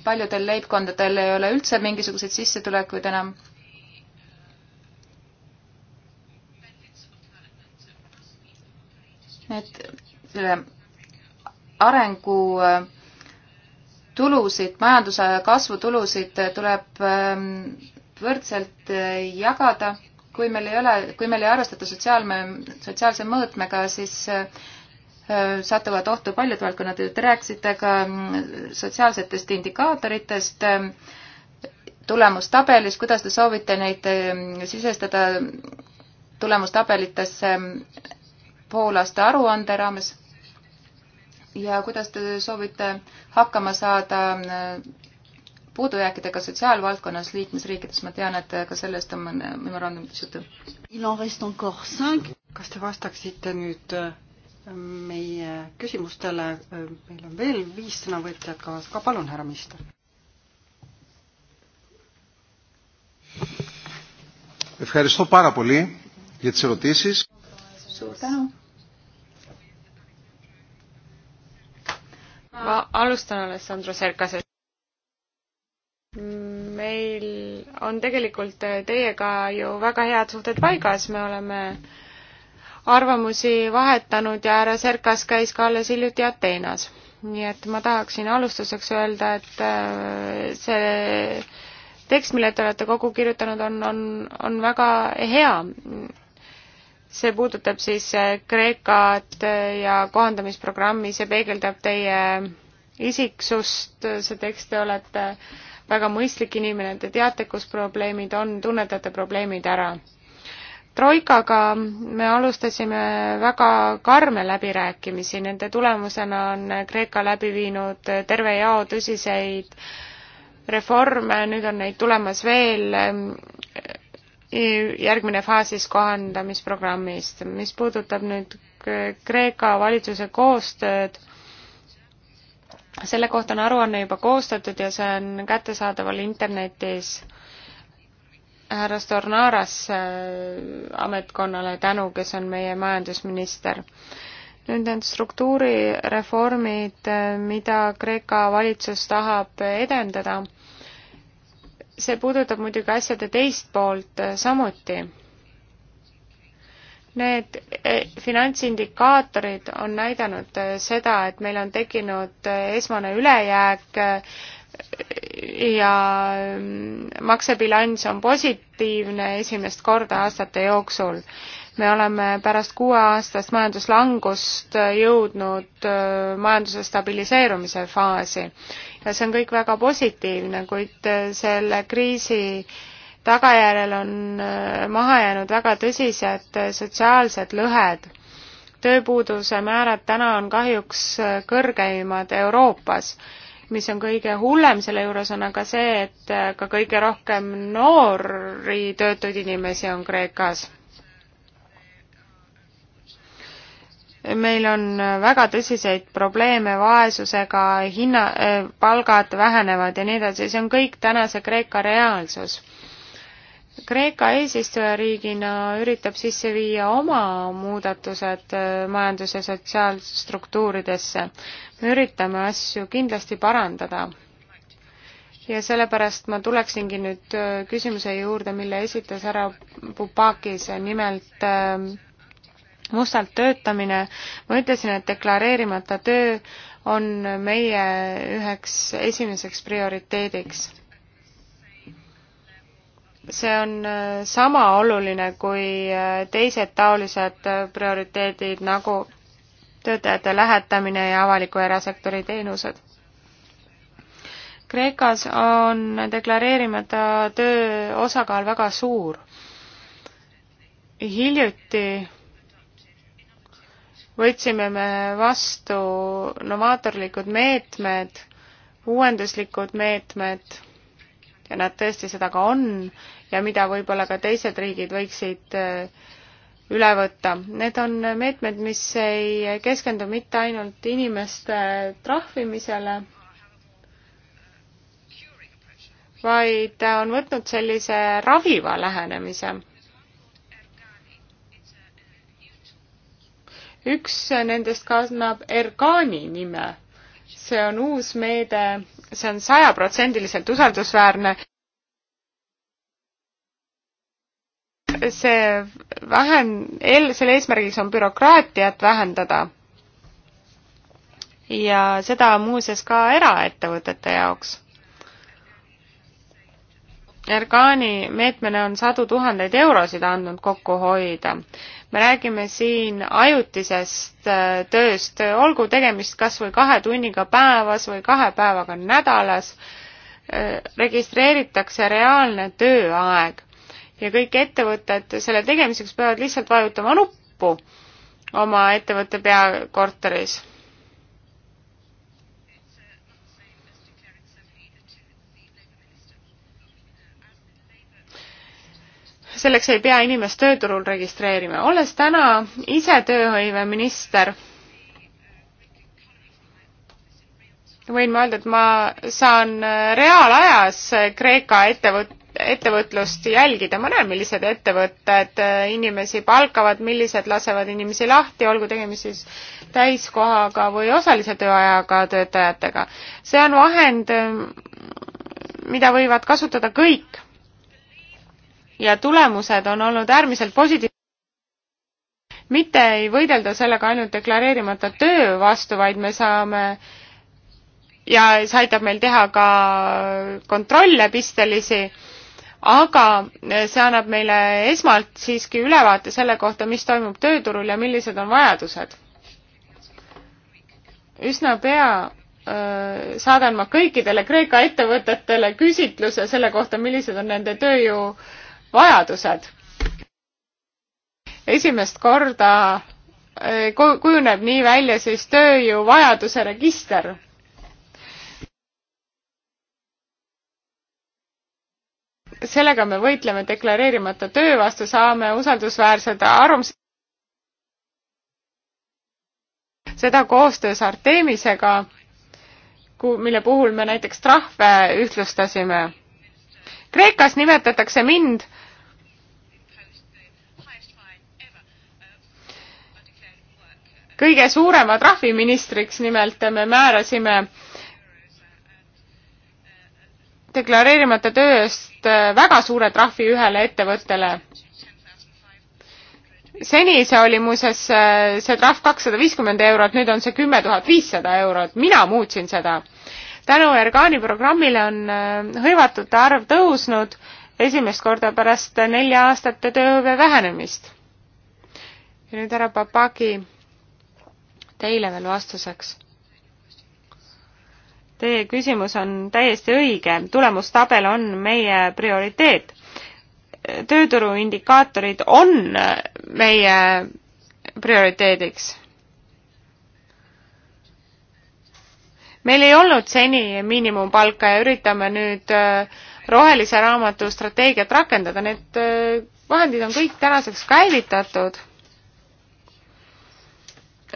paljudel leibkondadel ei ole üldse mingisuguseid sissetulekuid enam. et selle arengu äh, tulusid, majanduse kasvu tulusid äh, tuleb ähm, võrdselt äh, jagada kui meil ei ole, kui meil ei arvestata sotsiaalme, sotsiaalse mõõtmega, siis satuvad ohtu paljud valdkonnad, te rääkisite ka mm, sotsiaalsetest indikaatoritest, mm, tulemustabelis, kuidas te soovite neid mm, sisestada tulemustabelitesse poolaasta aruande raames ja kuidas te soovite hakkama saada puudujääkidega sotsiaalvaldkonnas liikmesriikides, ma tean, et ka sellest on memorandumit juttu. kas te vastaksite nüüd äh, meie küsimustele. meil on veel viis sõnavõtjat kaasas ka, palun, härra minister. suur tänu. ma alustan Alessandro Serkasest. meil on tegelikult teiega ju väga head suhted paigas, me oleme äh, arvamusi vahetanud ja härra Serkas käis ka alles hiljuti Ateenas. nii et ma tahaksin alustuseks öelda, et äh, see tekst, mille te olete kokku kirjutanud, on, on, on väga hea. see puudutab siis äh, Kreekat äh, ja kohandamisprogrammi, see peegeldab teie isiksust, see tekst, te olete väga mõistlik inimene, te teate, kus probleemid on, tunnetate probleemid ära troikaga me alustasime väga karme läbirääkimisi, nende tulemusena on Kreeka läbi viinud terve jao tõsiseid reforme, nüüd on neid tulemas veel ehm, järgmine faas siis kohandamisprogrammist. mis puudutab nüüd Kreeka valitsuse koostööd, selle kohta on aruanne juba koostatud ja see on kättesaadaval internetis härra Stornaras äh, ametkonnale tänu, kes on meie majandusminister. nüüd need struktuurireformid, äh, mida Kreeka valitsus tahab edendada, see puudutab muidugi asjade teist poolt äh, samuti. Need finantsindikaatorid on näidanud seda, et meil on tekkinud esmane ülejääk ja mm, maksebilanss on positiivne esimest korda aastate jooksul. me oleme pärast kuueaastast majanduslangust jõudnud äh, majanduse stabiliseerumise faasi ja see on kõik väga positiivne, kuid äh, selle kriisi tagajärjel on äh, maha jäänud väga tõsised sotsiaalsed lõhed. tööpuuduse määrad täna on kahjuks kõrgeimad Euroopas mis on kõige hullem selle juures, on aga see, et äh, ka kõige rohkem noori töötuid inimesi on Kreekas. meil on äh, väga tõsiseid probleeme vaesusega, hinna, äh, palgad vähenevad ja nii edasi, see on kõik tänase Kreeka reaalsus Kreeka eesistujariigina üritab sisse viia oma muudatused äh, majandus- ja sotsiaalstruktuuridesse. me üritame asju kindlasti parandada. ja sellepärast ma tuleksingi nüüd äh, küsimuse juurde, mille esitas härra Pupakis, nimelt äh, mustalt töötamine. ma ütlesin, et deklareerimata töö on meie üheks esimeseks prioriteediks see on äh, sama oluline kui äh, teised taolised äh, prioriteedid nagu töötajate lähetamine ja avaliku erasektori teenused. Kreekas on deklareerimata töö osakaal väga suur. hiljuti võtsime me vastu novaatorlikud meetmed, uuenduslikud meetmed ja nad tõesti seda ka on ja mida võib-olla ka teised riigid võiksid äh, üle võtta. Need on meetmed, mis ei keskendu mitte ainult inimeste trahvimisele, vaid on võtnud sellise raviva lähenemise. üks nendest kannab Ergani nime. see on uus meede, see on sajaprotsendiliselt usaldusväärne. see vähen-, eel-, selle eesmärgiks on bürokraatiat vähendada. ja seda muuseas ka eraettevõtete jaoks. Ergaani meetmena on sadu tuhandeid eurosid andnud kokku hoida me räägime siin ajutisest äh, tööst, olgu tegemist kas või kahe tunniga päevas või kahe päevaga nädalas, äh, registreeritakse reaalne tööaeg ja kõik ettevõtted selle tegemiseks peavad lihtsalt vajutama nuppu oma ettevõtte peakorteris. selleks ei pea inimest tööturul registreerima. olles täna ise tööhõiveminister võin ma öelda, et ma saan äh, reaalajas äh, Kreeka ettevõt-, ettevõtlust jälgida, ma näen, millised ettevõtted äh, inimesi palkavad, millised lasevad inimesi lahti, olgu tegemist siis täiskohaga või osalise tööajaga töötajatega. see on vahend, mida võivad kasutada kõik. ja tulemused on olnud äärmiselt positiivsed mitte ei võidelda sellega ainult deklareerimata töö vastu, vaid me saame äh, ja see aitab meil teha ka kontrolle pistelisi, aga see annab meile esmalt siiski ülevaate selle kohta, mis toimub tööturul ja millised on vajadused. üsna pea öö, äh, saadan ma kõikidele Kreeka ettevõtetele küsitluse selle kohta, millised on nende tööjõu vajadused. esimest korda äh, kujuneb nii välja siis tööjõuvajaduse register sellega me võitleme deklareerimata töö vastu, saame usaldusväärsed arvamused. seda koostöös Artemisega, mille puhul me näiteks trahve ühtlustasime. Kreekas nimetatakse mind kõige suurema trahviministriks, nimelt me määrasime deklareerimata töö eest äh, väga suure trahvi ühele ettevõttele. seni see oli muuseas äh, see trahv kakssada viiskümmend eurot, nüüd on see kümme tuhat viissada eurot, mina muutsin seda. tänu Ergaani programmile on äh, hõivatute arv tõusnud esimest korda pärast nelja aastate tööhõive vähenemist. ja nüüd härra Papaki, teile veel vastuseks Teie küsimus on täiesti õige, tulemustabel on meie prioriteet. tööturu indikaatorid on meie prioriteediks. meil ei olnud seni miinimumpalka ja üritame nüüd äh, rohelise raamatu strateegiat rakendada, need äh, vahendid on kõik tänaseks käivitatud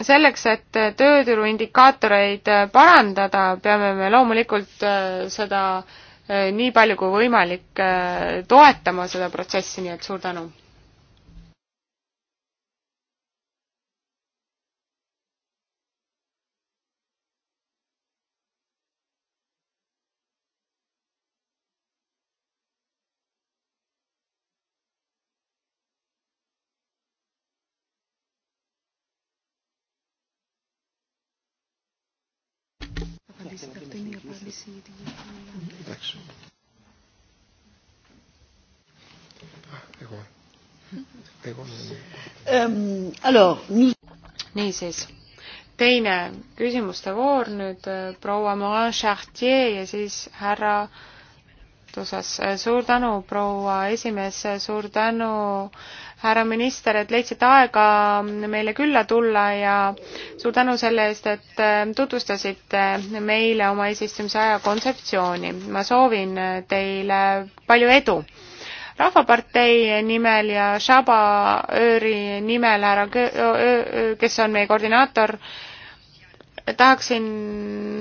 selleks, et tööturu indikaatoreid parandada, peame me loomulikult äh, seda äh, nii palju kui võimalik äh, toetama, seda protsessi, nii et suur tänu! αυτή απάντηση Εντάξει. εγώ. εγώ ναι. niisiis, teine küsimuste voor nüüd proua Morin Chartier ja siis härra äh, algatuses. suur tänu, proua esimees, suur tänu, härra minister, et leidsite aega meile külla tulla ja suur tänu selle eest, et tutvustasite meile oma eesistumise aja kontseptsiooni. ma soovin teile palju edu rahvapartei nimel ja Shaba Ööri nimel härra, kes on meie koordinaator, tahaksin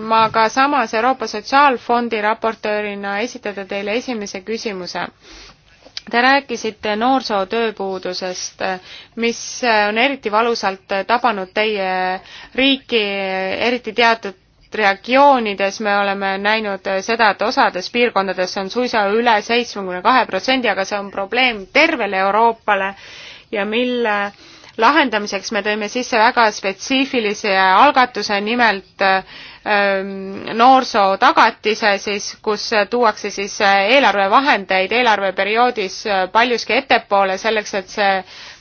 ma ka samas Euroopa Sotsiaalfondi raportöörina esitada teile esimese küsimuse. Te rääkisite noorsootööpuudusest, mis on eriti valusalt tabanud teie riiki, eriti teatud regioonides me oleme näinud seda, et osades piirkondades on suisa üle seitsmekümne kahe protsendi, aga see on probleem tervele Euroopale ja mille äh, lahendamiseks me tõime sisse väga spetsiifilise algatuse, nimelt ähm, noorsootagatise siis, kus tuuakse siis äh, eelarvevahendeid eelarveperioodis äh, paljuski ettepoole selleks, et see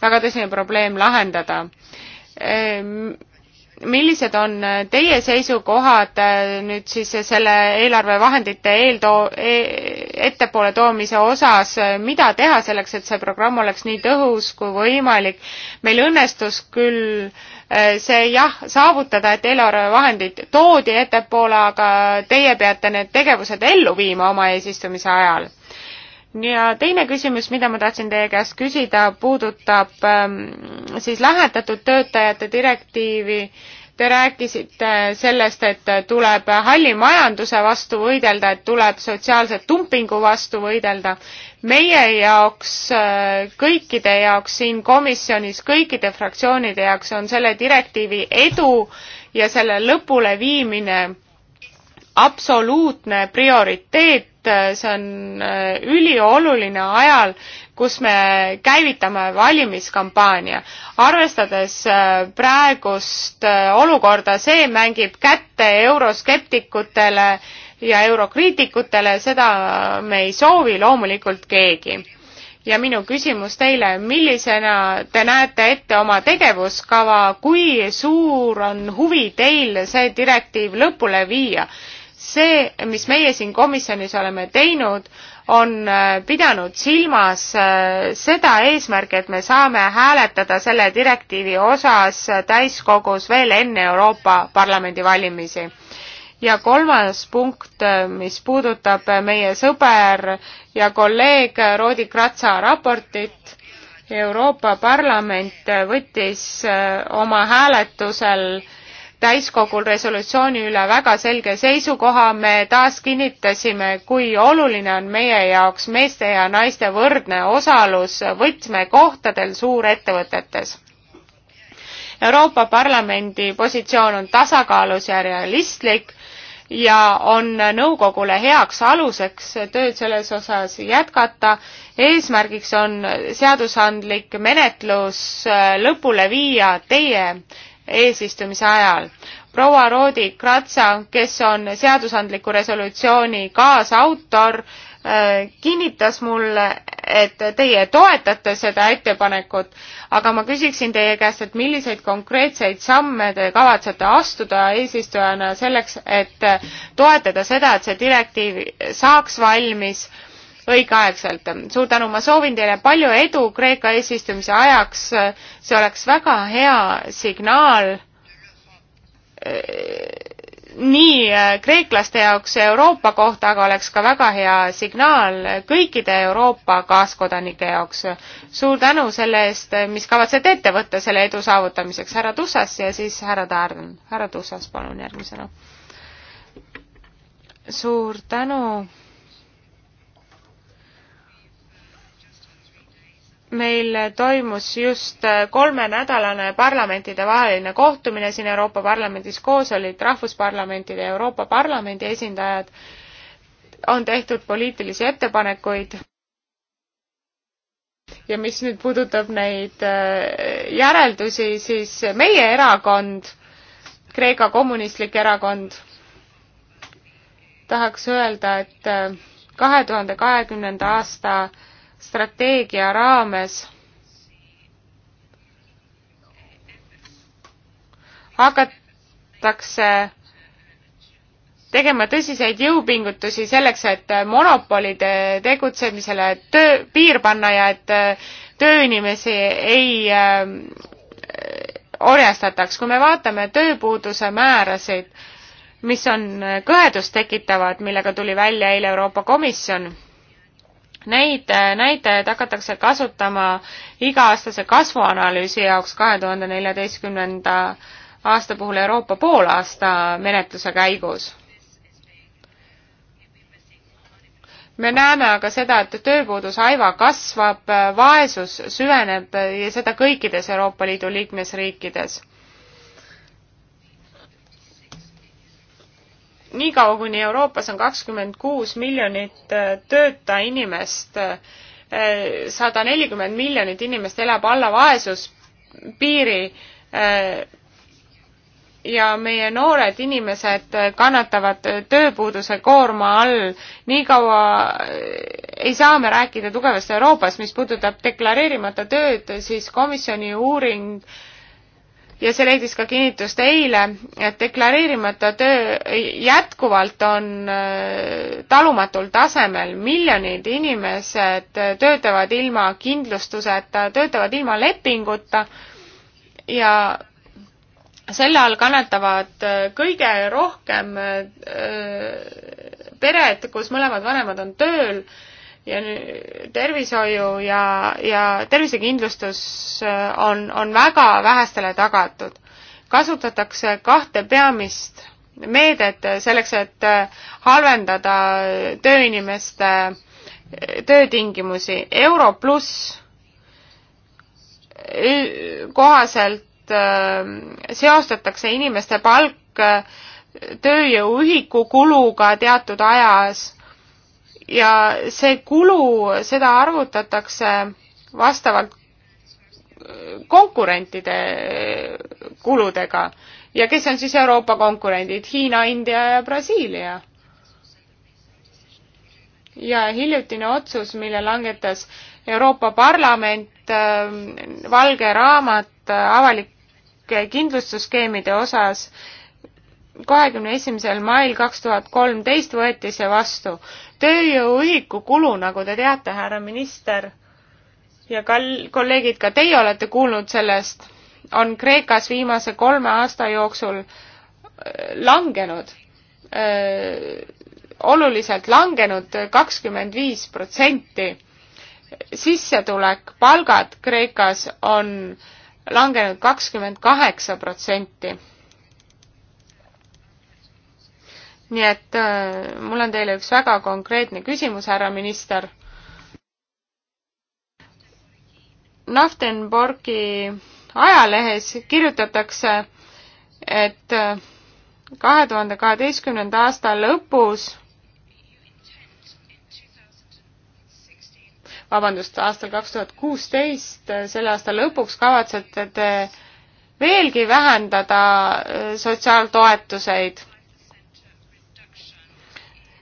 väga tõsine probleem lahendada ähm, millised on äh, teie seisukohad äh, nüüd siis selle eelarvevahendite eeltoo- e, ettepoole toomise osas, äh, mida teha selleks, et see programm oleks nii tõhus kui võimalik? meil õnnestus küll see jah, saavutada, et eelarvevahendid toodi ettepoole, aga teie peate need tegevused ellu viima oma eesistumise ajal ja teine küsimus, mida ma tahtsin teie käest küsida, puudutab ähm, siis lähetatud töötajate direktiivi äh, Te rääkisite sellest, et tuleb halli majanduse vastu võidelda, et tuleb sotsiaalse dumpingu vastu võidelda. meie jaoks, kõikide jaoks siin komisjonis, kõikide fraktsioonide jaoks on selle direktiivi edu ja selle lõpuleviimine absoluutne prioriteet, see on ülioluline ajal, kus me käivitame valimiskampaania. arvestades äh, praegust äh, olukorda, see mängib kätte euroskeptikutele ja eurokriitikutele, seda me ei soovi loomulikult keegi. ja minu küsimus teile, millisena te näete ette oma tegevuskava, kui suur on huvi teil see direktiiv lõpule viia? see, mis meie siin komisjonis oleme teinud, on äh, pidanud silmas äh, seda eesmärki, et me saame hääletada selle direktiivi osas täiskogus veel enne Euroopa Parlamendi valimisi. ja kolmas punkt, äh, mis puudutab meie sõber ja kolleeg Roodi Kratsa raportit, Euroopa Parlament võttis oma hääletusel äh, täiskogul resolutsiooni üle väga selge seisukoha, me taas kinnitasime, kui oluline on meie jaoks meeste ja naiste võrdne osalus võtmekohtadel suurettevõtetes. Euroopa Parlamendi positsioon on tasakaalus ja realistlik ja on nõukogule heaks aluseks tööd selles osas jätkata. eesmärgiks on seadusandlik menetlus lõpule viia teie eesistumise ajal. proua Roodi Kratsa, kes on seadusandliku resolutsiooni kaasautor, äh, kinnitas mulle, et teie toetate seda ettepanekut, aga ma küsiksin teie käest, et milliseid konkreetseid samme te kavatsete astuda eesistujana selleks, et toetada seda, et see direktiiv saaks valmis äh, õigeaegselt. suur tänu, ma soovin teile palju edu Kreeka eesistumise ajaks, see oleks väga hea signaal eh, nii eh, kreeklaste jaoks Euroopa kohta, aga oleks ka väga hea signaal kõikide Euroopa kaaskodanike jaoks. suur tänu selle eest, mis kavatsete ette võtta selle edu saavutamiseks, härra Tussas ja siis härra Taarn. härra Tussas, palun järgmisena. suur tänu meil toimus just kolmenädalane parlamentidevaheline kohtumine siin Euroopa Parlamendis, koos olid rahvusparlamentide ja Euroopa Parlamendi esindajad, on tehtud poliitilisi ettepanekuid ja mis nüüd puudutab neid äh, järeldusi, siis meie erakond, Kreeka Kommunistlik Erakond, tahaks öelda, et äh, kahe tuhande kahekümnenda aasta strateegia raames hakatakse tegema tõsiseid jõupingutusi selleks, et monopolide tegutsemisele töö, piir panna ja et äh, tööinimesi ei äh, orjastataks. kui me vaatame tööpuuduse määrasid, mis on kõhedust tekitavad, millega tuli välja eile Euroopa Komisjon Neid äh, näitajaid hakatakse kasutama iga-aastase kasvuanalüüsi jaoks kahe tuhande neljateistkümnenda aasta puhul Euroopa poolaasta menetluse käigus. me näeme aga seda, et tööpuudus aiva kasvab, vaesus süveneb ja seda kõikides Euroopa Liidu liikmesriikides niikaua, kuni Euroopas on kakskümmend kuus miljonit äh, tööta inimest, äh, sada nelikümmend miljonit inimest elab alla vaesuspiiri äh, ja meie noored inimesed kannatavad tööpuuduse koorma all. niikaua ei saa me rääkida tugevast Euroopast, mis puudutab deklareerimata tööd, siis komisjoni uuring äh, ja see leidis ka kinnitust eile, et deklareerimata töö jätkuvalt on äh, talumatul tasemel. miljonid inimesed töötavad ilma kindlustuseta, töötavad ilma lepinguta ja selle all kannatavad äh, kõige rohkem äh, pered, kus mõlemad vanemad on tööl ja tervishoiu ja, ja tervisekindlustus äh, on, on väga vähestele tagatud. kasutatakse kahte peamist meedet selleks, et äh, halvendada tööinimeste äh, töötingimusi. euro pluss kohaselt seostatakse inimeste palk tööjõuühiku kuluga teatud ajas ja see kulu, seda arvutatakse vastavalt äh, konkurentide äh, kuludega ja kes on siis Euroopa konkurendid, Hiina, India ja Brasiilia. ja hiljutine otsus, mille langetas Euroopa Parlament äh,, valge raamat äh, avalike kindlustusskeemide osas äh,, kahekümne esimesel mail kaks tuhat kolmteist võeti see vastu. tööjõuühiku kulu, nagu te teate, härra minister ja kal-, kolleegid, ka teie olete kuulnud sellest, on Kreekas viimase kolme aasta jooksul äh, langenud, äh, oluliselt langenud kakskümmend viis protsenti. sissetulek, palgad Kreekas on langenud kakskümmend kaheksa protsenti nii et äh, mul on teile üks väga konkreetne küsimus, härra minister. Naftenborgi ajalehes kirjutatakse, et äh, kahe tuhande kaheteistkümnenda aasta lõpus vabandust, aastal kaks tuhat kuusteist, äh, selle aasta lõpuks kavatsete te veelgi vähendada äh, sotsiaaltoetuseid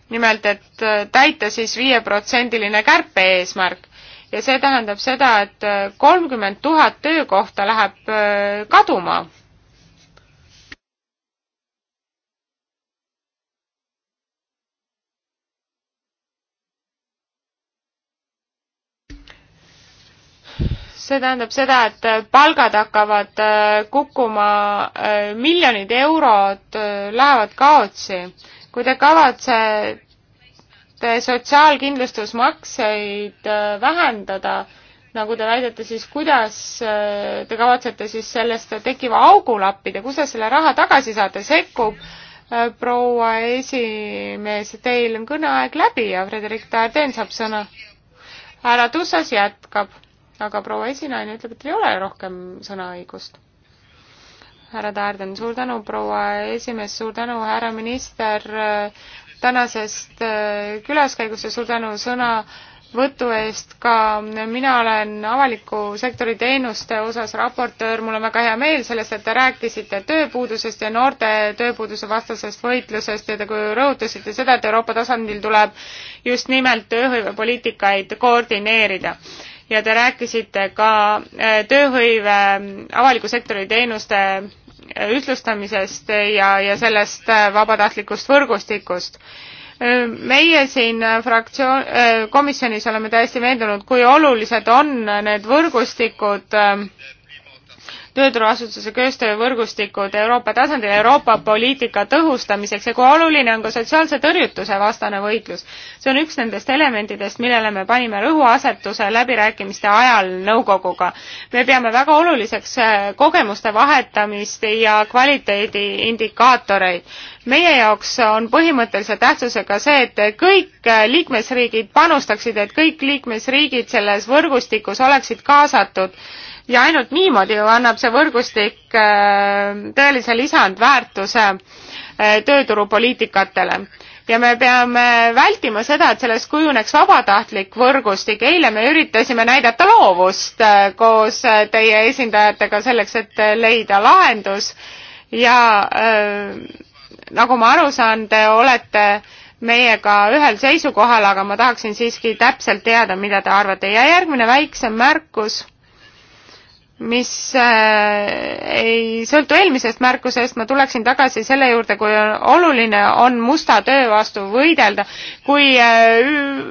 nimelt, et äh, täita siis viieprotsendiline kärpe-eesmärk ja see tähendab seda, et äh, kolmkümmend tuhat töökohta läheb äh, kaduma. see tähendab seda, et palgad hakkavad kukkuma, miljonid eurod lähevad kaotsi kui te kavatsete sotsiaalkindlustusmakseid äh, vähendada, nagu te väidate, siis kuidas äh, te kavatsete siis sellest tekkiva augu lappida, kus te selle raha tagasi saate, sekkub äh, proua esimees, teil on kõneaeg läbi ja Frederik Tardeen saab sõna. härra Tussas jätkab, aga proua esinaine ütleb, et ei ole rohkem sõnaõigust härra Taarden, suur tänu, proua esimees, suur tänu, härra minister, äh, tänasest äh, külaskäigust ja suur tänu sõnavõtu eest ka. mina olen avaliku sektori teenuste osas raportöör, mul on väga hea meel sellest, et te rääkisite tööpuudusest ja noorte tööpuuduse vastasest võitlusest ja te rõhutasite seda, et Euroopa tasandil tuleb just nimelt tööhõivepoliitikaid koordineerida ja te rääkisite ka äh, tööhõive avaliku sektori teenuste äh, ühtlustamisest ja, ja sellest äh, vabatahtlikust võrgustikust. meie siin fraktsioon, komisjonis oleme täiesti veendunud, kui olulised on need võrgustikud äh, tööturuasutuse koostöövõrgustikud Euroopa tasandil Euroopa poliitika tõhustamiseks ja kui oluline on ka sotsiaalse tõrjutuse vastane võitlus. see on üks nendest elementidest, millele me panime rõhuasetuse läbirääkimiste ajal nõukoguga. me peame väga oluliseks äh, kogemuste vahetamist ja kvaliteediindikaatoreid. meie jaoks on põhimõttelise tähtsusega see, et kõik äh, liikmesriigid panustaksid, et kõik liikmesriigid selles võrgustikus oleksid kaasatud ja ainult niimoodi ju annab see võrgustik äh, tõelise lisandväärtuse äh, tööturupoliitikatele ja me peame vältima seda, et sellest kujuneks vabatahtlik võrgustik. eile me üritasime näidata loovust äh, koos teie esindajatega selleks, et leida lahendus ja nagu ma aru saan, te olete meiega ühel seisukohal, aga ma tahaksin siiski täpselt teada, mida te arvate. ja järgmine väiksem märkus mis äh, ei sõltu eelmisest märkusest, ma tuleksin tagasi selle juurde, kui oluline on musta töö vastu võidelda, kui äh,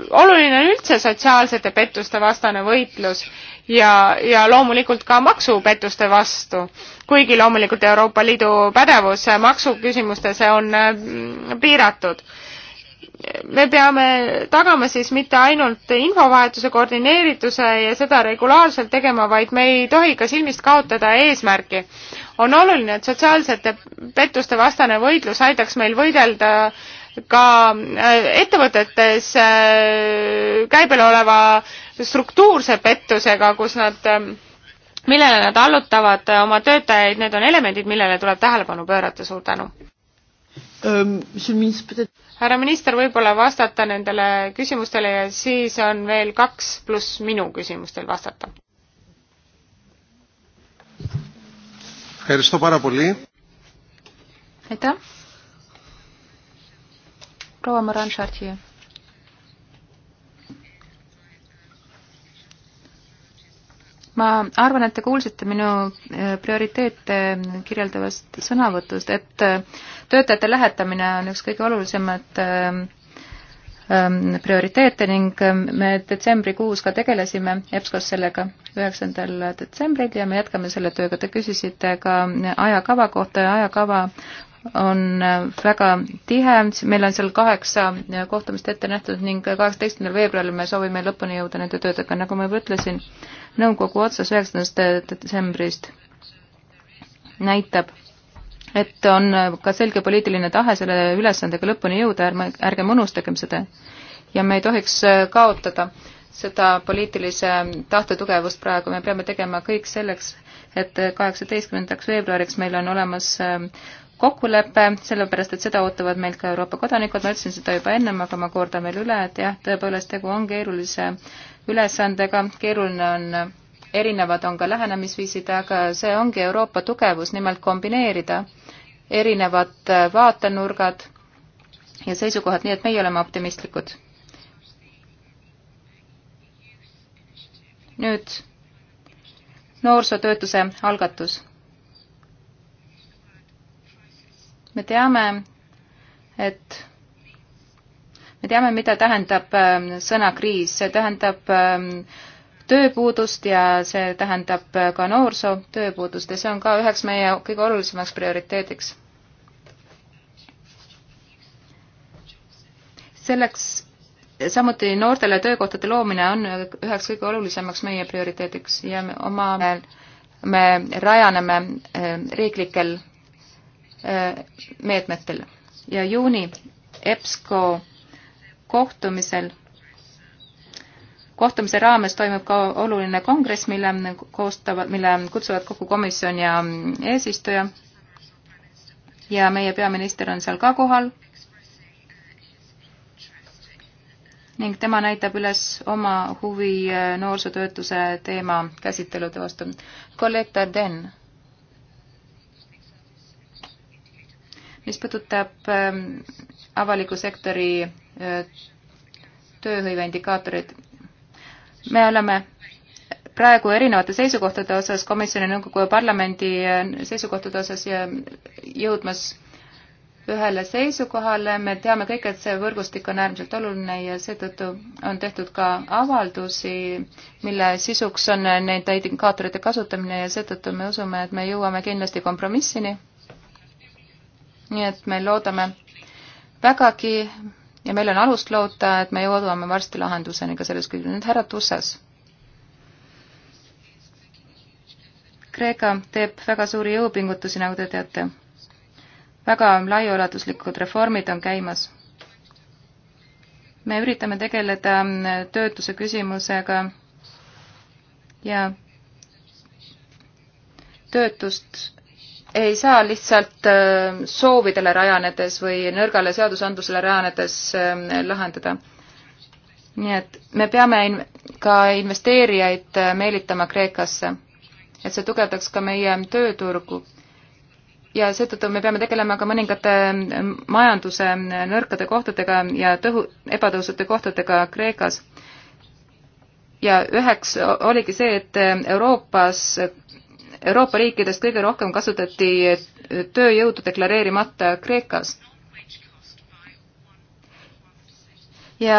oluline on üldse sotsiaalsete pettuste vastane võitlus ja, ja loomulikult ka maksupettuste vastu. kuigi loomulikult Euroopa Liidu pädevus maksuküsimustes on äh, piiratud me peame tagama siis mitte ainult infovahetuse koordineerituse ja seda regulaarselt tegema, vaid me ei tohi ka silmist kaotada eesmärki. on oluline, et sotsiaalsete pettuste vastane võitlus aitaks meil võidelda ka äh, ettevõtetes äh, käibel oleva struktuurse pettusega, kus nad, ähm, millele nad allutavad äh, oma töötajaid, need on elemendid, millele tuleb tähelepanu pöörata, suur tänu. Ähm, monsieur le ministre, peut-être härra minister võib-olla vastata nendele küsimustele ja siis on veel kaks pluss minu küsimustel vastata. aitäh. proua Moran Chartier. ma arvan, et te kuulsite minu äh, prioriteete kirjeldavast sõnavõtust, et äh, töötajate lähetamine on üks kõige olulisemad äh, ähm, prioriteete ning me detsembrikuus ka tegelesime EBSCO-s sellega, üheksandal detsembril ja me jätkame selle tööga. Te küsisite ka ajakava kohta ja ajakava on äh, väga tihe, meil on seal kaheksa äh, kohtumist ette nähtud ning kaheksateistkümnendal veebruaril me soovime lõpuni jõuda nende töödega, nagu ma juba ütlesin, nõukogu otsas üheksandast äh, detsembrist näitab, et on ka selge poliitiline tahe selle ülesandega lõpuni jõuda, ärme, ärgem unustagem seda. ja me ei tohiks kaotada seda poliitilise tahte tugevust praegu, me peame tegema kõik selleks, et kaheksateistkümnendaks veebruariks meil on olemas kokkulepe, sellepärast et seda ootavad meilt ka Euroopa kodanikud, ma ütlesin seda juba ennem, aga ma kordan veel üle, et jah, tõepoolest tegu on keerulise ülesandega, keeruline on, erinevad on ka lähenemisviisid, aga see ongi Euroopa tugevus, nimelt kombineerida erinevad vaatenurgad ja seisukohad, nii et meie oleme optimistlikud. nüüd noorsootöötuse algatus me teame, et me teame, mida tähendab ähm, sõna kriis, see tähendab ähm, tööpuudust ja see tähendab äh, ka noorsoo tööpuudust ja see on ka üheks meie kõige olulisemaks prioriteediks. selleks samuti noortele töökohtade loomine on üheks kõige olulisemaks meie prioriteediks ja oma me rajaneme äh, riiklikel Äh, meetmetel ja juuni EBSCO kohtumisel kohtumise raames toimub ka oluline kongress, mille koostavad, mille kutsuvad kokku komisjon ja eesistuja. ja meie peaminister on seal ka kohal. ning tema näitab üles oma huvi äh, noorsootöötuse teema käsitelude vastu. kolleeg Darden mis puudutab ähm, avaliku sektori äh, tööhõive indikaatorid. me oleme praegu erinevate seisukohtade osas, komisjoni, nõukogu ja parlamendi äh, seisukohtade osas ja jõudmas ühele seisukohale, me teame kõik, et see võrgustik on äärmiselt oluline ja seetõttu on tehtud ka avaldusi, mille sisuks on nende indikaatorite kasutamine ja seetõttu me usume, et me jõuame kindlasti kompromissini nii et me loodame vägagi ja meil on alust loota, et me jõuame varsti lahenduseni ka selles küsimuses. nüüd härra Tussas. Kreeka teeb väga suuri jõupingutusi, nagu te teate. väga laiaulatuslikud reformid on käimas. me üritame tegeleda töötuse küsimusega ja töötust ei saa lihtsalt äh, soovidele rajanedes või nõrgale seadusandlusele rajanedes äh, lahendada. nii et me peame ka investeerijaid äh, meelitama Kreekasse, et see tugevdaks ka meie tööturgu. ja seetõttu me peame tegelema ka mõningate majanduse nõrkade kohtadega ja tõhu-, ebatõhusate kohtadega Kreekas. ja üheks oligi see, et Euroopas Euroopa riikidest kõige rohkem kasutati tööjõudu deklareerimata Kreekas. ja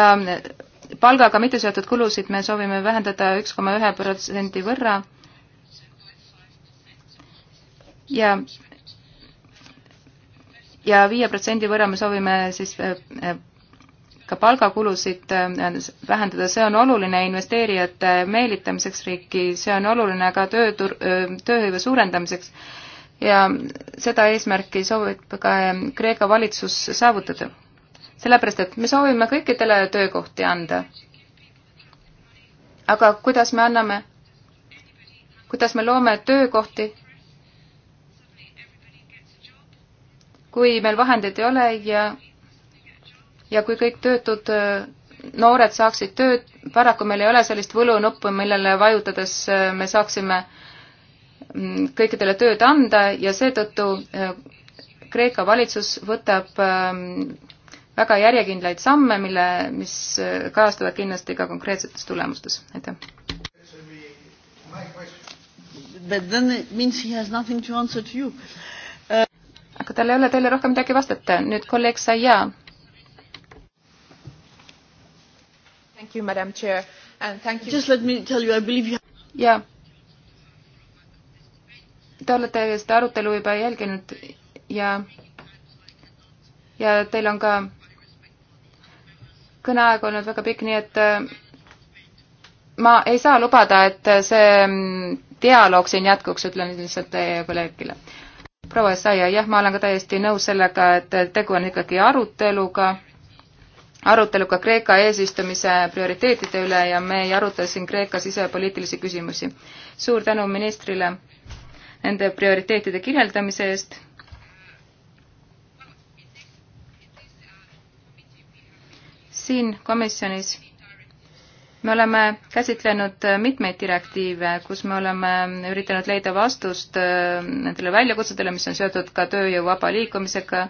palgaga mitte seotud kulusid me soovime vähendada üks koma ühe protsendi võrra ja ja viie protsendi võrra me soovime siis äh, ka palgakulusid äh, vähendada, see on oluline investeerijate meelitamiseks riiki, see on oluline ka töötur-, äh, tööhõive suurendamiseks ja seda eesmärki soovib ka äh, Kreeka valitsus saavutada. sellepärast, et me soovime kõikidele töökohti anda. aga kuidas me anname, kuidas me loome töökohti, kui meil vahendeid ei ole ja ja kui kõik töötud noored saaksid tööd, paraku meil ei ole sellist võlunuppu, millele vajutades äh, me saaksime mm, kõikidele tööd anda ja seetõttu äh, Kreeka valitsus võtab ähm, väga järjekindlaid samme, mille, mis äh, kajastuvad kindlasti ka konkreetsetes tulemustes, aitäh. But then it means he has nothing to answer to you uh.... aga tal ei ole teile rohkem midagi vastata, nüüd kolleeg Saia yeah Thank you, Madam Chair, and thank you. Just let me tell you, I believe you. jaa. Te olete seda arutelu juba jälginud ja, ja teil on ka kõneaeg olnud väga pikk, nii et äh, ma ei saa lubada, et see mm, dialoog siin jätkuks, ütlen lihtsalt teie kolleegile. proua Essaia, jah, ma olen ka täiesti nõus sellega, et tegu on ikkagi aruteluga arutelu ka Kreeka eesistumise prioriteetide üle ja me ei aruta siin Kreeka sisepoliitilisi küsimusi. suur tänu ministrile nende prioriteetide kirjeldamise eest. siin komisjonis me oleme käsitlenud mitmeid direktiive, kus me oleme üritanud leida vastust äh, nendele väljakutsetele, mis on seotud ka tööjõu vaba liikumisega,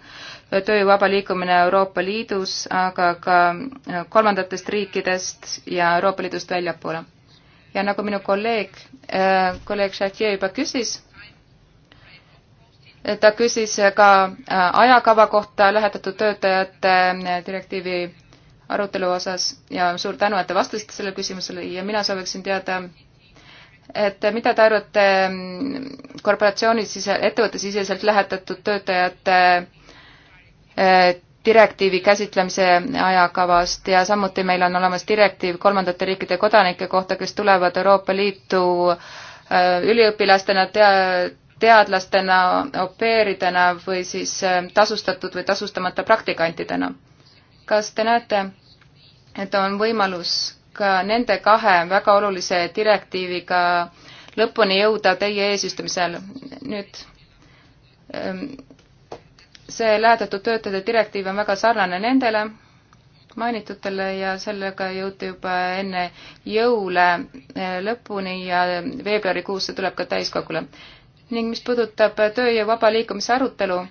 tööjõu vaba liikumine Euroopa Liidus, aga ka äh, kolmandatest riikidest ja Euroopa Liidust väljapoole. ja nagu minu kolleeg, äh, kolleeg Chatier juba küsis, ta küsis ka ajakava kohta lähetatud töötajate direktiivi arutelu osas ja suur tänu, et te vastasite sellele küsimusele ja mina sooviksin teada, et mida te arvate mm, korporatsiooni sise, ettevõttesiseselt lähetatud töötajate eh, direktiivi käsitlemise ajakavast ja samuti meil on olemas direktiiv kolmandate riikide kodanike kohta, kes tulevad Euroopa Liitu eh, üliõpilastena, teadlastena, au pairidena või siis eh, tasustatud või tasustamata praktikantidena kas te näete, et on võimalus ka nende kahe väga olulise direktiiviga lõpuni jõuda teie eesistumisel. nüüd ehm, see lähedatud töötajate direktiiv on väga sarnane nendele mainitutele ja sellega jõuti juba enne jõule eh, lõpuni ja veebruarikuus see tuleb ka täiskogule. ning mis puudutab tööjõu vaba liikumise arutelu,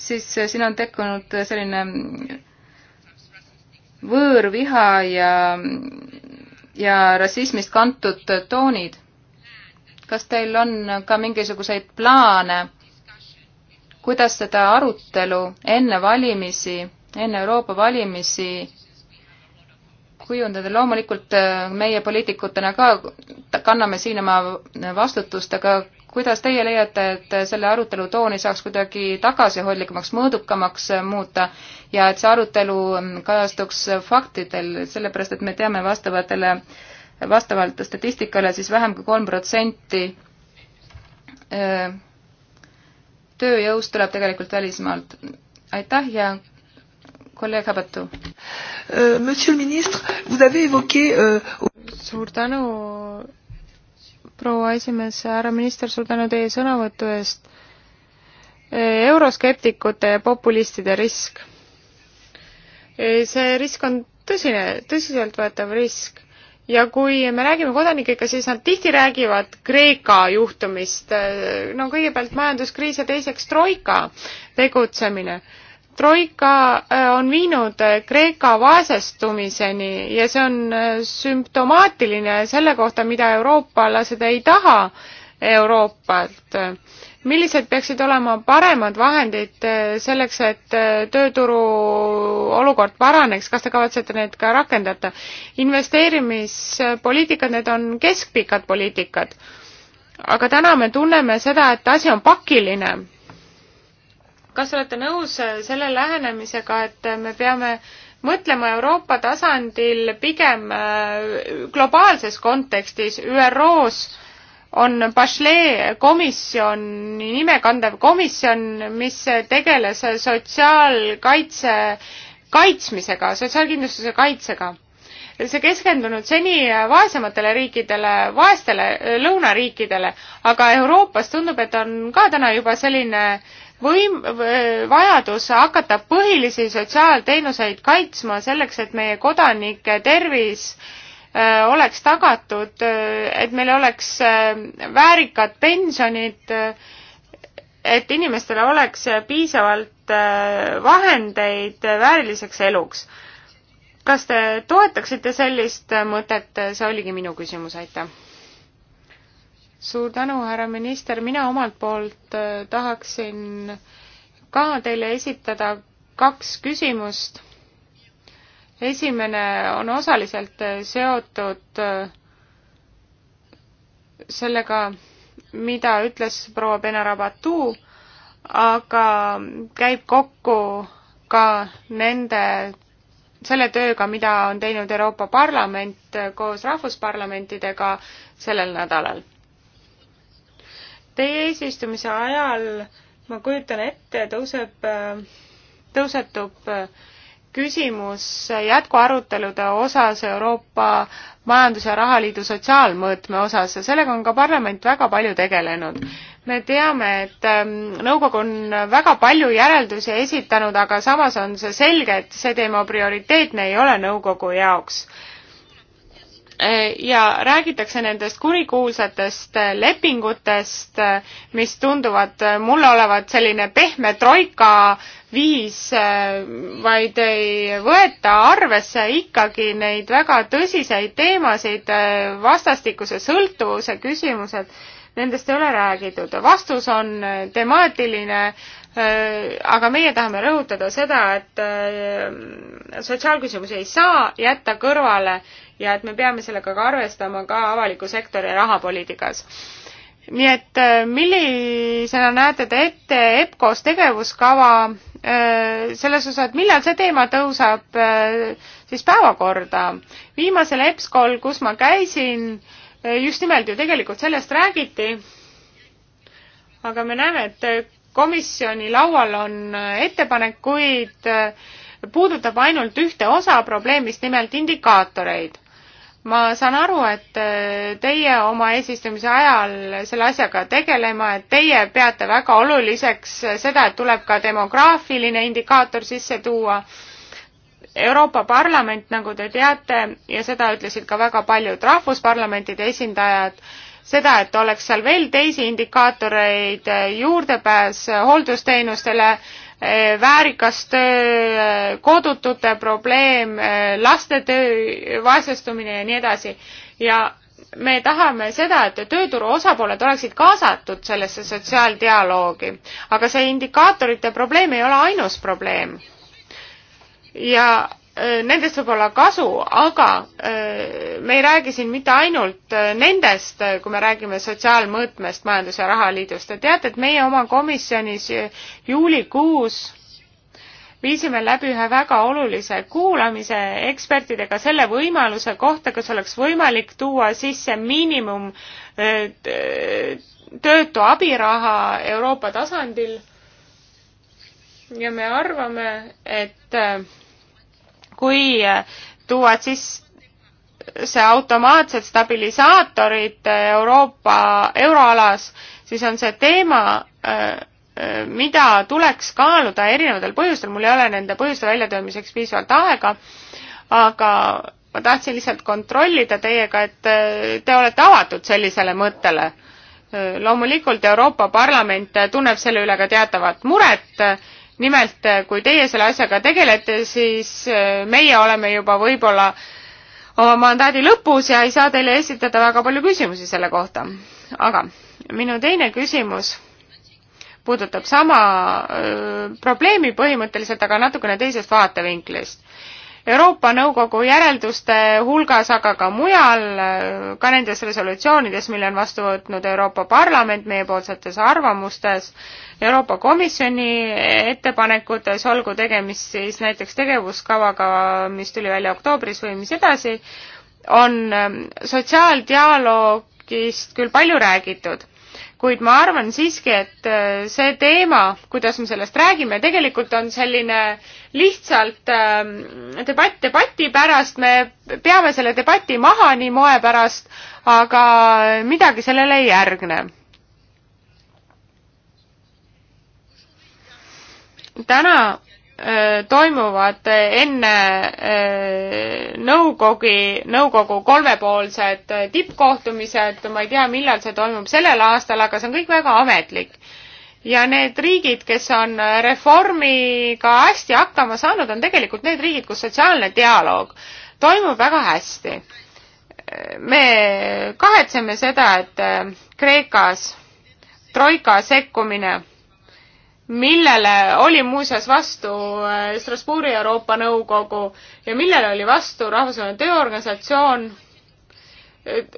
siis äh, siin on tekkinud äh, selline võõrviha ja, ja rassismist kantud toonid. kas teil on ka mingisuguseid plaane, kuidas seda arutelu enne valimisi, enne Euroopa valimisi kujundada, loomulikult äh, meie poliitikutena ka kanname siin oma vastutust, aga kuidas teie leiate, et selle arutelu tooni saaks kuidagi tagasihoidlikumaks, mõõdukamaks muuta ja et see arutelu kajastuks faktidel, sellepärast et me teame vastavatele, vastavalt statistikale siis vähem kui kolm protsenti tööjõust tuleb tegelikult välismaalt. aitäh ja kolleeg Habatu. Monsieur le ministre, vous avez évoqué euh... suur tänu proua esimees, härra minister, suur tänu teie sõnavõtu eest. euroskeptikute ja populistide risk. see risk on tõsine, tõsiseltvõetav risk ja kui me räägime kodanikega, siis nad tihti räägivad Kreeka juhtumist, no kõigepealt majanduskriis ja teiseks troika tegutsemine troika äh, on viinud äh, Kreeka vaesestumiseni ja see on äh, sümptomaatiline selle kohta, mida euroopalased ei taha Euroopalt. millised peaksid olema paremad vahendid selleks, et tööturu olukord paraneks, kas te kavatsete need ka rakendada? investeerimispoliitikad, need on keskpikad poliitikad. aga täna me tunneme seda, et asi on pakiline kas olete nõus äh, selle lähenemisega, et äh, me peame mõtlema Euroopa tasandil pigem äh, globaalses kontekstis, ÜRO-s on Bachelet komisjoni nime kandev komisjon, mis tegeles sotsiaalkaitse kaitsmisega, sotsiaalkindlustuse kaitsega. see keskendunud seni vaesematele riikidele, vaestele lõunariikidele, aga Euroopas tundub, et on ka täna juba selline äh, võim-, vajadus hakata põhilisi sotsiaalteenuseid kaitsma selleks, et meie kodanike tervis äh, oleks tagatud, äh, et meil oleks äh, väärikad pensionid, et inimestel oleks piisavalt vahendeid vääriliseks eluks. kas te toetaksite sellist mõtet, see oligi minu küsimus, aitäh! suur tänu, härra minister, mina omalt poolt äh, tahaksin ka teile esitada kaks küsimust. esimene on osaliselt äh, seotud äh, sellega, mida ütles proua Benarabatu, aga käib kokku ka nende, selle tööga, mida on teinud Euroopa Parlament koos rahvusparlamentidega sellel nädalal Teie eesistumise ajal, ma kujutan ette, tõuseb, tõusetub äh, küsimus jätkuarutelude osas Euroopa Majandus- ja Rahaliidu sotsiaalmõõtme osas ja sellega on ka parlament väga palju tegelenud. me teame, et ähm, nõukogu on väga palju järeldusi esitanud, aga samas on see selge, et see teema prioriteetne ei ole nõukogu jaoks Äh, ja räägitakse nendest kurikuulsatest äh, lepingutest, äh, mis tunduvad mulle olevat selline pehme troika viis, vaid ei võeta arvesse ikkagi neid väga tõsiseid teemasid, vastastikuse sõltuvuse küsimused nendest ei ole räägitud. vastus on äh, temaatiline, äh, aga meie tahame rõhutada seda, et äh, sotsiaalküsimusi ei saa jätta kõrvale ja et me peame sellega ka arvestama ka avaliku sektori rahapoliitikas nii et millisena näete te ette EPKOs tegevuskava selles osas, et millal see teema tõuseb siis päevakorda? viimasel EBSCO-l, kus ma käisin, just nimelt ju tegelikult sellest räägiti, aga me näeme, et komisjoni laual on ettepanekuid, puudutab ainult ühte osa probleemist, nimelt indikaatoreid. ma saan aru, et teie oma eesistumise ajal selle asjaga tegelema, et teie peate väga oluliseks seda, et tuleb ka demograafiline indikaator sisse tuua Euroopa Parlament, nagu te teate, ja seda ütlesid ka väga paljud rahvusparlamentide esindajad, seda, et oleks seal veel teisi indikaatoreid, eh, juurdepääs eh, hooldusteenustele, eh, väärikas töö, kodutute probleem, laste töö, vaesestumine ja nii edasi. ja me tahame seda, et tööturu osapooled oleksid kaasatud sellesse sotsiaaldialoogi, aga see indikaatorite probleem ei ole ainus probleem ja äh, nendest võib olla kasu, aga äh, me ei räägi siin mitte ainult äh, nendest, kui me räägime sotsiaalmõõtmest Majandus- ja Rahaliidust. Te teate, et meie oma komisjonis juulikuus viisime läbi ühe väga olulise kuulamise ekspertidega selle võimaluse kohta, kas oleks võimalik tuua sisse miinimum töötu abiraha Euroopa tasandil. ja me arvame, et kui eh, tuuad siis see automaatsed stabilisaatorid eh, Euroopa euroalas, siis on see teema, eh, mida tuleks kaaluda erinevatel põhjustel, mul ei ole nende põhjuste väljatöömiseks piisavalt aega, aga ma tahtsin lihtsalt kontrollida teiega, et te olete avatud sellisele mõttele. loomulikult Euroopa Parlament tunneb selle üle ka teatavat muret nimelt, eh, kui teie selle asjaga tegelete, siis eh, meie oleme juba võib-olla oma mandaadi lõpus ja ei saa teile esitada väga palju küsimusi selle kohta. aga minu teine küsimus puudutab sama öö, eh, probleemi põhimõtteliselt, aga natukene teisest vaatevinklist. Euroopa Nõukogu järelduste hulgas, aga ka mujal, ka nendes resolutsioonides, mille on vastu võtnud Euroopa Parlament meiepoolsetes arvamustes, Euroopa Komisjoni ettepanekutes, olgu tegemist siis näiteks tegevuskavaga, mis tuli välja oktoobris või mis edasi, on sotsiaaldialoogist küll palju räägitud kuid ma arvan siiski, et äh, see teema, kuidas me sellest räägime, tegelikult on selline lihtsalt ähm, debatt debati pärast, me peame selle debati maha nii moe pärast, aga midagi sellele ei järgne. täna toimuvad enne nõukogi, nõukogu kolmepoolsed tippkohtumised, ma ei tea, millal see toimub sellel aastal, aga see on kõik väga ametlik. ja need riigid, kes on reformiga hästi hakkama saanud, on tegelikult need riigid, kus sotsiaalne dialoog toimub väga hästi. me kahetseme seda, et Kreekas troika sekkumine millele oli muuseas vastu äh, Strasbourgi Euroopa Nõukogu ja millele oli vastu Rahvusvaheline Tööorganisatsioon. Äh,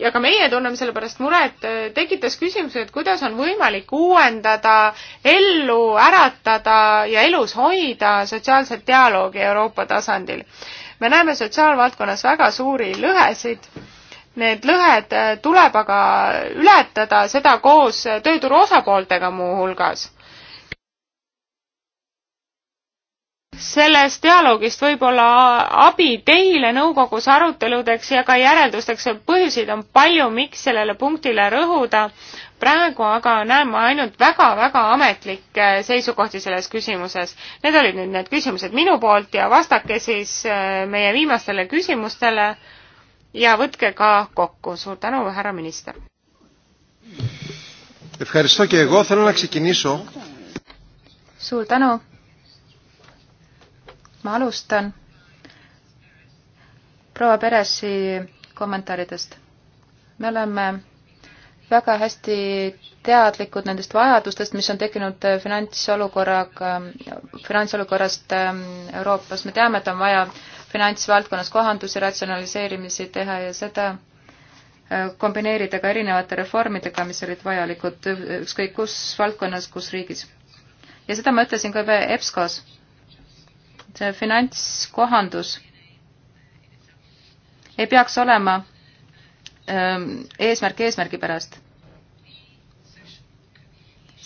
ja ka meie tunneme selle pärast muret, äh, tekitas küsimuse, et kuidas on võimalik uuendada, ellu äratada ja elus hoida sotsiaalset dialoogi Euroopa tasandil. me näeme sotsiaalvaldkonnas väga suuri lõhesid Need lõhed äh, tuleb aga ületada, seda koos äh, tööturu osapooltega muuhulgas. sellest dialoogist võib olla abi teile nõukogus aruteludeks ja ka järeldusteks, põhjuseid on palju, miks sellele punktile rõhuda, praegu aga näen ma ainult väga-väga ametlikke äh, seisukohti selles küsimuses. Need olid nüüd need küsimused minu poolt ja vastake siis meie viimastele küsimustele ja võtke ka kokku. suur tänu, härra minister. suur tänu. ma alustan proua Peresi kommentaaridest. me oleme väga hästi teadlikud nendest vajadustest, mis on tekkinud äh, finantsolukorraga, finantsolukorrast ähm, Euroopas. me teame, et on vaja finantsvaldkonnas kohandusi, ratsionaliseerimisi teha ja seda äh, kombineerida ka erinevate reformidega, mis olid vajalikud äh, ükskõik kus valdkonnas, kus riigis. ja seda ma ütlesin ka juba EBSCO-s. see finantskohandus ei peaks olema Ähm, eesmärk eesmärgi pärast.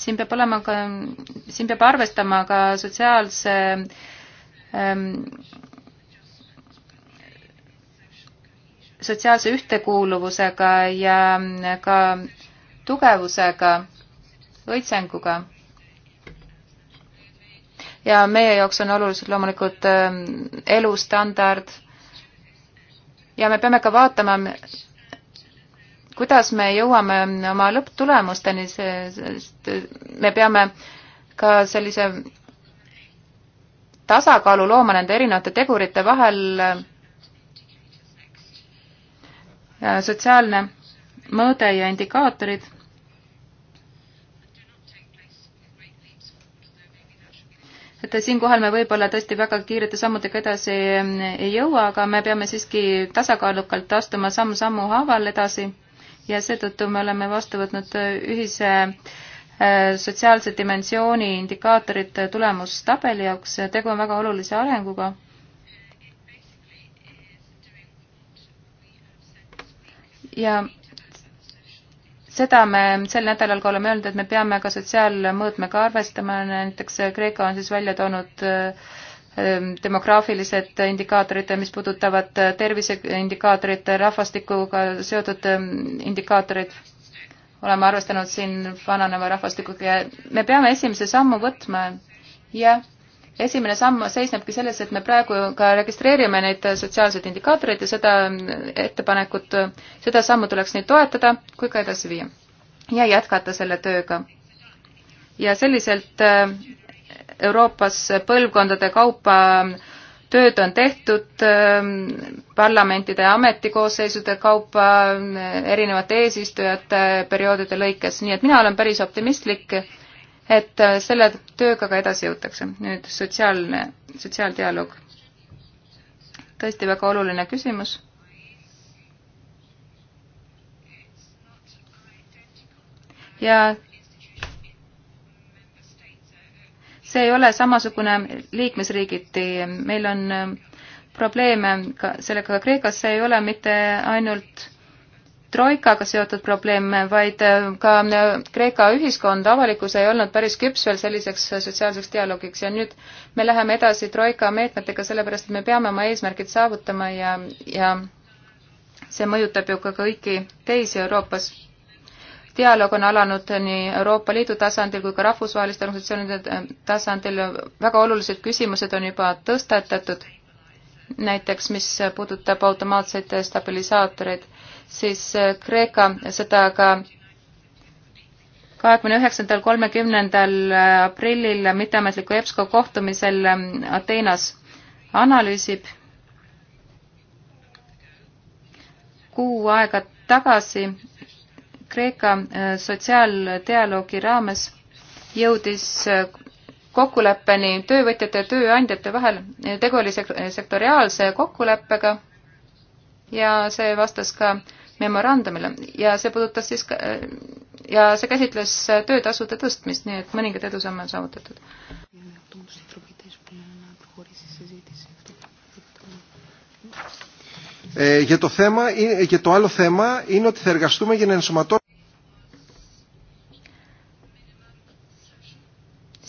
siin peab olema ka, siin peab arvestama ka sotsiaalse ähm, sotsiaalse ühtekuuluvusega ja ka tugevusega, õitsenguga. ja meie jaoks on olulised loomulikult ähm, elustandard ja me peame ka vaatama, kuidas me jõuame oma lõpptulemusteni, sest me peame ka sellise tasakaalu looma nende erinevate tegurite vahel. sotsiaalne mõõde ja indikaatorid. et siinkohal me võib-olla tõesti väga kiirete sammudega edasi ei jõua, aga me peame siiski tasakaalukalt astuma samm sammu haaval edasi ja seetõttu me oleme vastu võtnud äh, ühise äh, sotsiaalse dimensiooni indikaatorid tulemustabeli jaoks, tegu on väga olulise arenguga. ja seda me sel nädalal ka oleme öelnud, et me peame ka sotsiaalmõõtmega arvestama, näiteks Kreeka on siis välja toonud äh, Ehm, demograafilised indikaatorid, mis puudutavad äh, terviseindikaatorid, äh, rahvastikuga seotud ehm, indikaatorid. oleme arvestanud siin vananeva rahvastikuga ja me peame esimese sammu võtma ja esimene samm seisnebki selles, et me praegu ka registreerime neid äh, sotsiaalseid indikaatoreid ja seda ehm, ettepanekut, seda sammu tuleks nii toetada kui ka edasi viia ja jätkata selle tööga. ja selliselt Euroopas põlvkondade kaupa tööd on tehtud ähm, parlamentide ja ametikoosseisude kaupa äh, erinevate eesistujate perioodide lõikes, nii et mina olen päris optimistlik, et äh, selle tööga ka edasi jõutakse. nüüd sotsiaalne, sotsiaaldialoog. tõesti väga oluline küsimus ja see ei ole samasugune liikmesriigiti, meil on äh, probleeme ka sellega ka Kreekas, see ei ole mitte ainult troikaga seotud probleeme, vaid äh, ka äh, Kreeka ühiskond, avalikkus ei olnud päris küps veel selliseks sotsiaalseks dialoogiks ja nüüd me läheme edasi troika meetmetega, sellepärast et me peame oma eesmärgid saavutama ja, ja see mõjutab ju ka kõiki teisi Euroopas dialoog on alanud nii Euroopa Liidu tasandil kui ka rahvusvaheliste organisatsioonide tasandil, väga olulised küsimused on juba tõstatatud, näiteks mis puudutab automaatseid stabilisaatoreid, siis äh, Kreeka seda ka kahekümne üheksandal, kolmekümnendal äh, aprillil mitteametliku EBSCO kohtumisel ähm, Ateenas analüüsib kuu aega tagasi Kreeka äh, sotsiaaldialoogi raames jõudis äh, kokkuleppeni töövõtjate ja tööandjate vahel, tegu oli sektoriaalse kokkuleppega ja see vastas ka memorandumile ja see puudutas siis ka, äh, ja see käsitles töötasude tõstmist, nii et mõningad edusamme on saavutatud. Ε, για, το θέμα, για το άλλο θέμα είναι ότι θα εργαστούμε για να ενσωματώσουμε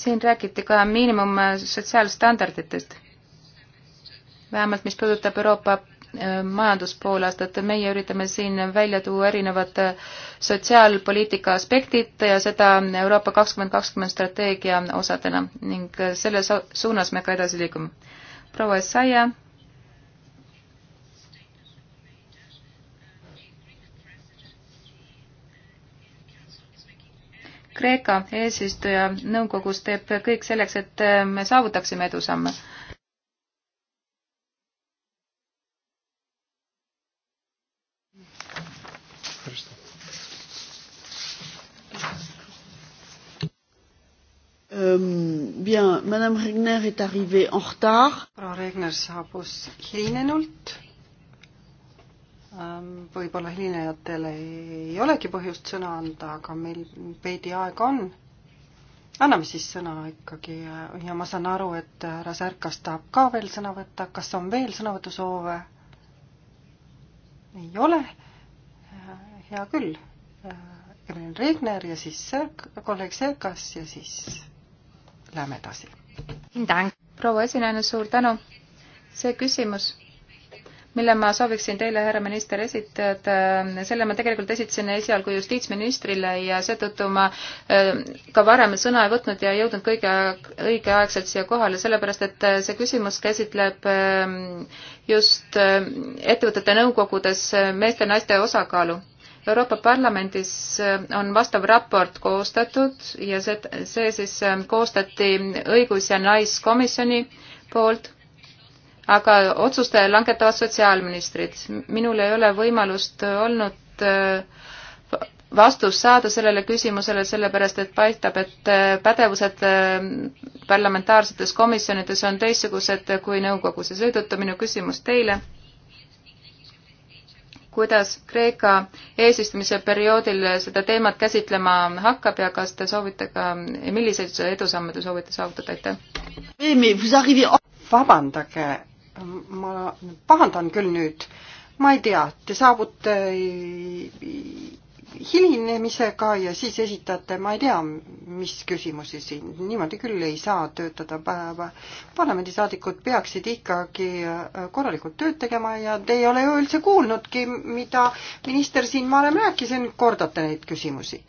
siin räägiti ka miinimum sotsiaalstandarditest, vähemalt mis puudutab Euroopa äh, majanduspoolaastat, meie üritame siin välja tuua erinevad äh, sotsiaalpoliitika aspektid ja seda Euroopa kakskümmend kakskümmend strateegia osadena ning äh, selles suunas me ka edasi liigume. proua Essaia Kreeka eesistuja nõukogus teeb kõik selleks, et äh, me saavutaksime edusamme. Ähm, bien, Madame Regner est arrivée en retard. proua Regner saabus hilinenult Ähm, võib-olla hilinejatele ei olegi põhjust sõna anda, aga meil veidi aega on. anname siis sõna ikkagi äh, ja ma saan aru, et härra Särkas tahab ka veel sõna võtta, kas on veel sõnavõtusoove? ei ole? Äh, hea küll. Äh, Evelyn Regner ja siis Särk, kolleeg Särkas ja siis läheme edasi. proua esinaine, suur tänu. see küsimus mille ma sooviksin teile, härra minister, esitada, selle ma tegelikult esitasin esialgu justiitsministrile ja seetõttu ma äh, ka varem sõna ei võtnud ja ei jõudnud kõige õigeaegselt siia kohale, sellepärast et äh, see küsimus käsitleb äh, just ettevõtete nõukogudes meeste-naiste osakaalu Euroopa Parlamendis on vastav raport koostatud ja see, see siis koostati õigus- ja naiskomisjoni poolt aga otsuste langetavad sotsiaalministrid. minul ei ole võimalust olnud äh, vastust saada sellele küsimusele, sellepärast et paistab, et äh, pädevused äh, parlamentaarsetes komisjonides on teistsugused kui nõukogus ja seetõttu minu küsimus teile kuidas Kreeka eesistumise perioodil seda teemat käsitlema hakkab ja kas te soovite ka, milliseid edusamme te soovite saavutada, aitäh? vabandage, ma pahandan küll nüüd, ma ei tea, te saabute hilinemisega ja siis esitate, ma ei tea, mis küsimusi siin, niimoodi küll ei saa töötada päeva. parlamendisaadikud peaksid ikkagi äh, korralikult tööd tegema ja te ei ole ju üldse kuulnudki, mida minister siin varem rääkis ja nüüd kordate neid küsimusi.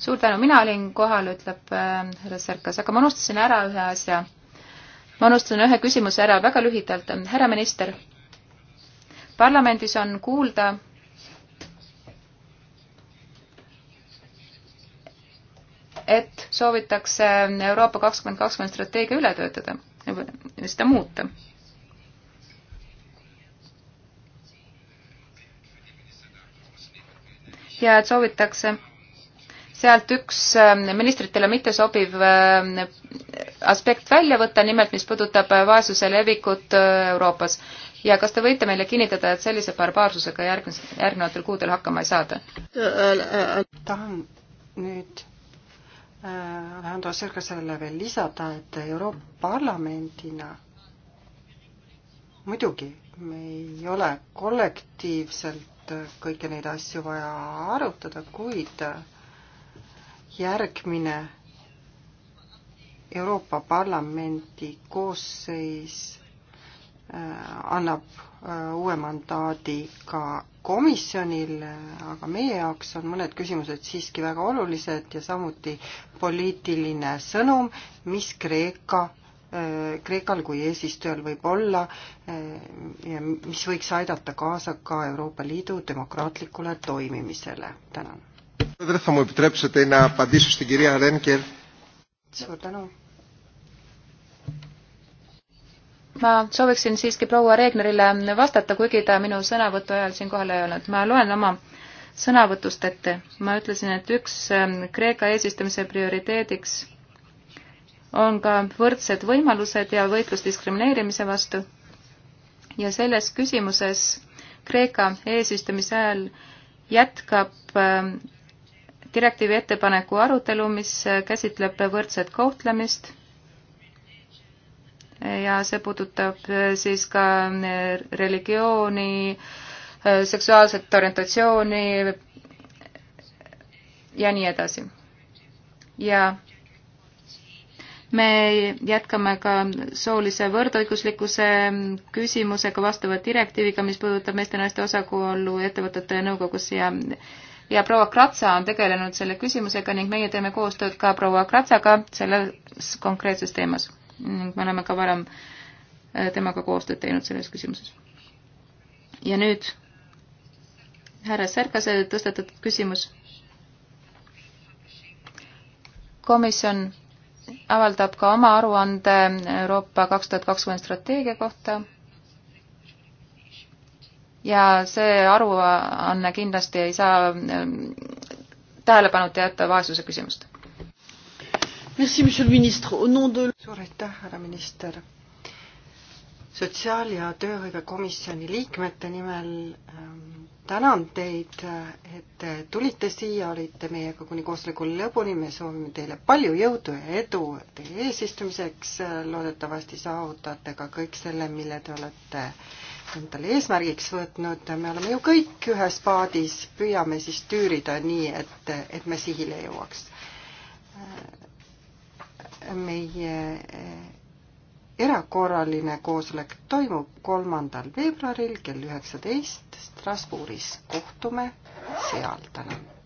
suur tänu, mina olin kohal, ütleb äh, härra Serkas, aga ma unustasin ära ühe asja ma unustan ühe küsimuse ära väga lühidalt. härra minister, parlamendis on kuulda et soovitakse Euroopa kakskümmend kakskümmend strateegia üle töötada, seda muuta. ja et soovitakse sealt üks ähm, ministritele mittesobiv ähm, aspekt välja võtta, nimelt mis puudutab äh, vaesuse levikut äh, Euroopas. ja kas te võite meile kinnitada, et sellise barbaarsusega järgmis-, järgnevatel kuudel hakkama ei saada? tahan nüüd Alejandro äh, Sergasele veel lisada, et Euroopa Parlamendina muidugi me ei ole kollektiivselt kõiki neid asju vaja arutada, kuid järgmine Euroopa Parlamendi koosseis äh, annab äh, uue mandaadi ka komisjonile, aga meie jaoks on mõned küsimused siiski väga olulised ja samuti poliitiline sõnum, mis Kreeka, äh, Kreekal kui eesistujal võib olla ja mis võiks aidata kaasa ka Euroopa Liidu demokraatlikule toimimisele. tänan θα μου επιτρέψετε να απαντήσω στην κυρία Ρένκερ. ma sooviksin siiski proua Regnerile vastata, kuigi ta minu sõnavõtu ajal siin kohal ei olnud. ma loen oma sõnavõtust ette. ma ütlesin, et üks ähm, Kreeka eesistumise prioriteediks on ka võrdsed võimalused ja võitlus diskrimineerimise vastu. ja selles küsimuses Kreeka eesistumise ajal jätkab ähm, direktiivi ettepaneku arutelu, mis käsitleb võrdset kohtlemist ja see puudutab siis ka religiooni, seksuaalset orientatsiooni ja nii edasi. ja me jätkame ka soolise võrdõiguslikkuse küsimusega vastava direktiiviga, mis puudutab meeste-naiste osakaalu ettevõtete nõukogus ja ja proua Kratsa on tegelenud selle küsimusega ning meie teeme koostööd ka proua Kratsaga selles konkreetses teemas ning me oleme ka varem äh, temaga koostööd teinud selles küsimuses. ja nüüd härra Särkase tõstatatud küsimus. komisjon avaldab ka oma aruande Euroopa kaks tuhat kakskümmend strateegia kohta ja see aruanne kindlasti ei saa ähm, tähelepanuta jätta vaesuse küsimust. suur aitäh, härra minister! sotsiaal- ja tööhõivekomisjoni liikmete nimel ähm, tänan teid, äh, et te tulite siia, olite meiega kuni koosoleku lõpuni, me soovime teile palju jõudu ja edu teie eesistumiseks, loodetavasti saavutate ka kõik selle, mille te olete äh, endale eesmärgiks võtnud, me oleme ju kõik ühes paadis, püüame siis tüürida nii, et, et me sihile jõuaks. meie eh, erakorraline koosolek toimub kolmandal veebruaril kell üheksateist Strasbourgis. kohtume seal, tänan